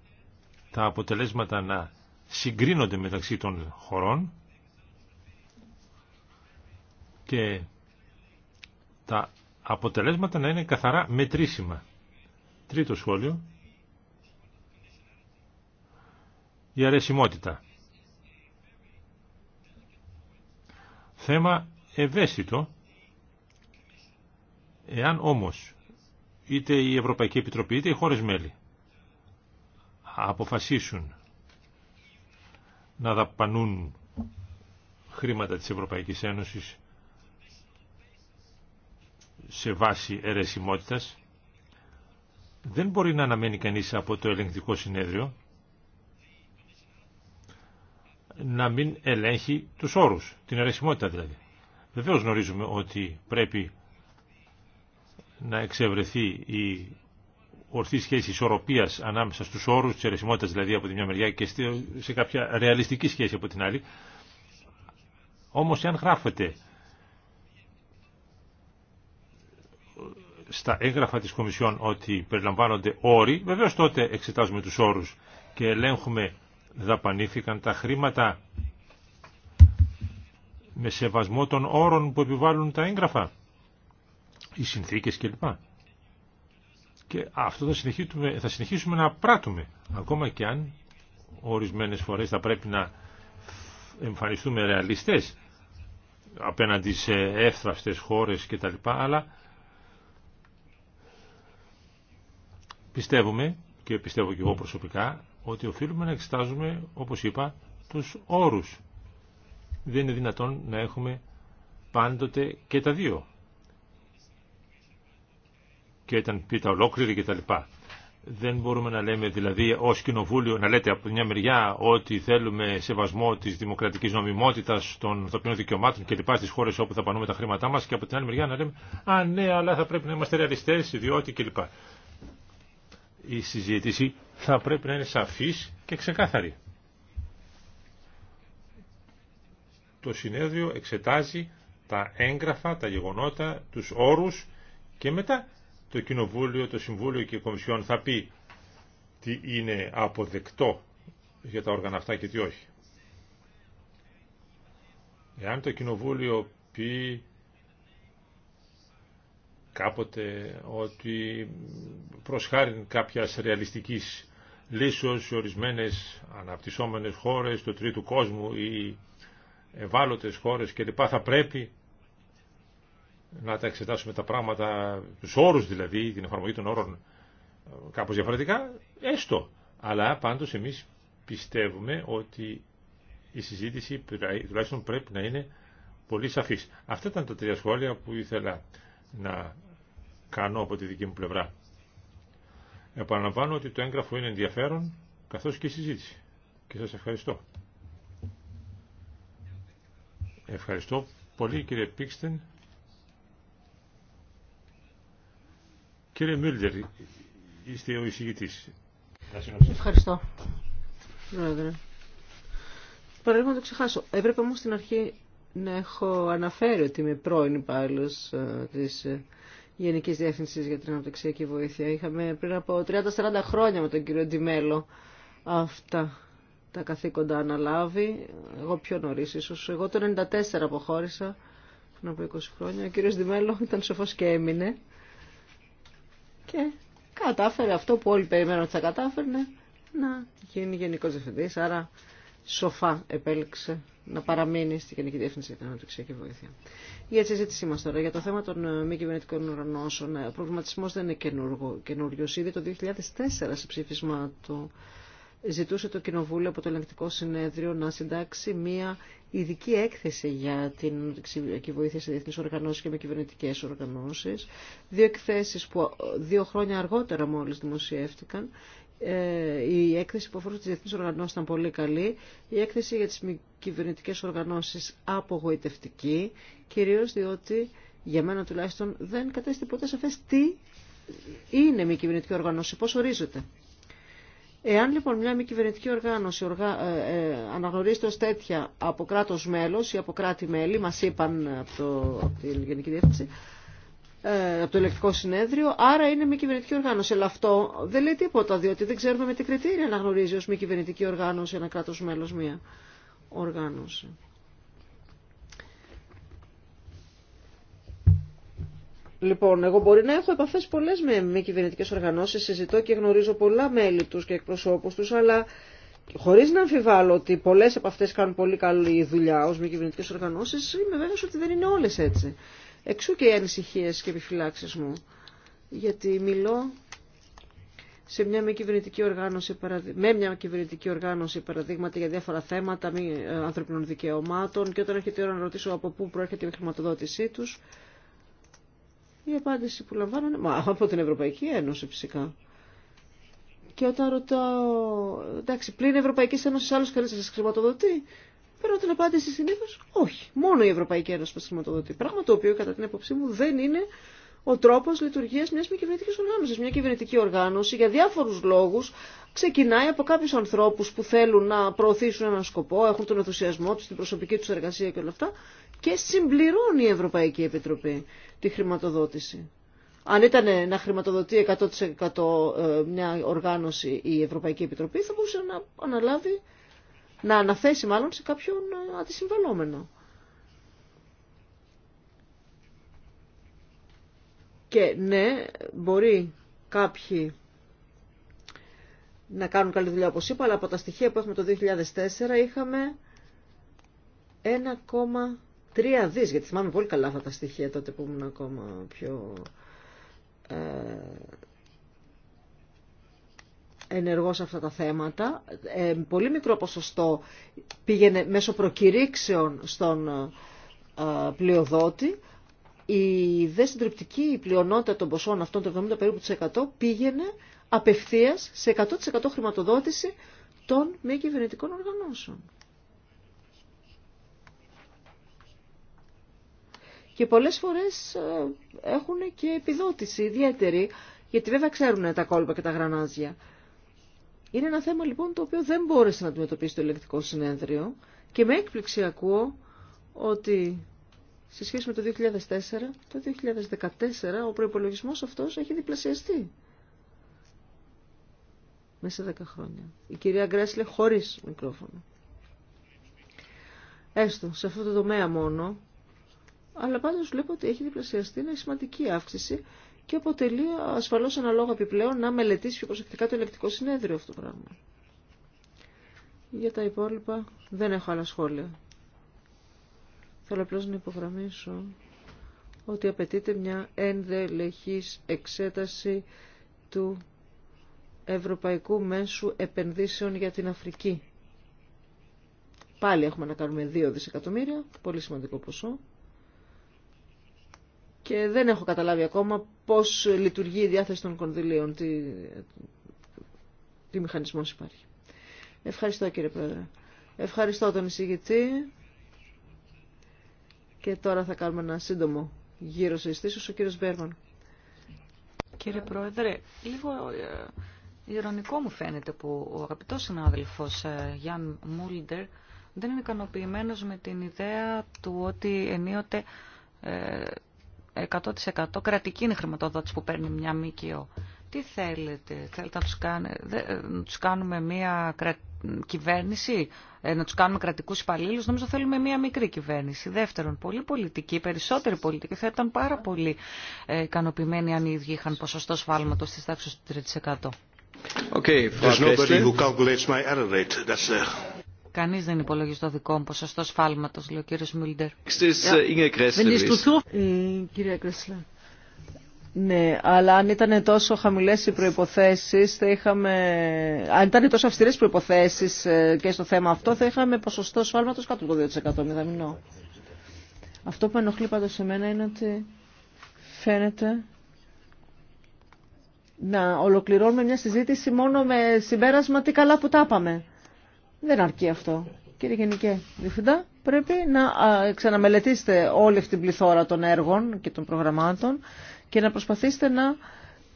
Speaker 3: τα αποτελέσματα να συγκρίνονται μεταξύ των χωρών και τα αποτελέσματα να είναι καθαρά μετρήσιμα. Τρίτο σχόλιο, η αρεσιμότητα. Θέμα ευαίσθητο, εάν όμως είτε η Ευρωπαϊκή Επιτροπή είτε οι χώρες μέλη αποφασίσουν να δαπανούν χρήματα της Ευρωπαϊκής Ένωσης σε βάση αιρεσιμότητας, δεν μπορεί να αναμένει κανείς από το ελεγκτικό συνέδριο να μην ελέγχει τους όρους, την αρεσιμότητα δηλαδή. Βεβαίω γνωρίζουμε ότι πρέπει να εξευρεθεί η ορθή σχέση ισορροπία ανάμεσα στους όρους της αρεσιμότητας δηλαδή από τη μια μεριά και σε κάποια ρεαλιστική σχέση από την άλλη. Όμως εάν γράφεται στα έγγραφα της Κομισιόν ότι περιλαμβάνονται όροι, βεβαίως τότε εξετάζουμε τους όρους και ελέγχουμε δαπανήθηκαν τα χρήματα με σεβασμό των όρων που επιβάλλουν τα έγγραφα, οι συνθήκες κλπ. Και αυτό θα συνεχίσουμε, θα συνεχίσουμε να πράττουμε, ακόμα και αν ορισμένες φορές θα πρέπει να εμφανιστούμε ρεαλιστές απέναντι σε εύθραυστες χώρες κτλ. Αλλά πιστεύουμε και πιστεύω και εγώ προσωπικά ότι οφείλουμε να εξετάζουμε, όπως είπα, τους όρους. Δεν είναι δυνατόν να έχουμε πάντοτε και τα δύο. Και ήταν πίτα ολόκληρη και τα λοιπά. Δεν μπορούμε να λέμε δηλαδή ως κοινοβούλιο να λέτε από μια μεριά ότι θέλουμε σεβασμό της δημοκρατικής νομιμότητας των ανθρωπίνων δικαιωμάτων και λοιπά στις χώρες όπου θα πανούμε τα χρήματά μας και από την άλλη μεριά να λέμε α ναι αλλά θα πρέπει να είμαστε ρεαλιστές διότι και λοιπά η συζήτηση θα πρέπει να είναι σαφής και ξεκάθαρη. Το συνέδριο εξετάζει τα έγγραφα, τα γεγονότα, τους όρους και μετά το Κοινοβούλιο, το Συμβούλιο και η Κομισιόν θα πει τι είναι αποδεκτό για τα όργανα αυτά και τι όχι. Εάν το Κοινοβούλιο πει κάποτε ότι προς χάρη κάποιας ρεαλιστικής λύσεως σε ορισμένες αναπτυσσόμενες χώρες του τρίτου κόσμου ή ευάλωτες χώρες κλπ. θα πρέπει να τα εξετάσουμε τα πράγματα, τους όρους δηλαδή, την εφαρμογή των όρων κάπως διαφορετικά, έστω. Αλλά πάντως εμείς πιστεύουμε ότι η συζήτηση τουλάχιστον πρέπει να είναι πολύ σαφής. Αυτά ήταν τα τρία σχόλια που ήθελα να κάνω από τη δική μου πλευρά. Επαναλαμβάνω ότι το έγγραφο είναι ενδιαφέρον, καθώς και η συζήτηση. Και σας ευχαριστώ. Ευχαριστώ πολύ κύριε Πίξτεν. Κύριε Μίλτερ, είστε ο εισηγητής.
Speaker 1: Ευχαριστώ. Πρόεδρε. να το ξεχάσω. Έπρεπε όμως στην αρχή να έχω αναφέρει ότι είμαι πρώην ε, της τη ε, Γενική διεύθυνση για την Αναπτυξιακή Βοήθεια. Είχαμε πριν από 30-40 χρόνια με τον κύριο Ντιμέλο αυτά τα καθήκοντα αναλάβει. Εγώ πιο νωρί ίσω. Εγώ το 94 αποχώρησα πριν από 20 χρόνια. Ο κύριο Ντιμέλο ήταν σοφό και έμεινε. Και κατάφερε αυτό που όλοι περιμέναν ότι θα κατάφερνε να γίνει γενικό διευθυντή. Άρα σοφά επέλεξε να παραμείνει στη Γενική Διεύθυνση για την Ανατολική Βοήθεια. Για τη συζήτησή μα τώρα, για το θέμα των ε, μη κυβερνητικών οργανώσεων, ε, ο προβληματισμό δεν είναι καινούριο. Ήδη το 2004 σε ψήφισμα το ζητούσε το Κοινοβούλιο από το Ελεγκτικό Συνέδριο να συντάξει μία ειδική έκθεση για την Ανατολική βοήθεια σε διεθνεί οργανώσει και με κυβερνητικέ οργανώσει. Δύο εκθέσει που ε, δύο χρόνια αργότερα μόλι δημοσιεύτηκαν ε, η έκθεση που αφορούσε τι διεθνεί οργανώσει ήταν πολύ καλή. Η έκθεση για τι μη κυβερνητικέ οργανώσει απογοητευτική, κυρίω διότι για μένα τουλάχιστον δεν κατέστη ποτέ σαφέ τι είναι μη κυβερνητική οργάνωση, πώ ορίζεται. Εάν λοιπόν μια μη κυβερνητική οργάνωση οργα... ε, ε αναγνωρίζεται ω τέτοια από κράτο μέλο ή από κράτη-μέλη, μα είπαν από, από την Γενική Διεύθυνση, ε, από το ελεκτικό συνέδριο, άρα είναι μη κυβερνητική οργάνωση. Αλλά αυτό δεν λέει τίποτα, διότι δεν ξέρουμε με τι κριτήρια να γνωρίζει ω μη κυβερνητική οργάνωση ένα κράτο μέλο μία οργάνωση. Λοιπόν, εγώ μπορεί να έχω επαφέ πολλέ με μη κυβερνητικέ οργανώσει, συζητώ και γνωρίζω πολλά μέλη του και εκπροσώπου του, αλλά χωρί να αμφιβάλλω ότι πολλέ από αυτέ κάνουν πολύ καλή δουλειά ω μη κυβερνητικέ οργανώσει, είμαι βέβαιο ότι δεν είναι όλε έτσι. Εξού και οι ανησυχίες και επιφυλάξεις μου. Γιατί μιλώ σε μια μη κυβερνητική οργάνωση, με μια κυβερνητική οργάνωση παραδείγματα για διάφορα θέματα μη, ε, ανθρωπινών δικαιωμάτων και όταν έρχεται η ώρα να ρωτήσω από πού προέρχεται η χρηματοδότησή τους, η απάντηση που λαμβάνω είναι μα, από την Ευρωπαϊκή Ένωση φυσικά. Και όταν ρωτάω, εντάξει, πλην Ευρωπαϊκή Ένωση άλλο κανεί σα χρηματοδοτεί, Παίρνω την απάντηση συνήθω όχι. Μόνο η Ευρωπαϊκή Ένωση μα χρηματοδοτεί. Πράγμα το οποίο κατά την έποψή μου δεν είναι ο τρόπο λειτουργία μια μη κυβερνητική οργάνωση. Μια κυβερνητική οργάνωση για διάφορου λόγου ξεκινάει από κάποιου ανθρώπου που θέλουν να προωθήσουν έναν σκοπό, έχουν τον ενθουσιασμό του, την προσωπική του εργασία και όλα αυτά και συμπληρώνει η Ευρωπαϊκή Επιτροπή τη χρηματοδότηση. Αν ήταν να χρηματοδοτεί 100% ε, μια οργάνωση η Ευρωπαϊκή Επιτροπή θα μπορούσε να αναλάβει να αναθέσει μάλλον σε κάποιον ε, αντισυμβαλόμενο. Και ναι, μπορεί κάποιοι να κάνουν καλή δουλειά όπως είπα, αλλά από τα στοιχεία που έχουμε το 2004 είχαμε 1,3 δις, γιατί θυμάμαι πολύ καλά αυτά τα στοιχεία τότε που ήμουν ακόμα πιο ε, Ενεργώ σε αυτά τα θέματα. Ε, πολύ μικρό ποσοστό πήγαινε μέσω προκηρύξεων στον ε, πλειοδότη. Η δε συντριπτική πλειονότητα των ποσών αυτών, το 70 περίπου πήγαινε απευθείας σε 100% χρηματοδότηση των μη κυβερνητικών οργανώσεων. Και πολλές φορές ε, έχουν και επιδότηση ιδιαίτερη, γιατί βέβαια ξέρουν τα κόλπα και τα γρανάζια. Είναι ένα θέμα λοιπόν το οποίο δεν μπόρεσε να αντιμετωπίσει το ηλεκτρικό συνέδριο και με έκπληξη ακούω ότι σε σχέση με το 2004, το 2014 ο προϋπολογισμός αυτός έχει διπλασιαστεί μέσα 10 χρόνια. Η κυρία Γκρέσλε χωρίς μικρόφωνο. Έστω, σε αυτό το τομέα μόνο, αλλά πάντως βλέπω ότι έχει διπλασιαστεί, είναι σημαντική αύξηση και αποτελεί ασφαλώς ένα λόγο επιπλέον να μελετήσει πιο προσεκτικά το ελεκτικό συνέδριο αυτό το πράγμα. Για τα υπόλοιπα δεν έχω άλλα σχόλια. Θέλω απλώ να υπογραμμίσω ότι απαιτείται μια ενδελεχής εξέταση του Ευρωπαϊκού Μέσου Επενδύσεων για την Αφρική. Πάλι έχουμε να κάνουμε 2 δισεκατομμύρια, πολύ σημαντικό ποσό και δεν έχω καταλάβει ακόμα πώς λειτουργεί η διάθεση των κονδυλίων, τι, τι μηχανισμός υπάρχει. Ευχαριστώ κύριε Πρόεδρε. Ευχαριστώ τον εισηγητή και τώρα θα κάνουμε ένα σύντομο γύρο συζητήσεως ο κύριος Μπέρμαν.
Speaker 2: Κύριε Πρόεδρε, λίγο ε, ηρωνικό μου φαίνεται που ο αγαπητός συνάδελφος ε, Γιάν Μούλντερ δεν είναι ικανοποιημένος με την ιδέα του ότι ενίοτε ε, 100% κρατική είναι η χρηματοδότηση που παίρνει μια ΜΚΟ. Τι θέλετε, θέλετε να τους, κάνε, ε, τους κάνουμε μια κυβέρνηση, ε, να τους κάνουμε κρατικούς υπαλλήλους, νομίζω θέλουμε μια μικρή κυβέρνηση. Δεύτερον, πολύ πολιτική, περισσότεροι πολιτική, θα ήταν πάρα πολύ ε, ικανοποιημένοι αν οι ίδιοι είχαν ποσοστό σφάλματος στις τάξεις του 3%. Κανείς δεν υπολογίζει το δικό μου ποσοστό σφάλματος, λέει ο κύριος Μιλντερ. Ε, ε, ε,
Speaker 1: κύριε Κρέσλε. Ναι, αλλά αν ήταν τόσο χαμηλέ οι προϋποθέσεις θα Αν ήταν τόσο αυστηρέ προποθέσει και στο θέμα αυτό, θα είχαμε ποσοστό σφάλματος κάτω από το 2% μηδαμινό. Αυτό που με ενοχλεί πάντω σε μένα είναι ότι φαίνεται να ολοκληρώνουμε μια συζήτηση μόνο με συμπέρασμα τι καλά που τα πάμε. Δεν αρκεί αυτό. Κύριε Γενικέ Διευθυντά, πρέπει να ξαναμελετήσετε όλη αυτή την πληθώρα των έργων και των προγραμμάτων και να προσπαθήσετε να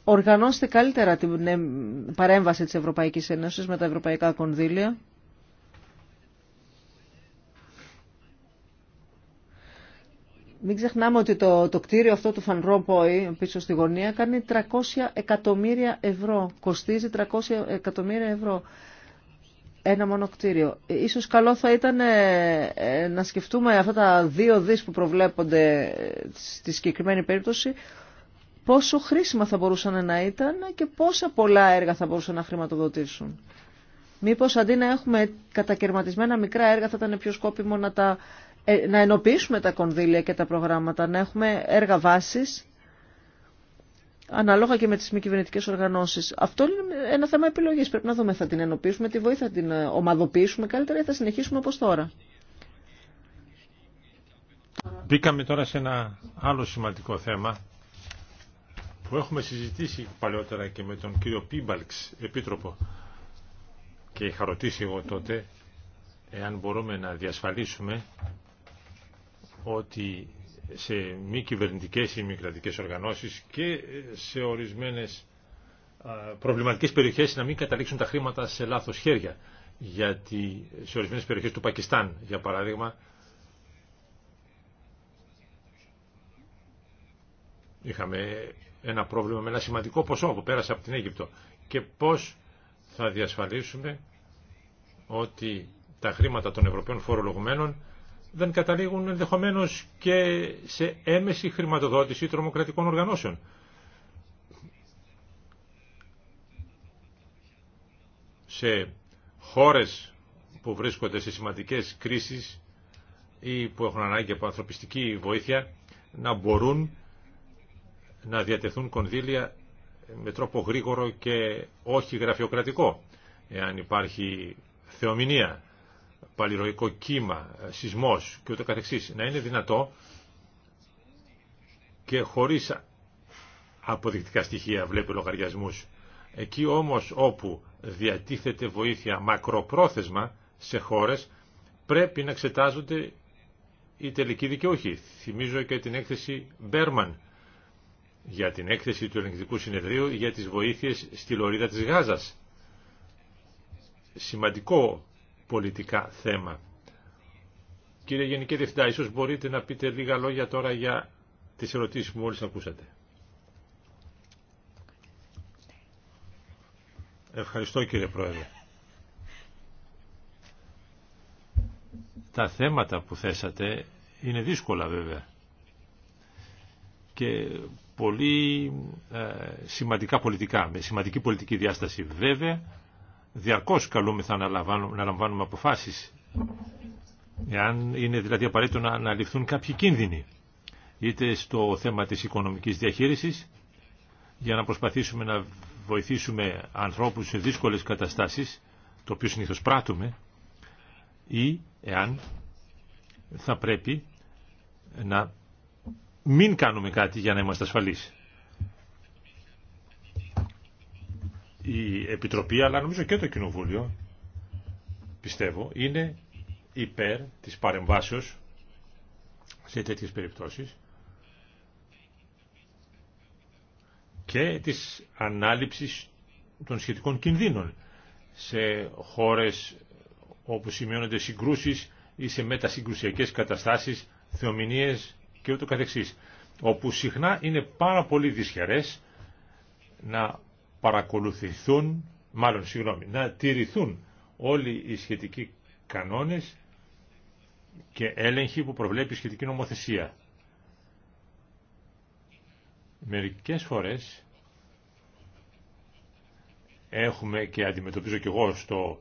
Speaker 1: οργανώσετε καλύτερα την ε, παρέμβαση της Ευρωπαϊκής Ένωσης με τα ευρωπαϊκά κονδύλια. Μην ξεχνάμε ότι το, το κτίριο αυτό του Φαν Ρόμποϊ πίσω στη γωνία κάνει 300 εκατομμύρια ευρώ. Κοστίζει 300 εκατομμύρια ευρώ ένα μόνο κτίριο. Ίσως καλό θα ήταν ε, ε, να σκεφτούμε αυτά τα δύο δις που προβλέπονται ε, στη συγκεκριμένη περίπτωση πόσο χρήσιμα θα μπορούσαν να ήταν και πόσα πολλά έργα θα μπορούσαν να χρηματοδοτήσουν. Μήπως αντί να έχουμε κατακαιρματισμένα μικρά έργα θα ήταν πιο σκόπιμο να, τα, να ενοποιήσουμε τα κονδύλια και τα προγράμματα, να έχουμε έργα βάσης ανάλογα και με τις μη κυβερνητικέ οργανώσεις. Αυτό είναι ένα θέμα επιλογής. Πρέπει να δούμε, θα την ενοποιήσουμε, τη βοήθεια την ε, ομαδοποιήσουμε καλύτερα ή θα συνεχίσουμε όπως τώρα.
Speaker 3: Μπήκαμε τώρα σε ένα άλλο σημαντικό θέμα που έχουμε συζητήσει παλαιότερα και με τον κύριο Πίμπαλξ, επίτροπο. Και είχα ρωτήσει εγώ τότε εάν μπορούμε να διασφαλίσουμε ότι σε μη κυβερνητικέ ή μη κρατικές οργανώσεις και σε ορισμένες προβληματικές περιοχές να μην καταλήξουν τα χρήματα σε λάθος χέρια. Γιατί σε ορισμένες περιοχές του Πακιστάν, για παράδειγμα, είχαμε ένα πρόβλημα με ένα σημαντικό ποσό που πέρασε από την Αίγυπτο. Και πώς θα διασφαλίσουμε ότι τα χρήματα των Ευρωπαίων φορολογουμένων δεν καταλήγουν ενδεχομένω και σε έμεση χρηματοδότηση τρομοκρατικών οργανώσεων. Σε χώρες που βρίσκονται σε σημαντικές κρίσεις ή που έχουν ανάγκη από ανθρωπιστική βοήθεια να μπορούν να διατεθούν κονδύλια με τρόπο γρήγορο και όχι γραφειοκρατικό εάν υπάρχει θεομηνία παλιροϊκό κύμα, ε, σεισμός και ούτω καθεξής, να είναι δυνατό και χωρίς αποδεικτικά στοιχεία βλέπει λογαριασμούς. Εκεί όμως όπου διατίθεται βοήθεια μακροπρόθεσμα σε χώρες πρέπει να εξετάζονται οι τελικοί δικαιούχοι. Θυμίζω και την έκθεση Μπέρμαν για την έκθεση του Ελεγκτικού Συνεδρίου για τις βοήθειες στη Λωρίδα της Γάζας. Σημαντικό πολιτικά θέμα. Κύριε Γενική Διευθυντά, ίσως μπορείτε να πείτε λίγα λόγια τώρα για τις ερωτήσεις που μόλις ακούσατε. Ευχαριστώ κύριε Πρόεδρε. Τα θέματα που θέσατε είναι δύσκολα βέβαια και πολύ ε, σημαντικά πολιτικά, με σημαντική πολιτική διάσταση βέβαια Διαρκώς καλούμεθα να λαμβάνουμε, να λαμβάνουμε αποφάσεις. Εάν είναι δηλαδή απαραίτητο να αναλυφθούν κάποιοι κίνδυνοι, είτε στο θέμα της οικονομικής διαχείρισης, για να προσπαθήσουμε να βοηθήσουμε ανθρώπους σε δύσκολες καταστάσεις, το οποίο συνήθως πράττουμε, ή εάν θα πρέπει να μην κάνουμε κάτι για να είμαστε ασφαλείς. η Επιτροπή, αλλά νομίζω και το Κοινοβούλιο, πιστεύω, είναι υπέρ της παρεμβάσεως σε τέτοιες περιπτώσεις και της ανάληψης των σχετικών κινδύνων σε χώρες όπου σημειώνονται συγκρούσεις ή σε μετασυγκρουσιακές καταστάσεις, θεομηνίες και ούτω καθεξής, όπου συχνά είναι πάρα πολύ δυσχερές να παρακολουθηθούν, μάλλον συγγνώμη, να τηρηθούν όλοι οι σχετικοί κανόνες και έλεγχοι που προβλέπει η σχετική νομοθεσία. Μερικές φορές έχουμε και αντιμετωπίζω και εγώ στο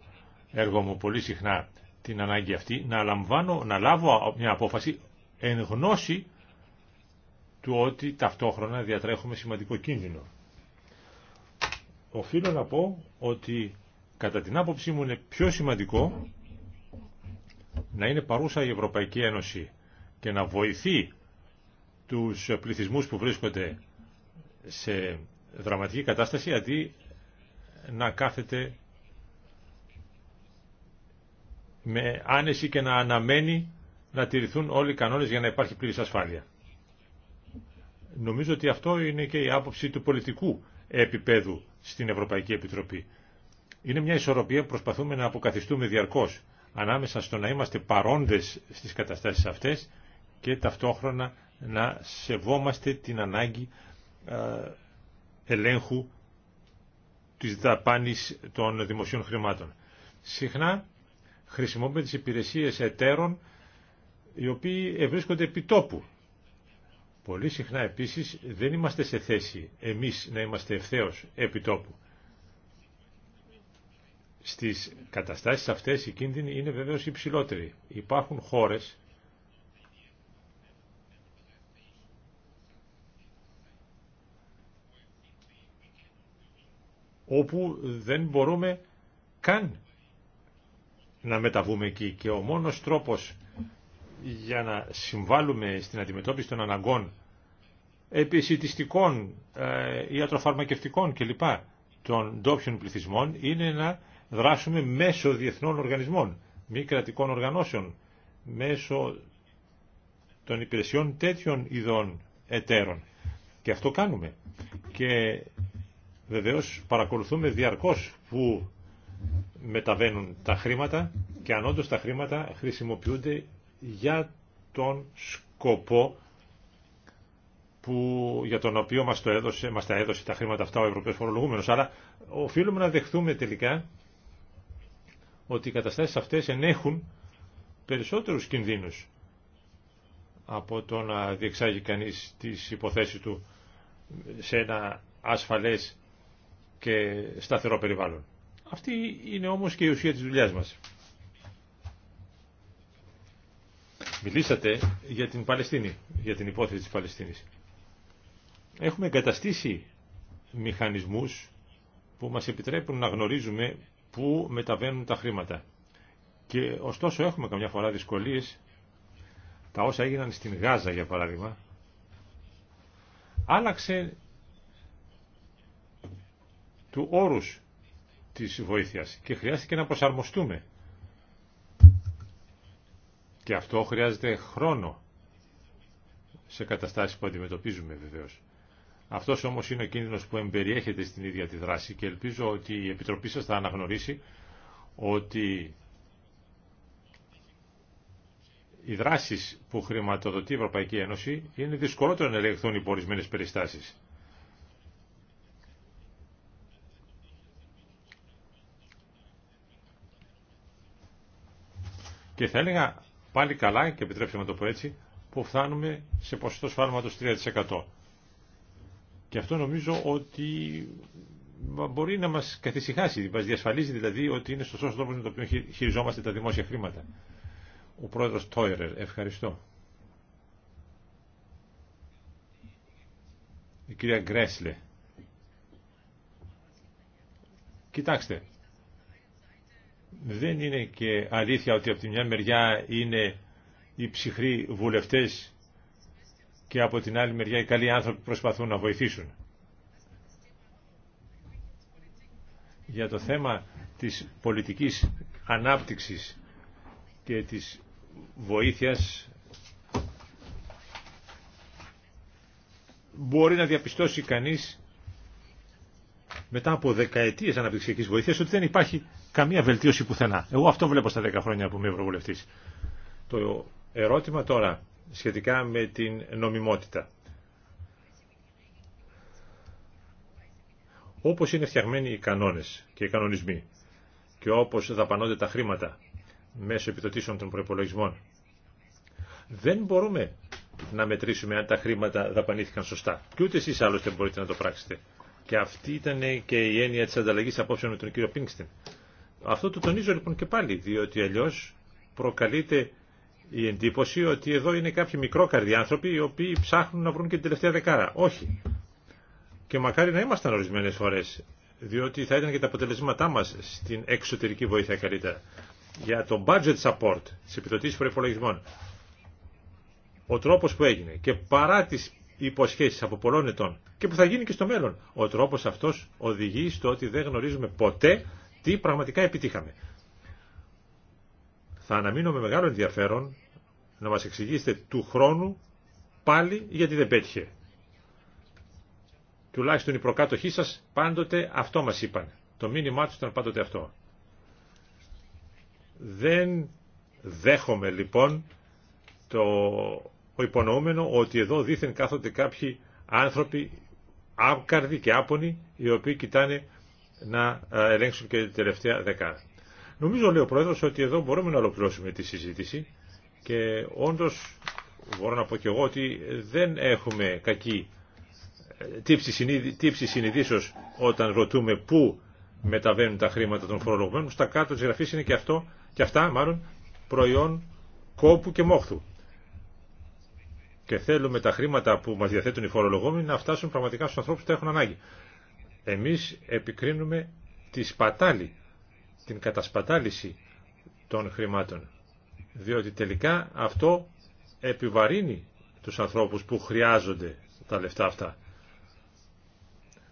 Speaker 3: έργο μου πολύ συχνά την ανάγκη αυτή να, λαμβάνω, να λάβω μια απόφαση εν γνώση του ότι ταυτόχρονα διατρέχουμε σημαντικό κίνδυνο οφείλω να πω ότι κατά την άποψή μου είναι πιο σημαντικό να είναι παρούσα η Ευρωπαϊκή Ένωση και να βοηθεί τους πληθυσμούς που βρίσκονται σε δραματική κατάσταση αντί να κάθεται με άνεση και να αναμένει να τηρηθούν όλοι οι κανόνες για να υπάρχει πλήρης ασφάλεια. Νομίζω ότι αυτό είναι και η άποψη του πολιτικού επίπεδου στην Ευρωπαϊκή Επιτροπή. Είναι μια ισορροπία που προσπαθούμε να αποκαθιστούμε διαρκώς ανάμεσα στο να είμαστε παρόντες στις καταστάσεις αυτές και ταυτόχρονα να σεβόμαστε την ανάγκη ελέγχου της δαπάνης των δημοσίων χρημάτων. Συχνά χρησιμοποιούμε τις υπηρεσίες εταίρων οι οποίοι βρίσκονται επιτόπου. Πολύ συχνά επίσης δεν είμαστε σε θέση εμείς να είμαστε ευθέως επί τόπου. Στις καταστάσεις αυτές οι κίνδυνοι είναι βεβαίως υψηλότεροι. Υπάρχουν χώρες όπου δεν μπορούμε καν να μεταβούμε εκεί και ο μόνος τρόπος για να συμβάλλουμε στην αντιμετώπιση των αναγκών επισητιστικών, ε, ιατροφαρμακευτικών κλπ. των ντόπιων πληθυσμών είναι να δράσουμε μέσω διεθνών οργανισμών, μη κρατικών οργανώσεων, μέσω των υπηρεσιών τέτοιων ειδών εταίρων. Και αυτό κάνουμε. Και βεβαίως παρακολουθούμε διαρκώς που μεταβαίνουν τα χρήματα και αν τα χρήματα χρησιμοποιούνται για τον σκοπό που, για τον οποίο μας, το έδωσε, μας τα έδωσε τα χρήματα αυτά ο Ευρωπαίος Φορολογούμενος. Αλλά οφείλουμε να δεχθούμε τελικά ότι οι καταστάσεις αυτές ενέχουν περισσότερους κινδύνους από το να διεξάγει κανείς τις υποθέσεις του σε ένα ασφαλές και σταθερό περιβάλλον. Αυτή είναι όμως και η ουσία της δουλειάς μας. Μιλήσατε για την Παλαιστίνη, για την υπόθεση της Παλαιστίνης. Έχουμε εγκαταστήσει μηχανισμούς που μας επιτρέπουν να γνωρίζουμε πού μεταβαίνουν τα χρήματα. Και ωστόσο έχουμε καμιά φορά δυσκολίες, τα όσα έγιναν στην Γάζα για παράδειγμα, άλλαξε του όρους της βοήθειας και χρειάστηκε να προσαρμοστούμε. Και αυτό χρειάζεται χρόνο σε καταστάσεις που αντιμετωπίζουμε βεβαίως. Αυτός όμως είναι ο κίνδυνος που εμπεριέχεται στην ίδια τη δράση και ελπίζω ότι η Επιτροπή σας θα αναγνωρίσει ότι οι δράσεις που χρηματοδοτεί η Ευρωπαϊκή Ένωση είναι δυσκολότερο να ελεγχθούν οι ορισμένε περιστάσεις. Και θα έλεγα πάλι καλά, και επιτρέψτε να το πω έτσι, που φτάνουμε σε ποσοστό σφάλματος 3%. Και αυτό νομίζω ότι μπορεί να μας καθησυχάσει, μας διασφαλίζει δηλαδή ότι είναι στο σωστό τρόπο με το οποίο χειριζόμαστε τα δημόσια χρήματα. Ο πρόεδρος Τόιρερ, ευχαριστώ. Η κυρία Γκρέσλε. Κοιτάξτε, δεν είναι και αλήθεια ότι από τη μια μεριά είναι οι ψυχροί βουλευτές και από την άλλη μεριά οι καλοί άνθρωποι προσπαθούν να βοηθήσουν. Για το θέμα της πολιτικής ανάπτυξης και της βοήθειας μπορεί να διαπιστώσει κανείς μετά από δεκαετίες αναπτυξιακής βοήθειας ότι δεν υπάρχει καμία βελτίωση πουθενά. Εγώ αυτό βλέπω στα 10 χρόνια που είμαι ευρωβουλευτή. Το ερώτημα τώρα σχετικά με την νομιμότητα. Όπως είναι φτιαγμένοι οι κανόνες και οι κανονισμοί και όπως δαπανώνται τα χρήματα μέσω επιδοτήσεων των προπολογισμών, δεν μπορούμε να μετρήσουμε αν τα χρήματα δαπανήθηκαν σωστά. Και ούτε εσείς άλλωστε μπορείτε να το πράξετε. Και αυτή ήταν και η έννοια της ανταλλαγής απόψεων με τον κύριο Πίνξτεν. Αυτό το τονίζω λοιπόν και πάλι, διότι αλλιώ προκαλείται η εντύπωση ότι εδώ είναι κάποιοι μικρόκαρδοι άνθρωποι οι οποίοι ψάχνουν να βρουν και την τελευταία δεκάρα. Όχι. Και μακάρι να ήμασταν ορισμένε φορέ, διότι θα ήταν και τα αποτελεσματά μα στην εξωτερική βοήθεια καλύτερα. Για το budget support, τι επιδοτήσει προπολογισμών, ο τρόπο που έγινε και παρά τι υποσχέσει από πολλών ετών και που θα γίνει και στο μέλλον, ο τρόπο αυτό οδηγεί στο ότι δεν γνωρίζουμε ποτέ τι πραγματικά επιτύχαμε. Θα αναμείνω με μεγάλο ενδιαφέρον να μας εξηγήσετε του χρόνου πάλι γιατί δεν πέτυχε. Τουλάχιστον οι προκάτοχοί σας πάντοτε αυτό μας είπαν. Το μήνυμά τους ήταν πάντοτε αυτό. Δεν δέχομαι λοιπόν το υπονοούμενο ότι εδώ δήθεν κάθονται κάποιοι άνθρωποι άκαρδοι και άπονοι οι οποίοι κοιτάνε να ε, ελέγξουν και την τελευταία δεκάδα. Νομίζω, λέει ο Πρόεδρος, ότι εδώ μπορούμε να ολοκληρώσουμε τη συζήτηση και όντως μπορώ να πω και εγώ ότι δεν έχουμε κακή ε, τύψη συνειδήσεως όταν ρωτούμε πού μεταβαίνουν τα χρήματα των φορολογουμένων. Στα κάτω της γραφής είναι και, αυτό, και αυτά μάλλον προϊόν κόπου και μόχθου. Και θέλουμε τα χρήματα που μας διαθέτουν οι φορολογούμενοι να φτάσουν πραγματικά στους ανθρώπους που τα έχουν ανάγκη. Εμείς επικρίνουμε τη σπατάλη, την κατασπατάληση των χρημάτων, διότι τελικά αυτό επιβαρύνει τους ανθρώπους που χρειάζονται τα λεφτά αυτά.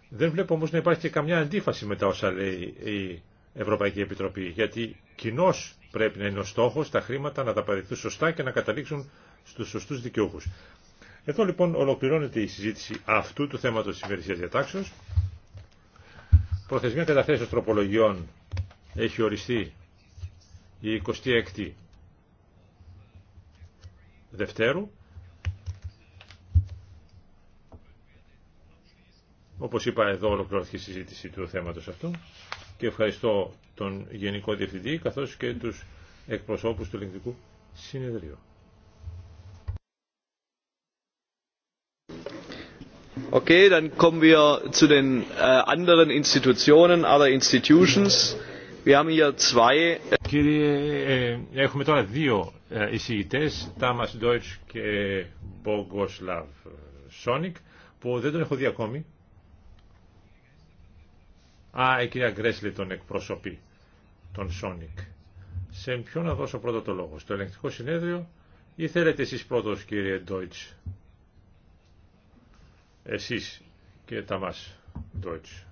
Speaker 3: Δεν βλέπω όμως να υπάρχει και καμιά αντίφαση μετά όσα λέει η Ευρωπαϊκή Επιτροπή, γιατί κοινό πρέπει να είναι ο στόχος τα χρήματα να τα παρεχθούν σωστά και να καταλήξουν στους σωστούς δικαιούχους. Εδώ λοιπόν ολοκληρώνεται η συζήτηση αυτού του θέματος της ημερησίας διατάξεως. Προθεσμία καταθέσεως τροπολογιών έχει οριστεί η 26η Δευτέρου. Όπως είπα εδώ ολοκληρώθηκε η συζήτηση του θέματος αυτού και ευχαριστώ τον Γενικό Διευθυντή καθώς και τους εκπροσώπους του Ελληνικού Συνεδρίου. Okay, dann kommen wir zu den äh, anderen Institutionen, other institutions. Wir haben hier zwei. Äh, κύριε, ε, έχουμε τώρα δύο ε, εισηγητές, Τάμας Ντόιτς και Μπογκοσλαβ Σόνικ, που δεν τον έχω δει ακόμη. Α, η κυρία Γκρέσλι τον εκπροσωπεί, τον Σόνικ. Σε ποιον να δώσω πρώτα το λόγο, στο ελεγκτικό συνέδριο ή θέλετε εσείς πρώτος κύριε Ντόιτς. Εσείς, κύριε Ταμάς, Deutsch.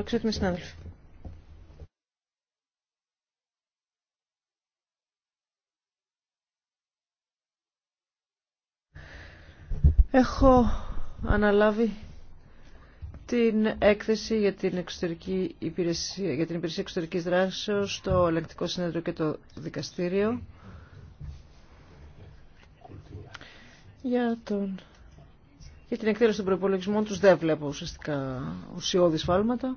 Speaker 1: Αξιότιμοι συνάδελφοι. Έχω αναλάβει την έκθεση για την, εξωτερική υπηρεσία, για την υπηρεσία εξωτερικής δράσεως στο Ελεκτικό συνέδριο και το δικαστήριο για, τον... για την εκτέλεση των προπολογισμών τους δεν βλέπω ουσιαστικά ουσιώδη σφάλματα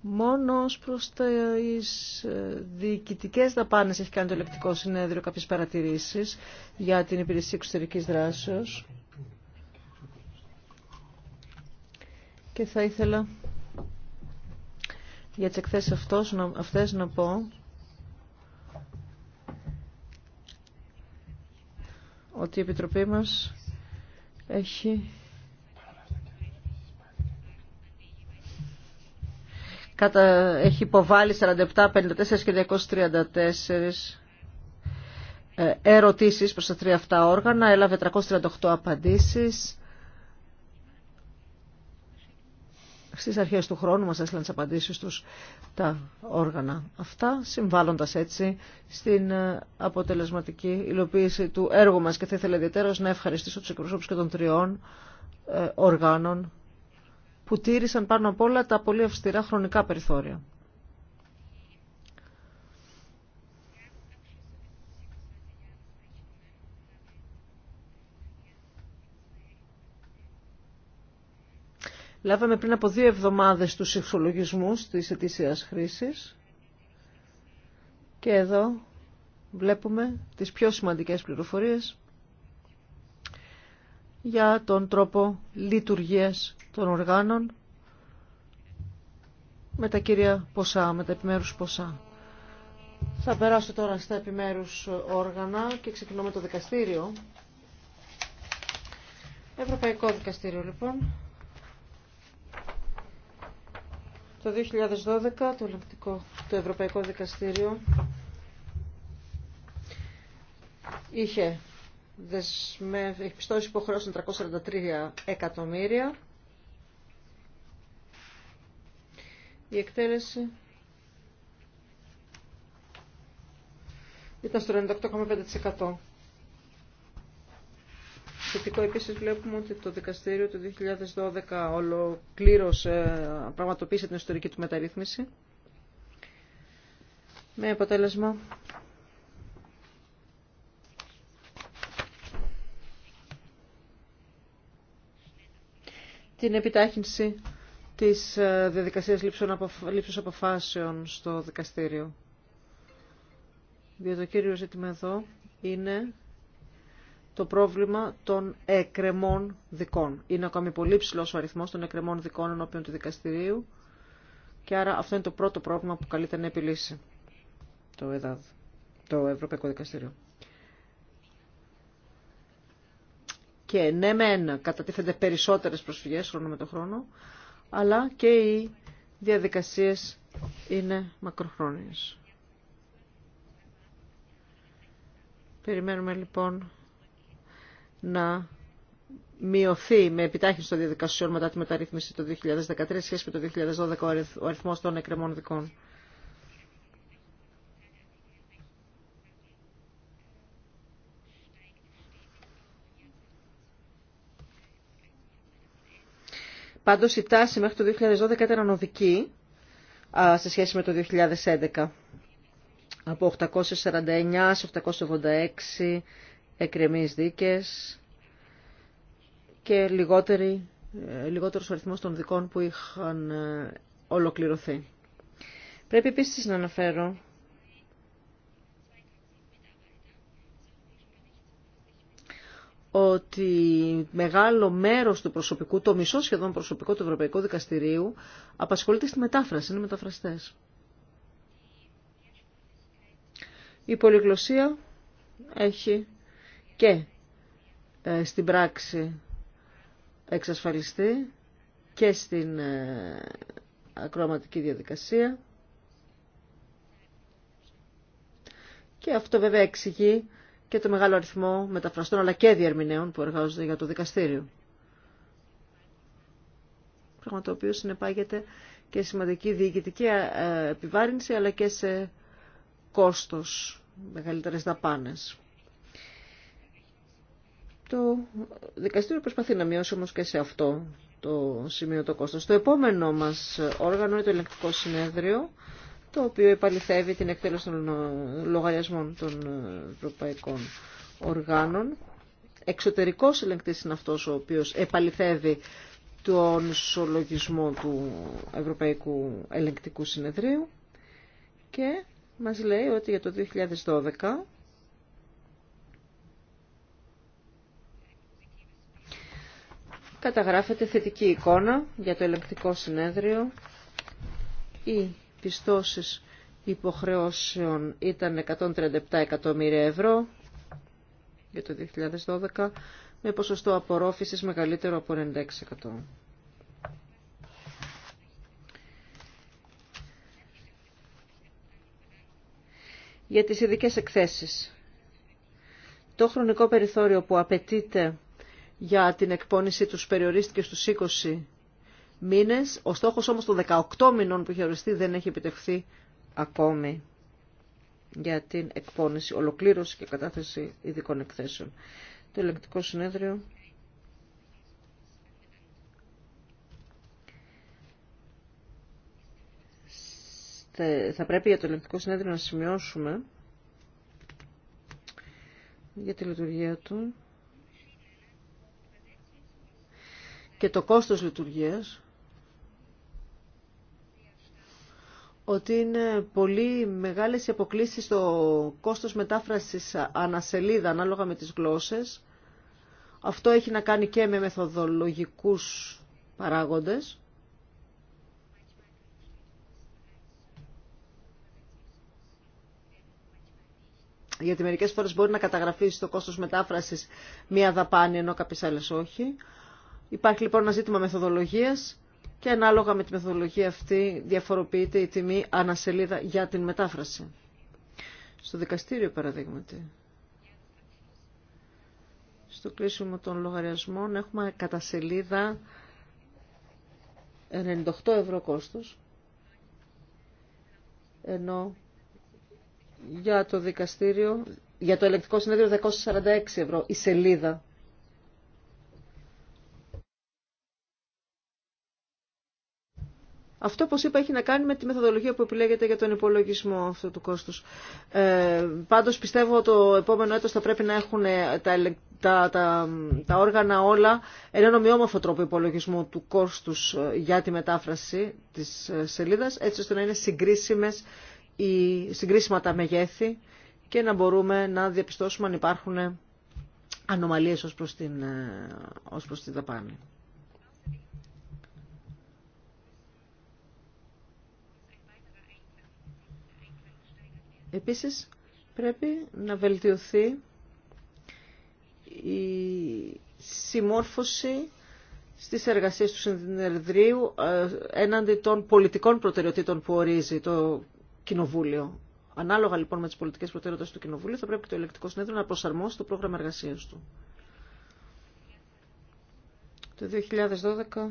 Speaker 1: Μόνο ως προς τις ε, διοικητικές δαπάνες έχει κάνει το ελεκτικό συνέδριο κάποιες παρατηρήσεις για την υπηρεσία εξωτερικής δράσεως. Και θα ήθελα για τις εκθέσεις αυτός, αυτές να πω ότι η Επιτροπή μας έχει Κατα... έχει υποβάλει 47, 54 και 234 ε, ερωτήσεις προς τα τρία αυτά όργανα, έλαβε 338 απαντήσεις στις αρχές του χρόνου μας έστειλαν τις απαντήσεις τους τα όργανα αυτά, συμβάλλοντας έτσι στην ε, αποτελεσματική υλοποίηση του έργου μας και θα ήθελα ιδιαίτερα να ευχαριστήσω τους εκπροσώπους και των τριών ε, οργάνων που τήρησαν πάνω απ' όλα τα πολύ αυστηρά χρονικά περιθώρια. Λάβαμε πριν από δύο εβδομάδες τους εξολογισμούς της ετήσιας χρήσης και εδώ βλέπουμε τις πιο σημαντικές πληροφορίες για τον τρόπο λειτουργίας των οργάνων με τα κύρια ποσά, με τα επιμέρους ποσά. Θα περάσω τώρα στα επιμέρους όργανα και ξεκινώ με το δικαστήριο. Ευρωπαϊκό δικαστήριο λοιπόν. Το 2012 το το Ευρωπαϊκό Δικαστήριο είχε, δεσμε, έχει πιστώσει υποχρεώσεων 343 εκατομμύρια. Η εκτέλεση ήταν στο 98,5%. Σχετικό επίσης βλέπουμε ότι το δικαστήριο του 2012 ολοκλήρωσε, πραγματοποίησε την ιστορική του μεταρρύθμιση με αποτέλεσμα την επιτάχυνση της ε, διαδικασίας λήψης αποφάσεων στο δικαστήριο. Διότι το κύριο ζήτημα εδώ είναι το πρόβλημα των εκρεμών δικών. Είναι ακόμη πολύ ψηλό ο αριθμό των εκρεμών δικών ενώπιον του δικαστηρίου και άρα αυτό είναι το πρώτο πρόβλημα που καλείται να επιλύσει το το Ευρωπαϊκό Δικαστήριο. Και ναι μεν κατατίθενται περισσότερες προσφυγές χρόνο με το χρόνο, αλλά και οι διαδικασίες είναι μακροχρόνιες. Περιμένουμε λοιπόν να μειωθεί με επιτάχυνση των διαδικασιών μετά τη μεταρρύθμιση το 2013 σχέση με το 2012 ο αριθμός των εκκρεμών δικών. Πάντως η τάση μέχρι το 2012 ήταν ανωδική σε σχέση με το 2011. Από 849 σε 886 εκκρεμείς δίκες και λιγότερο ε, λιγότερος αριθμός των δικών που είχαν ε, ολοκληρωθεί. Πρέπει επίσης να αναφέρω ότι μεγάλο μέρος του προσωπικού, το μισό σχεδόν προσωπικό του Ευρωπαϊκού Δικαστηρίου, απασχολείται στη μετάφραση, είναι μεταφραστές. Η πολυγλωσία έχει και ε, στην πράξη εξασφαλιστεί και στην ε, ακροαματική διαδικασία. Και αυτό βέβαια εξηγεί και το μεγάλο αριθμό μεταφραστών αλλά και διερμηνέων που εργάζονται για το δικαστήριο. Πράγμα το οποίο συνεπάγεται και σημαντική διοικητική ε, επιβάρυνση αλλά και σε κόστος, μεγαλύτερες δαπάνες. Το δικαστήριο προσπαθεί να μειώσει όμως και σε αυτό το σημείο το κόστος. Το επόμενο μας όργανο είναι το ελεγκτικό συνέδριο, το οποίο επαληθεύει την εκτέλεση των λογαριασμών των ευρωπαϊκών οργάνων. Εξωτερικός ελεγκτής είναι αυτός ο οποίος επαληθεύει τον ισολογισμό του Ευρωπαϊκού Ελεγκτικού Συνεδρίου και μας λέει ότι για το 2012 καταγράφεται θετική εικόνα για το ελεγκτικό συνέδριο. Οι πιστώσεις υποχρεώσεων ήταν 137 εκατομμύρια ευρώ για το 2012 με ποσοστό απορρόφησης μεγαλύτερο από 96%. Για τις ειδικές εκθέσεις. Το χρονικό περιθώριο που απαιτείται για την εκπόνησή τους περιορίστηκε στους 20 μήνες. Ο στόχος όμως των 18 μηνών που είχε οριστεί δεν έχει επιτευχθεί ακόμη για την εκπόνηση, ολοκλήρωση και κατάθεση ειδικών εκθέσεων. Το ελεγκτικό συνέδριο θα πρέπει για το ελεγκτικό συνέδριο να σημειώσουμε για τη λειτουργία του και το κόστος λειτουργίας ότι είναι πολύ μεγάλες οι αποκλήσεις στο κόστος μετάφρασης ανασελίδα ανάλογα με τις γλώσσες. Αυτό έχει να κάνει και με μεθοδολογικούς παράγοντες. Γιατί μερικές φορές μπορεί να καταγραφεί το κόστος μετάφρασης μία δαπάνη ενώ κάποιες άλλες όχι. Υπάρχει λοιπόν ένα ζήτημα μεθοδολογίας και ανάλογα με τη μεθοδολογία αυτή διαφοροποιείται η τιμή ανασελίδα για την μετάφραση. Στο δικαστήριο παραδείγματι. Στο κλείσιμο των λογαριασμών έχουμε κατά σελίδα 98 ευρώ κόστος. Ενώ για το δικαστήριο, για το ελεκτικό συνέδριο 246 ευρώ η σελίδα Αυτό, όπως είπα, έχει να κάνει με τη μεθοδολογία που επιλέγεται για τον υπολογισμό αυτού του κόστους. Ε, πάντως, πιστεύω το επόμενο έτος θα πρέπει να έχουν ε, τα, τα, τα, όργανα όλα έναν ομοιόμορφο τρόπο υπολογισμού του κόστους ε, για τη μετάφραση της ε, σελίδας, έτσι ώστε να είναι συγκρίσιμες οι, συγκρίσιμα τα μεγέθη και να μπορούμε να διαπιστώσουμε αν υπάρχουν ανομαλίες ως προς την, ως προς την δαπάνη. Επίσης πρέπει να βελτιωθεί η συμμόρφωση στις εργασίες του συνεδρίου ε, έναντι των πολιτικών προτεραιοτήτων που ορίζει το Κοινοβούλιο. Ανάλογα λοιπόν με τις πολιτικές προτεραιότητες του Κοινοβουλίου θα πρέπει το ελεκτικό συνέδριο να προσαρμόσει το πρόγραμμα εργασίας του. Το 2012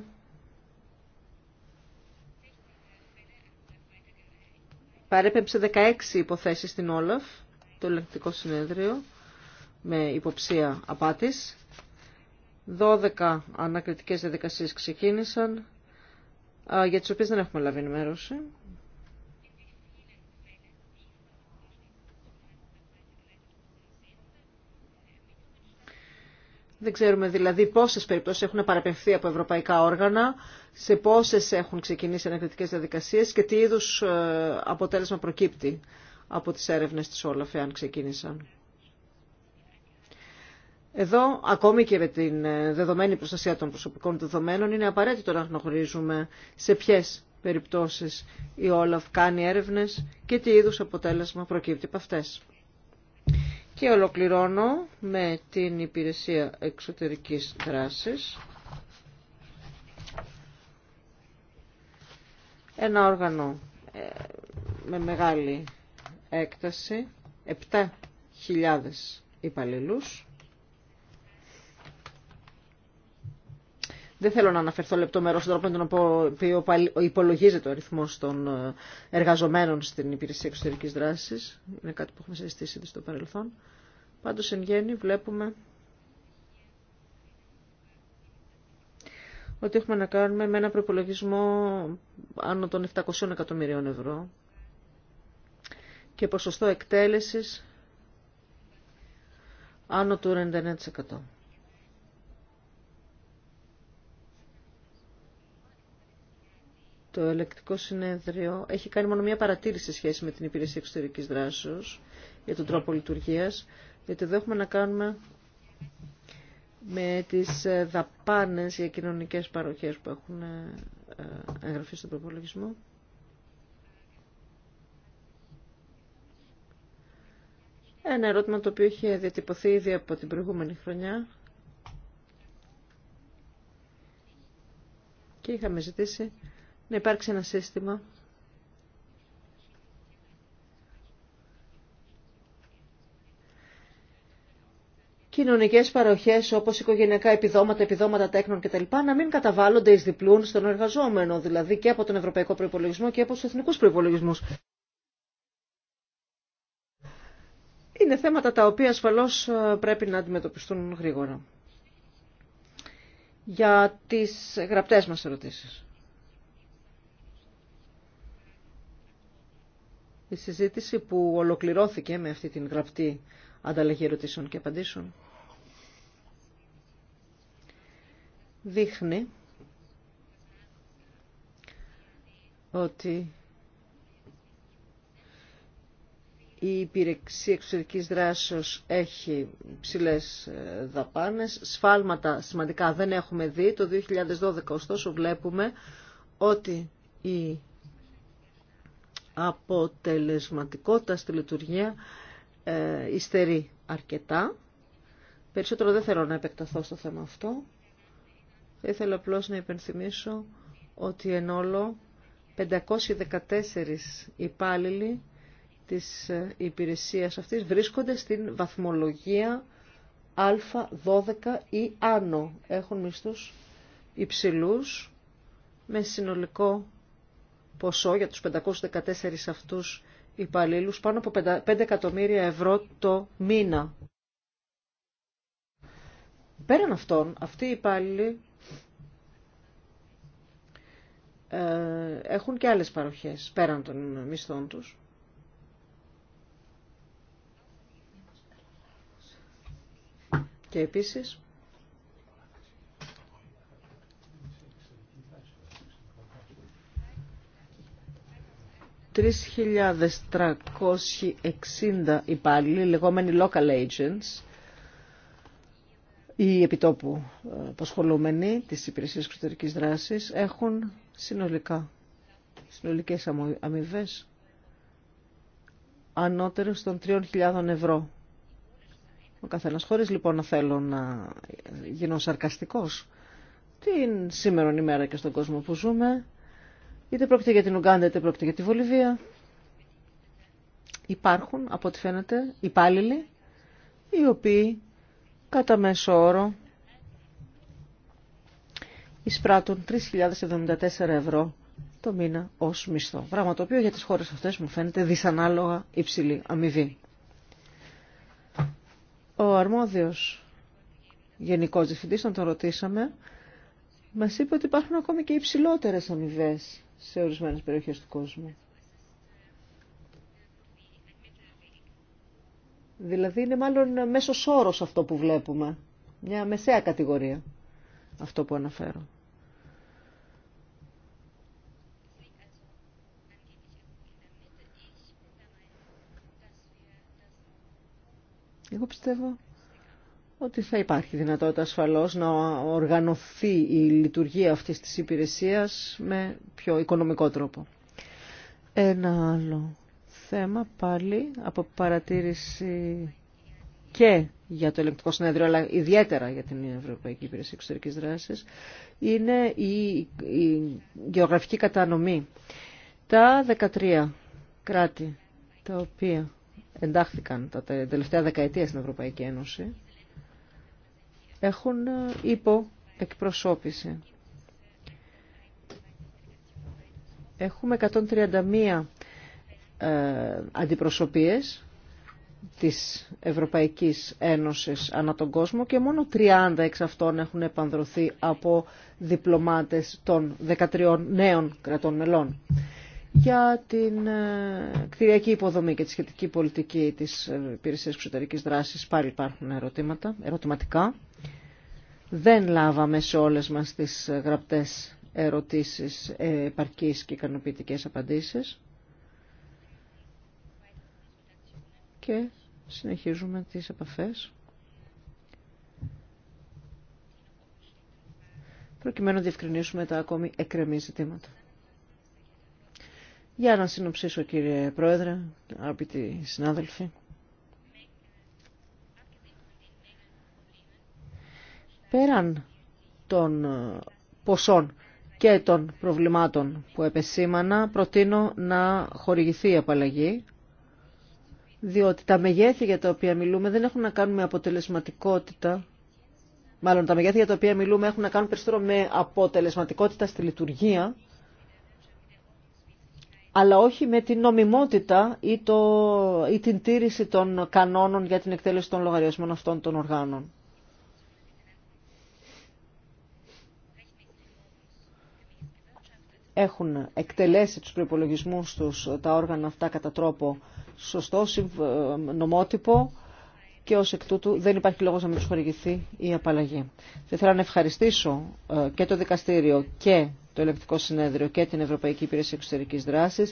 Speaker 1: παρέπεψε 16 υποθέσεις στην Όλαφ, το ελεγκτικό συνέδριο, με υποψία απάτης. 12 ανακριτικές διαδικασίες ξεκίνησαν, για τις οποίες δεν έχουμε λάβει ενημέρωση. Δεν ξέρουμε δηλαδή πόσες περιπτώσεις έχουν παραπευθεί από ευρωπαϊκά όργανα, σε πόσες έχουν ξεκινήσει ανακριτικές διαδικασίες και τι είδους ε, αποτέλεσμα προκύπτει από τις έρευνες της Όλαφ, εάν ξεκίνησαν. Εδώ, ακόμη και με την ε, δεδομένη προστασία των προσωπικών δεδομένων, είναι απαραίτητο να γνωρίζουμε σε ποιε περιπτώσεις η Όλαφ κάνει έρευνες και τι είδους αποτέλεσμα προκύπτει από αυτές. Και ολοκληρώνω με την υπηρεσία εξωτερικής δράσης. Ένα όργανο ε, με μεγάλη έκταση, 7.000 υπαλληλούς Δεν θέλω να αναφερθώ λεπτομερώς στον τρόπο με τον οποίο υπολογίζεται ο αριθμό των ε, εργαζομένων στην υπηρεσία εξωτερικής δράσης. Είναι κάτι που έχουμε συζητήσει στο παρελθόν. Πάντως εν γέννη βλέπουμε ότι έχουμε να κάνουμε με ένα προπολογισμό άνω των 700 εκατομμυρίων ευρώ και ποσοστό εκτέλεσης άνω του 99%. το ελεκτικό συνέδριο έχει κάνει μόνο μία παρατήρηση σε σχέση με την υπηρεσία εξωτερικής δράσεως για τον τρόπο λειτουργία γιατί εδώ έχουμε να κάνουμε με τις ε, δαπάνε για κοινωνικέ παροχέ που έχουν ε, ε, εγγραφεί στον προπολογισμό. Ένα ερώτημα το οποίο είχε διατυπωθεί ήδη από την προηγούμενη χρονιά και είχαμε ζητήσει να υπάρξει ένα σύστημα κοινωνικές παροχές όπως οικογενειακά επιδόματα, επιδόματα τέκνων κτλ. να μην καταβάλλονται εις διπλούν στον εργαζόμενο, δηλαδή και από τον Ευρωπαϊκό Προϋπολογισμό και από τους Εθνικούς Προϋπολογισμούς. Είναι θέματα τα οποία ασφαλώς ε, πρέπει να αντιμετωπιστούν γρήγορα. Για τις γραπτές μας ερωτήσεις. η συζήτηση που ολοκληρώθηκε με αυτή την γραπτή ανταλλαγή ερωτήσεων και απαντήσεων δείχνει ότι η υπηρεξία εξωτερικής δράσεως έχει ψηλές ε, δαπάνες. Σφάλματα σημαντικά δεν έχουμε δει. Το 2012 ωστόσο βλέπουμε ότι η αποτελεσματικότητα στη λειτουργία ε, υστερεί αρκετά. Περισσότερο δεν θέλω να επεκταθώ στο θέμα αυτό. Θα ήθελα απλώς να υπενθυμίσω ότι εν όλο 514 υπάλληλοι της ε, υπηρεσίας αυτής βρίσκονται στην βαθμολογία Α12 ή άνω. Έχουν μισθούς υψηλούς με συνολικό ποσό για τους 514 αυτούς υπαλλήλους, πάνω από 5 εκατομμύρια ευρώ το μήνα. Πέραν αυτών, αυτοί οι υπάλληλοι ε, έχουν και άλλες παροχές πέραν των μισθών τους. Και επίσης 3.360 υπάλληλοι, λεγόμενοι local agents, οι επιτόπου ε, απασχολούμενοι της Υπηρεσίας Εξωτερικής Δράσης έχουν συνολικά συνολικές αμοιβέ ανώτερες των 3.000 ευρώ. Ο καθένας χωρίς λοιπόν να θέλω να γίνω σαρκαστικός την σήμερον ημέρα και στον κόσμο που ζούμε Είτε πρόκειται για την Ουγγάντα είτε πρόκειται για τη Βολιβία. Υπάρχουν, από ό,τι φαίνεται, υπάλληλοι οι οποίοι κατά μέσο όρο εισπράττουν 3.074 ευρώ το μήνα ως μισθό. Πράγμα το οποίο για τις χώρες αυτές μου φαίνεται δυσανάλογα υψηλή αμοιβή. Ο αρμόδιος γενικός διευθυντής, όταν τον ρωτήσαμε, μας είπε ότι υπάρχουν ακόμη και υψηλότερες αμοιβέ σε ορισμένες περιοχές του κόσμου. Δηλαδή είναι μάλλον μέσο όρο αυτό που βλέπουμε. Μια μεσαία κατηγορία αυτό που αναφέρω. Εγώ πιστεύω ότι θα υπάρχει δυνατότητα ασφαλώς να οργανωθεί η λειτουργία αυτής της υπηρεσίας με πιο οικονομικό τρόπο. Ένα άλλο θέμα πάλι από παρατήρηση και για το ελεγκτικό συνέδριο, αλλά ιδιαίτερα για την Ευρωπαϊκή Υπηρεσία Εξωτερικής Δράσης, είναι η, η γεωγραφική κατανομή. Τα 13 κράτη τα οποία εντάχθηκαν τα τελευταία δεκαετία στην Ευρωπαϊκή Ένωση, έχουν ε, υποεκπροσώπηση. Έχουμε 131 ε, αντιπροσωπείες της Ευρωπαϊκής Ένωσης ανά τον κόσμο και μόνο 30 εξ αυτών έχουν επανδρωθεί από διπλωμάτες των 13 νέων κρατών μελών για την ε, κτηριακή υποδομή και τη σχετική πολιτική της ε, υπηρεσία εξωτερικής δράσης πάλι υπάρχουν ερωτήματα, ερωτηματικά. Δεν λάβαμε σε όλες μας τις ε, γραπτές ερωτήσεις επαρκής και ικανοποιητικέ απαντήσεις. Και συνεχίζουμε τις επαφές. προκειμένου να διευκρινίσουμε τα ακόμη εκρεμή ζητήματα. Για να συνοψίσω κύριε Πρόεδρε, αγαπητοί συνάδελφοι. Πέραν των ε, ποσών και των προβλημάτων που επεσήμανα, προτείνω να χορηγηθεί η απαλλαγή, διότι τα μεγέθη για τα οποία μιλούμε δεν έχουν να κάνουν με αποτελεσματικότητα, μάλλον τα μεγέθη για τα οποία μιλούμε έχουν να κάνουν περισσότερο με αποτελεσματικότητα στη λειτουργία, αλλά όχι με την νομιμότητα ή, το, την τήρηση των κανόνων για την εκτέλεση των λογαριασμών αυτών των οργάνων. Έχουν εκτελέσει τους προϋπολογισμούς τους τα όργανα αυτά κατά τρόπο σωστό, ε, νομότυπο και ως εκ τούτου δεν υπάρχει λόγος να μην τους χορηγηθεί η απαλλαγή. Θα ήθελα να ευχαριστήσω ε, και το δικαστήριο και το Ελεκτικό Συνέδριο και την Ευρωπαϊκή Υπηρεσία Εξωτερική δράση,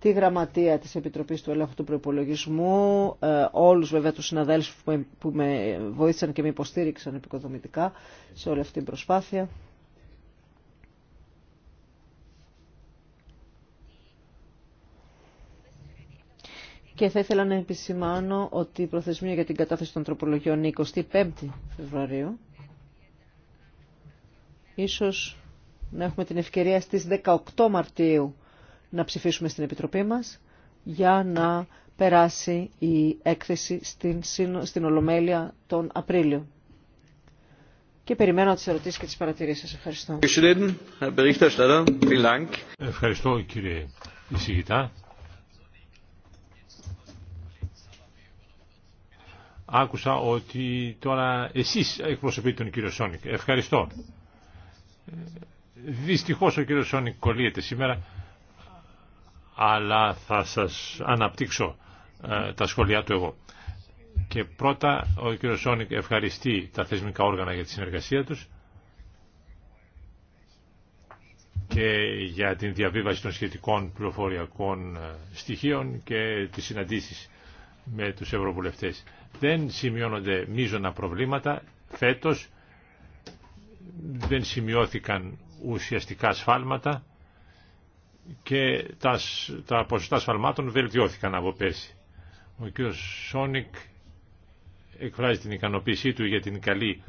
Speaker 1: τη Γραμματεία της Επιτροπής του Ελέγχου του Προπολογισμού, ε, όλους βέβαια τους συναδέλφους που με, βοήθησαν και με υποστήριξαν επικοδομητικά σε όλη αυτή την προσπάθεια. Και θα ήθελα να επισημάνω ότι η προθεσμία για την κατάθεση των τροπολογιών είναι 25 Φεβρουαρίου. Ίσως να έχουμε την ευκαιρία στις 18 Μαρτίου να ψηφίσουμε στην Επιτροπή μας για να περάσει η έκθεση στην, στην Ολομέλεια τον Απρίλιο. Και περιμένω τις ερωτήσεις και τις παρατηρήσεις σας.
Speaker 3: Ευχαριστώ. Ευχαριστώ κύριε Ισηγητά. Άκουσα ότι τώρα εσείς εκπροσωπείτε τον κύριο Σόνικ. Ευχαριστώ. Δυστυχώς ο κύριος Σόνικ κολλείεται σήμερα, αλλά θα σας αναπτύξω ε, τα σχόλιά του εγώ. Και πρώτα ο κύριος Σόνικ ευχαριστεί τα θεσμικά όργανα για τη συνεργασία τους και για την διαβίβαση των σχετικών πληροφοριακών ε, στοιχείων και τη συναντήσεις με τους ευρωβουλευτές. Δεν σημειώνονται μείζωνα προβλήματα. Φέτος δεν σημειώθηκαν ουσιαστικά σφάλματα και τα, τα ποσοστά σφαλμάτων βελτιώθηκαν από πέρσι. Ο κ. Σόνικ εκφράζει την ικανοποίησή του για την καλή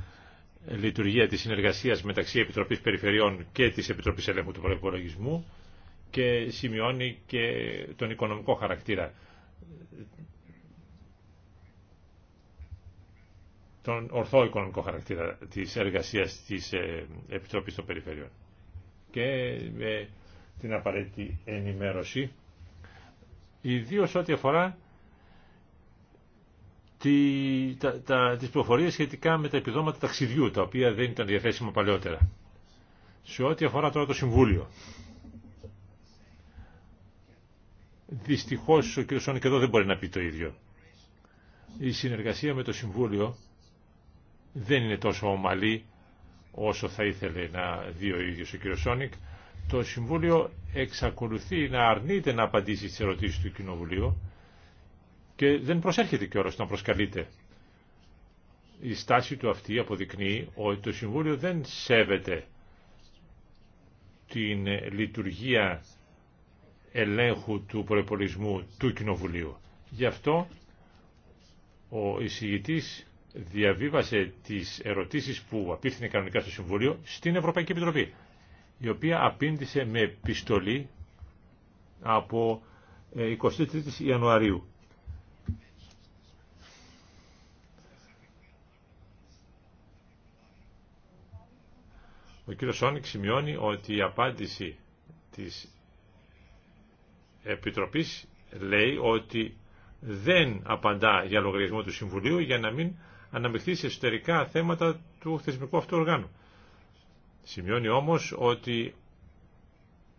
Speaker 3: λειτουργία της συνεργασίας μεταξύ Επιτροπής Περιφερειών και της Επιτροπής Ελέγχου του Προϋπολογισμού και σημειώνει και τον οικονομικό χαρακτήρα τον ορθό οικονομικό χαρακτήρα της εργασίας της ε, Επιτροπής των Περιφερειών και με την απαραίτητη ενημέρωση, ιδίως ό,τι αφορά τη, τα, τα, τις προφορίες σχετικά με τα επιδόματα ταξιδιού, τα οποία δεν ήταν διαθέσιμα παλαιότερα. Σε ό,τι αφορά τώρα το Συμβούλιο. Δυστυχώς ο κ. Σόνικ εδώ δεν μπορεί να πει το ίδιο. Η συνεργασία με το Συμβούλιο δεν είναι τόσο ομαλή όσο θα ήθελε να δει ο ίδιος ο κ. Σόνικ, το Συμβούλιο εξακολουθεί να αρνείται να απαντήσει στις ερωτήσεις του Κοινοβουλίου και δεν προσέρχεται και ώρας να προσκαλείται. Η στάση του αυτή αποδεικνύει ότι το Συμβούλιο δεν σέβεται την λειτουργία ελέγχου του προεπολισμού του Κοινοβουλίου. Γι' αυτό ο εισηγητής διαβίβασε τις ερωτήσεις που απίθυνε κανονικά στο Συμβούλιο στην Ευρωπαϊκή Επιτροπή, η οποία απήντησε με επιστολή από 23 ε, Ιανουαρίου. Ο κ. Σόνικ σημειώνει ότι η απάντηση της Επιτροπής λέει ότι δεν απαντά για λογαριασμό του Συμβουλίου για να μην αναμειχθεί σε εσωτερικά θέματα του θεσμικού αυτού οργάνου. Σημειώνει όμως ότι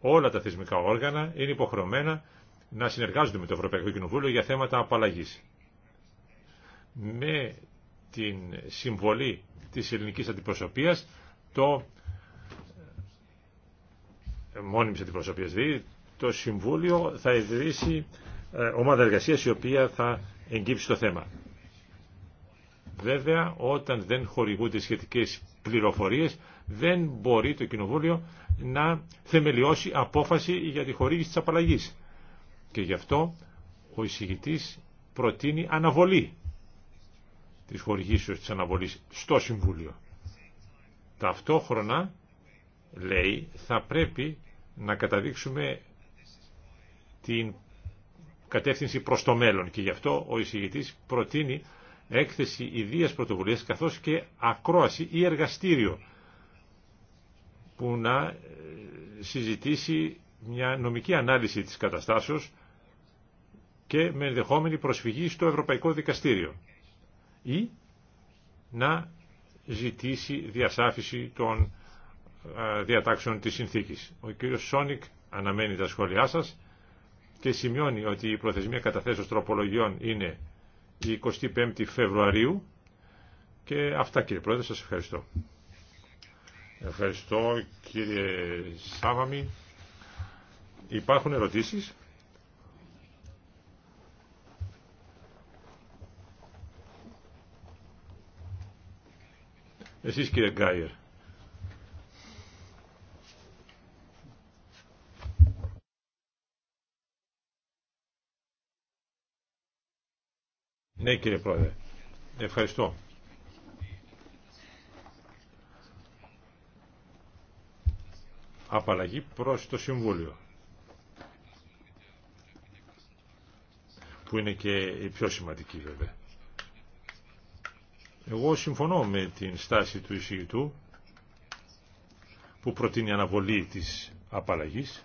Speaker 3: όλα τα θεσμικά όργανα είναι υποχρεωμένα να συνεργάζονται με το Ευρωπαϊκό Κοινοβούλιο για θέματα απαλλαγής. Με την συμβολή της ελληνικής αντιπροσωπείας, το ε, μόνιμης αντιπροσωπείας δηλαδή, το Συμβούλιο θα ιδρύσει ε, ομάδα εργασίας η οποία θα εγκύψει το θέμα. Βέβαια, όταν δεν χορηγούνται σχετικές πληροφορίες, δεν μπορεί το Κοινοβούλιο να θεμελιώσει απόφαση για τη χορήγηση της απαλλαγής. Και γι' αυτό ο εισηγητής προτείνει αναβολή της χορηγήσεως της αναβολής στο Συμβούλιο. Ταυτόχρονα, λέει, θα πρέπει να καταδείξουμε την κατεύθυνση προς το μέλλον και γι' αυτό ο εισηγητής προτείνει έκθεση ιδίας πρωτοβουλίας καθώς και ακρόαση ή εργαστήριο που να ε, συζητήσει μια νομική ανάλυση της καταστάσεως και με ενδεχόμενη προσφυγή στο Ευρωπαϊκό Δικαστήριο ή να ζητήσει διασάφηση των ε, διατάξεων της συνθήκης. Ο κύριος Σόνικ αναμένει τα σχόλιά σας και σημειώνει ότι η προθεσμία καταθέσεως τροπολογιών είναι η 25η Φεβρουαρίου και αυτά κύριε Πρόεδρε σας ευχαριστώ. Ευχαριστώ κύριε Σάβαμη. Υπάρχουν ερωτήσεις. Εσείς κύριε Γκάιερ. Ναι κύριε Πρόεδρε. Ευχαριστώ. Απαλλαγή προς το Συμβούλιο. Που είναι και η πιο σημαντική βέβαια. Εγώ συμφωνώ με την στάση του εισηγητού που προτείνει αναβολή της απαλλαγής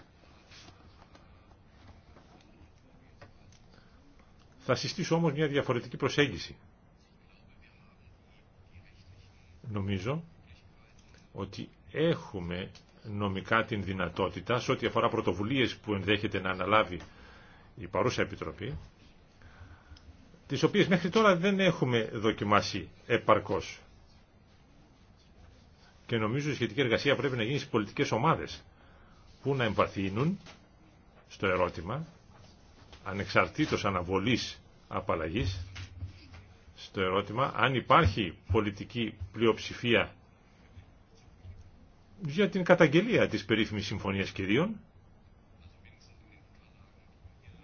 Speaker 3: Θα συστήσω όμως μια διαφορετική προσέγγιση. Νομίζω ότι έχουμε νομικά την δυνατότητα σε ό,τι αφορά πρωτοβουλίες που ενδέχεται να αναλάβει η παρούσα Επιτροπή τις οποίες μέχρι τώρα δεν έχουμε δοκιμάσει επαρκώς. Και νομίζω η σχετική εργασία πρέπει να γίνει στις πολιτικές ομάδες που να εμπαθύνουν στο ερώτημα ανεξαρτήτως αναβολής απαλλαγής στο ερώτημα αν υπάρχει πολιτική πλειοψηφία για την καταγγελία της περίφημης Συμφωνίας Κυρίων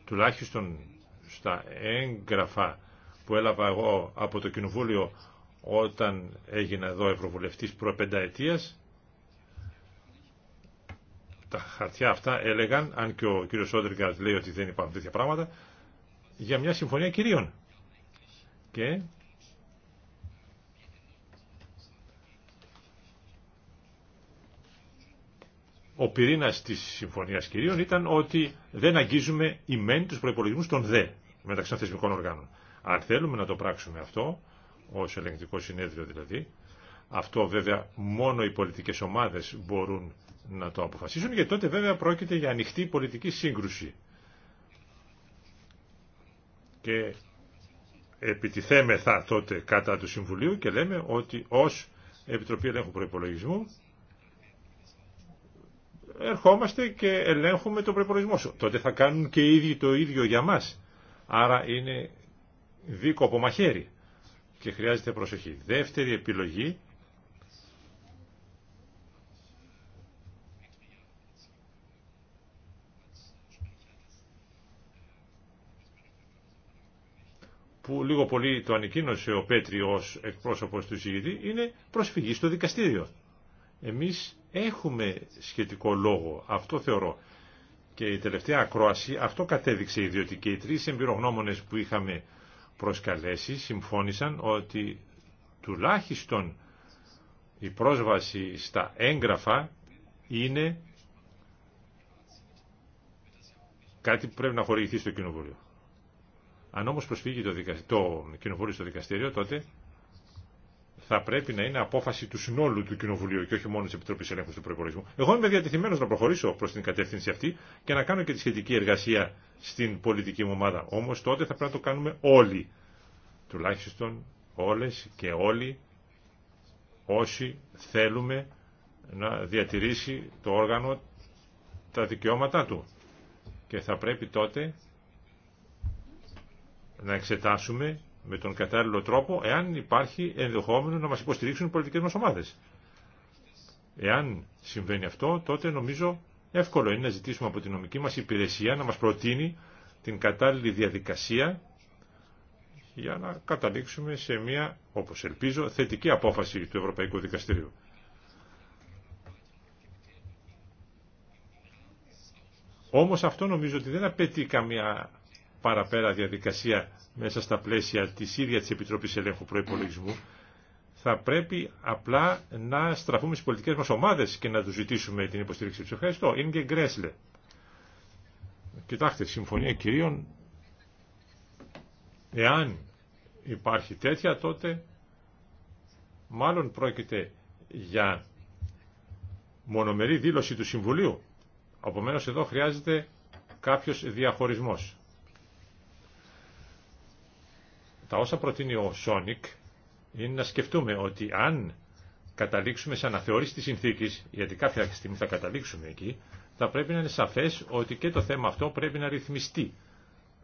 Speaker 3: τουλάχιστον στα έγγραφα που έλαβα εγώ από το Κοινοβούλιο όταν έγινα εδώ Ευρωβουλευτής προπενταετίας τα χαρτιά αυτά έλεγαν, αν και ο κύριος Όντριγκας λέει ότι δεν υπάρχουν τέτοια πράγματα, για μια συμφωνία κυρίων. Και ο πυρήνα τη συμφωνία κυρίων ήταν ότι δεν αγγίζουμε ημέν του προπολογισμού των δε μεταξύ των θεσμικών οργάνων. Αν θέλουμε να το πράξουμε αυτό, ω ελεγκτικό συνέδριο δηλαδή, αυτό βέβαια μόνο οι πολιτικέ ομάδε μπορούν να το αποφασίσουν γιατί τότε βέβαια πρόκειται για ανοιχτή πολιτική σύγκρουση. Και επιτιθέμεθα τότε κατά του Συμβουλίου και λέμε ότι ως Επιτροπή Ελέγχου Προϋπολογισμού ερχόμαστε και ελέγχουμε τον προϋπολογισμό σου. Τότε θα κάνουν και οι ίδιοι το ίδιο για μας. Άρα είναι δίκοπο μαχαίρι και χρειάζεται προσοχή. Δεύτερη επιλογή που λίγο πολύ το ανακοίνωσε ο Πέτρι ως εκπρόσωπος του εισηγητή, είναι προσφυγή στο δικαστήριο. Εμείς έχουμε σχετικό λόγο, αυτό θεωρώ. Και η τελευταία ακρόαση, αυτό κατέδειξε διότι και οι τρεις εμπειρογνώμονες που είχαμε προσκαλέσει συμφώνησαν ότι τουλάχιστον η πρόσβαση στα έγγραφα είναι κάτι που πρέπει να χορηγηθεί στο Κοινοβούλιο. Αν όμως προσφύγει το, δικα... το κοινοβούλιο στο δικαστήριο, τότε θα πρέπει να είναι απόφαση του συνόλου του Κοινοβουλίου και όχι μόνο τη Επιτροπή Ελέγχου του Προπολογισμού. Εγώ είμαι διατεθειμένο να προχωρήσω προ την κατεύθυνση αυτή και να κάνω και τη σχετική εργασία στην πολιτική μου ομάδα. Όμω τότε θα πρέπει να το κάνουμε όλοι. Τουλάχιστον όλε και όλοι όσοι θέλουμε να διατηρήσει το όργανο τα δικαιώματά του. Και θα πρέπει τότε να εξετάσουμε με τον κατάλληλο τρόπο εάν υπάρχει ενδεχόμενο να μας υποστηρίξουν οι πολιτικές μας ομάδες. Εάν συμβαίνει αυτό, τότε νομίζω εύκολο είναι να ζητήσουμε από την νομική μας υπηρεσία να μας προτείνει την κατάλληλη διαδικασία για να καταλήξουμε σε μια, όπως ελπίζω, θετική απόφαση του Ευρωπαϊκού Δικαστηρίου. Όμως αυτό νομίζω ότι δεν απαιτεί καμία παραπέρα διαδικασία μέσα στα πλαίσια της ίδια της Επιτροπής Ελέγχου Προϋπολογισμού, θα πρέπει απλά να στραφούμε στις πολιτικές μας ομάδες και να τους ζητήσουμε την υποστήριξη τους. Ευχαριστώ. Είναι και Γκρέσλε. Κοιτάξτε, συμφωνία κυρίων, εάν υπάρχει τέτοια τότε μάλλον πρόκειται για μονομερή δήλωση του Συμβουλίου. Απομένως εδώ χρειάζεται κάποιος διαχωρισμός. τα όσα προτείνει ο Σόνικ είναι να σκεφτούμε ότι αν καταλήξουμε σε αναθεώρηση της συνθήκης, γιατί κάθε στιγμή θα καταλήξουμε εκεί, θα πρέπει να είναι σαφές ότι και το θέμα αυτό πρέπει να ρυθμιστεί.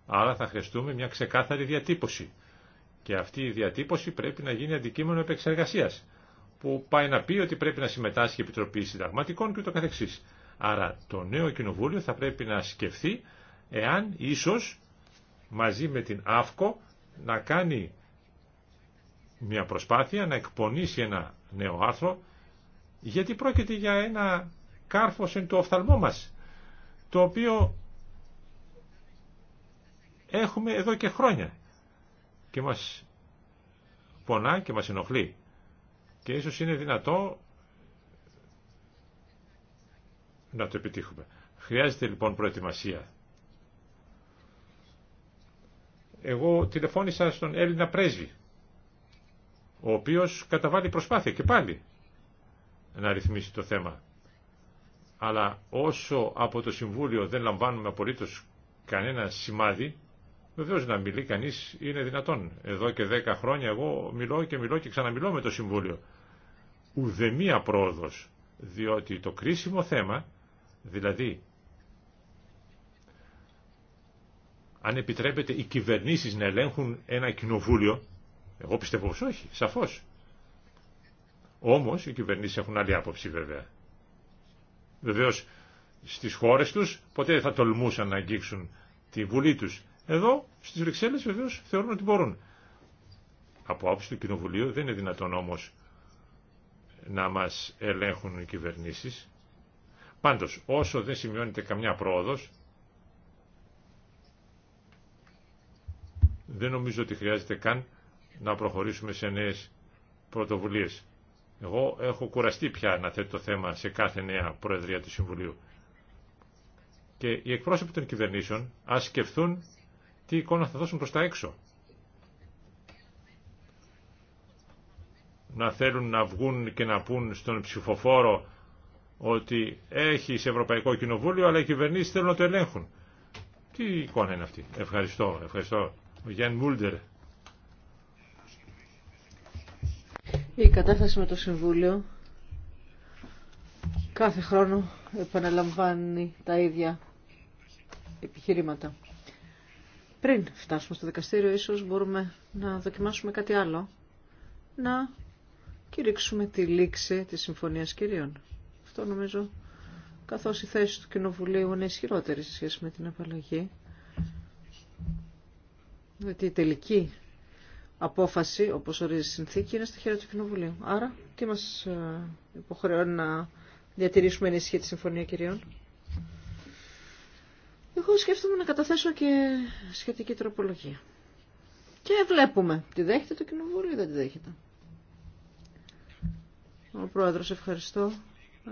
Speaker 3: Άρα θα χρειαστούμε μια ξεκάθαρη διατύπωση. Και αυτή η διατύπωση πρέπει να γίνει αντικείμενο επεξεργασίας, που πάει να πει ότι πρέπει να συμμετάσχει η Επιτροπή Συνταγματικών και ούτω καθεξής. Άρα το νέο Κοινοβούλιο θα πρέπει να σκεφτεί εάν ίσως μαζί με την ΑΦΚΟ να κάνει μια προσπάθεια να εκπονήσει ένα νέο άρθρο γιατί πρόκειται για ένα κάρφος εν του οφθαλμό μας το οποίο έχουμε εδώ και χρόνια και μας πονά και μας ενοχλεί και ίσως είναι δυνατό να το επιτύχουμε. Χρειάζεται λοιπόν προετοιμασία εγώ τηλεφώνησα στον Έλληνα πρέσβη, ο οποίος καταβάλει προσπάθεια και πάλι να ρυθμίσει το θέμα. Αλλά όσο από το Συμβούλιο δεν λαμβάνουμε απολύτως κανένα σημάδι, Βεβαίω να μιλεί κανεί είναι δυνατόν. Εδώ και δέκα χρόνια εγώ μιλώ και μιλώ και ξαναμιλώ με το Συμβούλιο. Ουδεμία πρόοδο. Διότι το κρίσιμο θέμα, δηλαδή αν επιτρέπεται οι κυβερνήσεις να ελέγχουν ένα κοινοβούλιο, εγώ πιστεύω πως όχι, σαφώς. Όμως οι κυβερνήσεις έχουν άλλη άποψη βέβαια. Βεβαίω, στι χώρες τους ποτέ δεν θα τολμούσαν να αγγίξουν τη Βουλή τους. Εδώ στις Βρυξέλλε βεβαίως θεωρούν ότι μπορούν. Από άποψη του Κοινοβουλίου δεν είναι δυνατόν όμω να μα ελέγχουν οι κυβερνήσει. Πάντω, όσο δεν σημειώνεται καμιά πρόοδος δεν νομίζω ότι χρειάζεται καν να προχωρήσουμε σε νέες πρωτοβουλίες. Εγώ έχω κουραστεί πια να θέτω το θέμα σε κάθε νέα Προεδρία του Συμβουλίου. Και οι εκπρόσωποι των κυβερνήσεων ας σκεφτούν τι εικόνα θα δώσουν προς τα έξω. Να θέλουν να βγουν και να πούν στον ψηφοφόρο ότι έχει σε Ευρωπαϊκό Κοινοβούλιο αλλά οι κυβερνήσεις θέλουν να το ελέγχουν. Τι εικόνα είναι αυτή. Ευχαριστώ, ευχαριστώ. Ο Μούλτερ.
Speaker 1: Η κατάσταση με το Συμβούλιο κάθε χρόνο επαναλαμβάνει τα ίδια επιχειρήματα. Πριν φτάσουμε στο δικαστήριο, ίσως μπορούμε να δοκιμάσουμε κάτι άλλο, να κηρύξουμε τη λήξη της Συμφωνίας Κυρίων. Αυτό νομίζω, καθώς η θέση του Κοινοβουλίου είναι ισχυρότερη σε σχέση με την απαλλαγή, διότι η τελική απόφαση, όπως ορίζει η συνθήκη, είναι στα χέρια του Κοινοβουλίου. Άρα, τι μας ε, υποχρεώνει να διατηρήσουμε ενίσχυα τη Συμφωνία Κυρίων. Εγώ σκέφτομαι να καταθέσω και σχετική τροπολογία. Και βλέπουμε. Τη δέχεται το Κοινοβούλιο ή δεν τη δέχεται. Ο Πρόεδρος, ευχαριστώ.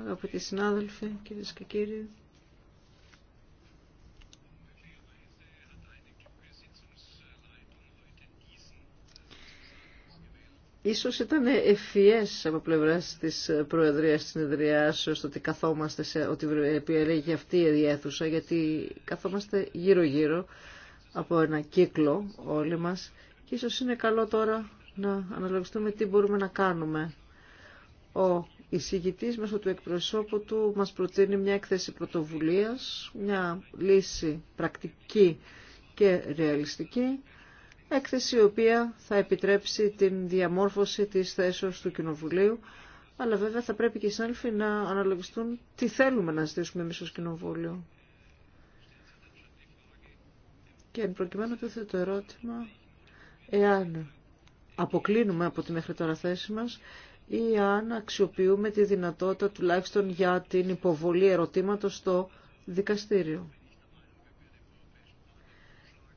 Speaker 1: Αγαπητοί συνάδελφοι, κυρίες και κύριοι. Ίσως ήταν ευφυές από πλευράς της Προεδρίας της ώστε ότι καθόμαστε σε, ότι επιλέγει αυτή η αίθουσα γιατί καθόμαστε γύρω-γύρω από ένα κύκλο όλοι μας και ίσως είναι καλό τώρα να αναλογιστούμε τι μπορούμε να κάνουμε. Ο εισηγητής μέσω του εκπροσώπου του μας προτείνει μια έκθεση πρωτοβουλίας, μια λύση πρακτική και ρεαλιστική έκθεση η οποία θα επιτρέψει την διαμόρφωση της θέσεως του Κοινοβουλίου, αλλά βέβαια θα πρέπει και οι συνάδελφοι να αναλογιστούν τι θέλουμε να ζητήσουμε εμείς ως Κοινοβούλιο. Και εν προκειμένου το το ερώτημα, εάν αποκλίνουμε από τη μέχρι τώρα θέση μας ή αν αξιοποιούμε τη δυνατότητα τουλάχιστον για την υποβολή ερωτήματος στο δικαστήριο.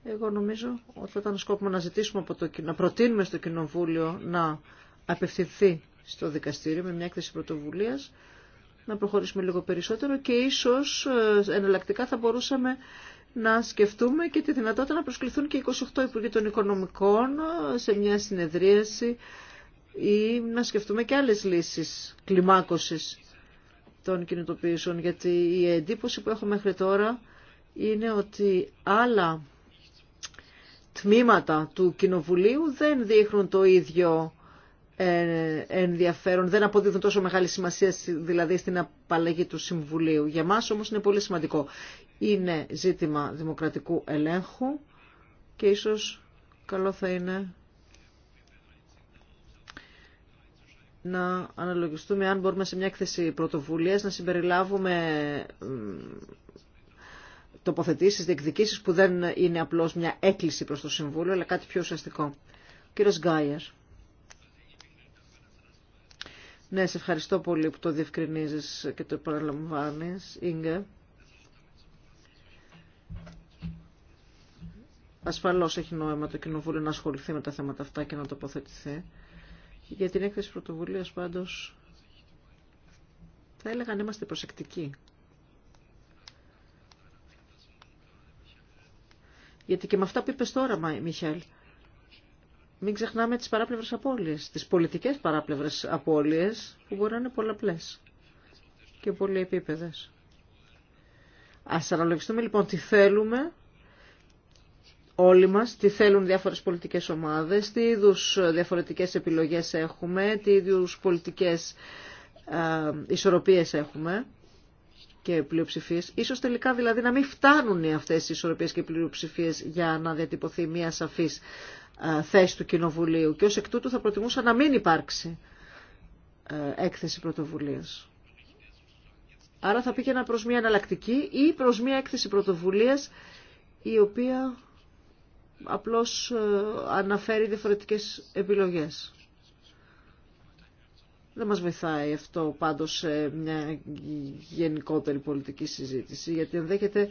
Speaker 1: Εγώ νομίζω ότι θα ήταν σκόπιμο να ζητήσουμε από το, να προτείνουμε στο Κοινοβούλιο να απευθυνθεί στο δικαστήριο με μια έκθεση πρωτοβουλία, να προχωρήσουμε λίγο περισσότερο και ίσω ε, εναλλακτικά θα μπορούσαμε να σκεφτούμε και τη δυνατότητα να προσκληθούν και 28 Υπουργοί των Οικονομικών ε, σε μια συνεδρίαση ή να σκεφτούμε και άλλες λύσεις κλιμάκωσης των κινητοποιήσεων, γιατί η εντύπωση που έχω μέχρι τώρα είναι ότι άλλα τμήματα του Κοινοβουλίου δεν δείχνουν το ίδιο ε, ενδιαφέρον, δεν αποδίδουν τόσο μεγάλη σημασία δηλαδή στην απαλλαγή του Συμβουλίου. Για μας όμως είναι πολύ σημαντικό. Είναι ζήτημα δημοκρατικού ελέγχου και ίσως καλό θα είναι να αναλογιστούμε αν μπορούμε σε μια έκθεση πρωτοβουλίας να συμπεριλάβουμε τοποθετήσει, διεκδικήσει που δεν είναι απλώς μια έκκληση προς το Συμβούλιο, αλλά κάτι πιο ουσιαστικό. Κύριο κύριος Γκάιερ. Ναι, σε ευχαριστώ πολύ που το διευκρινίζεις και το παραλαμβάνεις, Ίγκε. Ασφαλώς έχει νόημα το Κοινοβούλιο να ασχοληθεί με τα θέματα αυτά και να τοποθετηθεί. Για την έκθεση πρωτοβουλίας πάντως θα έλεγα να είμαστε προσεκτικοί Γιατί και με αυτά που είπε τώρα, Μιχαήλ, μην ξεχνάμε τις παράπλευρες απώλειες, τις πολιτικές παράπλευρες απώλειες που μπορεί να είναι πολλαπλές και πολλοί επίπεδες. Ας αναλογιστούμε λοιπόν τι θέλουμε όλοι μας, τι θέλουν διάφορες πολιτικές ομάδες, τι είδους διαφορετικές επιλογές έχουμε, τι είδους πολιτικές ε, έχουμε και πλειοψηφίε. Ίσως τελικά δηλαδή να μην φτάνουν αυτές οι ισορροπίε και πλειοψηφίε για να διατυπωθεί μια σαφή ε, θέση του Κοινοβουλίου και ω εκ τούτου θα προτιμούσα να μην υπάρξει ε, έκθεση πρωτοβουλία. Άρα θα πήγαινα προ μια αναλλακτική ή προ μια έκθεση πρωτοβουλίας η οποία απλώς ε, αναφέρει διαφορετικές επιλογές. Δεν μας βοηθάει αυτό πάντως σε μια γενικότερη πολιτική συζήτηση, γιατί ενδέχεται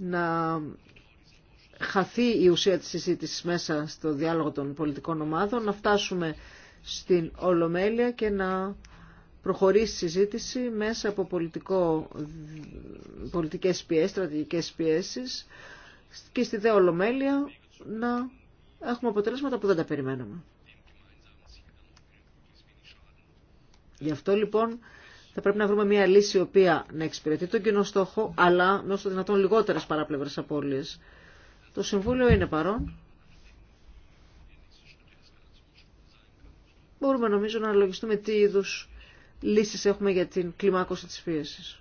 Speaker 1: να χαθεί η ουσία της συζήτησης μέσα στο διάλογο των πολιτικών ομάδων, να φτάσουμε στην Ολομέλεια και να προχωρήσει η συζήτηση μέσα από πολιτικό, πολιτικές πιέσεις, στρατηγικές πιέσεις και στη δε Ολομέλεια να έχουμε αποτελέσματα που δεν τα περιμέναμε. Γι' αυτό λοιπόν θα πρέπει να βρούμε μια λύση η οποία να εξυπηρετεί τον κοινό στόχο, αλλά με όσο δυνατόν λιγότερε παράπλευρε απώλειε. Το Συμβούλιο είναι παρόν. Μπορούμε νομίζω να αναλογιστούμε τι είδου λύσει έχουμε για την κλιμάκωση τη πίεση.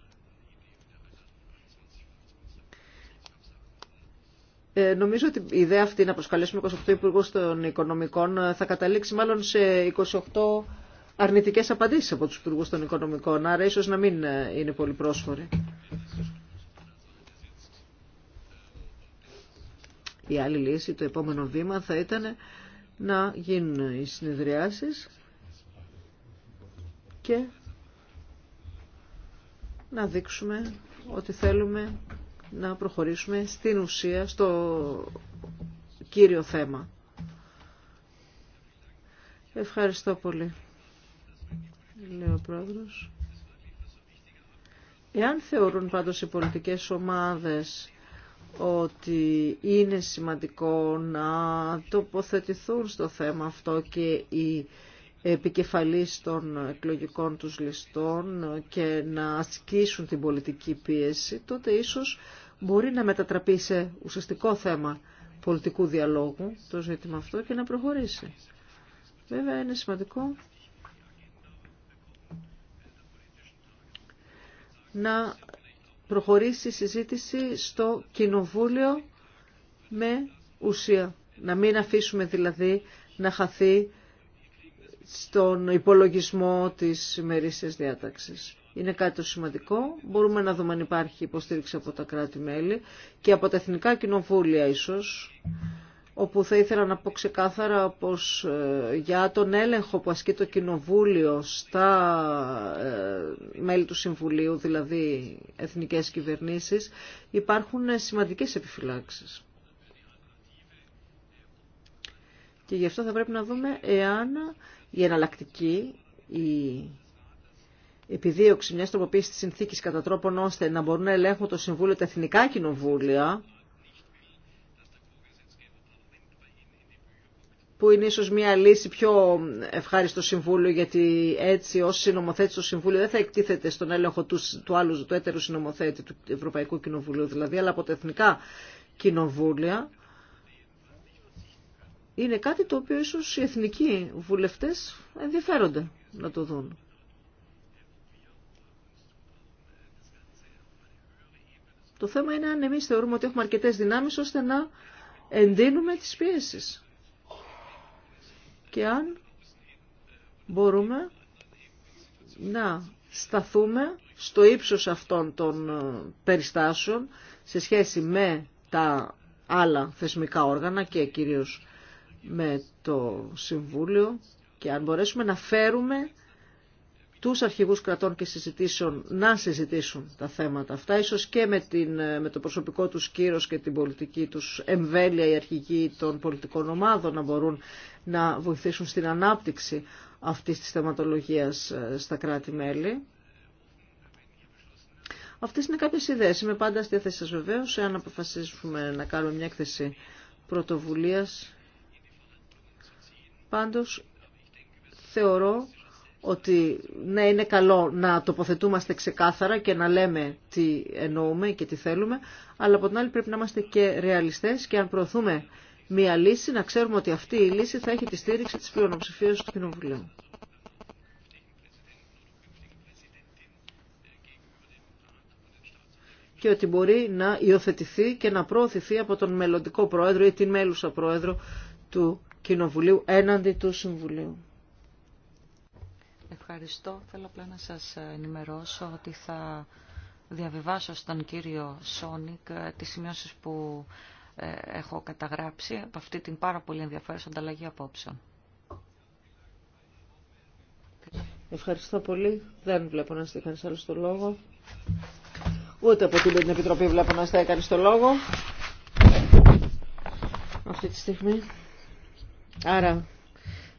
Speaker 1: Ε, νομίζω ότι η ιδέα αυτή να προσκαλέσουμε 28 υπουργού των οικονομικών ε, θα καταλήξει μάλλον σε 28 αρνητικές απαντήσεις από τους υπουργούς των οικονομικών, άρα ίσως να μην ε, είναι πολύ πρόσφοροι. Η άλλη λύση, το επόμενο βήμα θα ήταν να γίνουν οι συνεδριάσεις και να δείξουμε ότι θέλουμε να προχωρήσουμε στην ουσία στο κύριο θέμα. Ευχαριστώ πολύ. Εάν θεωρούν πάντως οι πολιτικές ομάδες ότι είναι σημαντικό να τοποθετηθούν στο θέμα αυτό και οι επικεφαλής των εκλογικών τους ληστών και να ασκήσουν την πολιτική πίεση, τότε ίσως μπορεί να μετατραπεί σε ουσιαστικό θέμα πολιτικού διαλόγου το ζήτημα αυτό και να προχωρήσει. Βέβαια είναι σημαντικό να προχωρήσει η συζήτηση στο Κοινοβούλιο με ουσία. Να μην αφήσουμε δηλαδή να χαθεί στον υπολογισμό της ημερήσιας διάταξης. Είναι κάτι το σημαντικό. Μπορούμε να δούμε αν υπάρχει υποστήριξη από τα κράτη-μέλη και από τα εθνικά κοινοβούλια ίσως όπου θα ήθελα να πω ξεκάθαρα πως ε, για τον έλεγχο που ασκεί το Κοινοβούλιο στα ε, μέλη του Συμβουλίου, δηλαδή εθνικές κυβερνήσεις, υπάρχουν σημαντικές επιφυλάξεις. Και γι' αυτό θα πρέπει να δούμε εάν η εναλλακτική, η επιδίωξη μιας τροποποίησης της συνθήκης κατά τρόπον ώστε να μπορούν να ελέγχουν το Συμβούλιο τα εθνικά κοινοβούλια, που είναι ίσως μια λύση πιο ευχάριστο συμβούλιο, γιατί έτσι ως συνομοθέτη στο Συμβούλιο δεν θα εκτίθεται στον έλεγχο του, του άλλου, του έτερου συνομοθέτη του Ευρωπαϊκού Κοινοβουλίου δηλαδή, αλλά από τα εθνικά κοινοβούλια, είναι κάτι το οποίο ίσως οι εθνικοί βουλευτές ενδιαφέρονται να το δουν. Το θέμα είναι αν εμείς θεωρούμε ότι έχουμε αρκετές δυνάμεις ώστε να εντείνουμε τις πιέσεις και αν μπορούμε να σταθούμε στο ύψος αυτών των ε, περιστάσεων σε σχέση με τα άλλα θεσμικά όργανα και κυρίως με το Συμβούλιο και αν μπορέσουμε να φέρουμε τους αρχηγούς κρατών και συζητήσεων να συζητήσουν τα θέματα αυτά, ίσως και με, την, ε, με το προσωπικό τους κύρος και την πολιτική τους εμβέλεια οι αρχηγοί των πολιτικών ομάδων να μπορούν να βοηθήσουν στην ανάπτυξη αυτής της θεματολογίας ε, στα κράτη-μέλη. Αυτές είναι κάποιες ιδέες. Είμαι πάντα στη θέση σας βεβαίως, εάν αποφασίσουμε να κάνουμε μια έκθεση πρωτοβουλίας. Πάντως, θεωρώ ότι ναι είναι καλό να τοποθετούμαστε ξεκάθαρα και να λέμε τι εννοούμε και τι θέλουμε, αλλά από την άλλη πρέπει να είμαστε και ρεαλιστές και αν προωθούμε μία λύση, να ξέρουμε ότι αυτή η λύση θα έχει τη στήριξη της πλειονοψηφίας του Κοινοβουλίου. και ότι μπορεί να υιοθετηθεί και να προωθηθεί από τον μελλοντικό πρόεδρο ή την μέλουσα πρόεδρο του Κοινοβουλίου έναντι του Συμβουλίου.
Speaker 2: Ευχαριστώ. Θέλω απλά να σας ενημερώσω ότι θα διαβιβάσω στον κύριο Σόνικ τις σημειώσεις που ε, έχω καταγράψει από αυτή την πάρα πολύ ενδιαφέρουσα ανταλλαγή απόψεων. Ευχαριστώ πολύ. Δεν
Speaker 1: βλέπω να στέκανε άλλο το λόγο. Ούτε από την Επιτροπή βλέπω να στέκανε το λόγο. Αυτή τη στιγμή. Άρα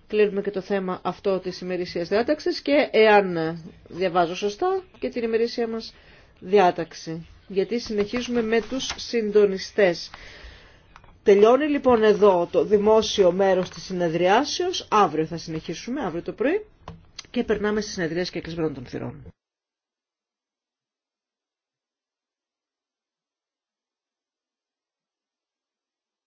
Speaker 1: κλείνουμε και το θέμα αυτό της ημερήσιας διάταξης και εάν διαβάζω σωστά και την ημερήσια μας διάταξη. Γιατί συνεχίζουμε με τους συντονιστές. Τελειώνει λοιπόν εδώ το δημόσιο μέρος της συνεδριάσεως. Αύριο θα συνεχίσουμε, αύριο το πρωί. Και περνάμε στις συνεδρίες και κλεισμένων των θυρών.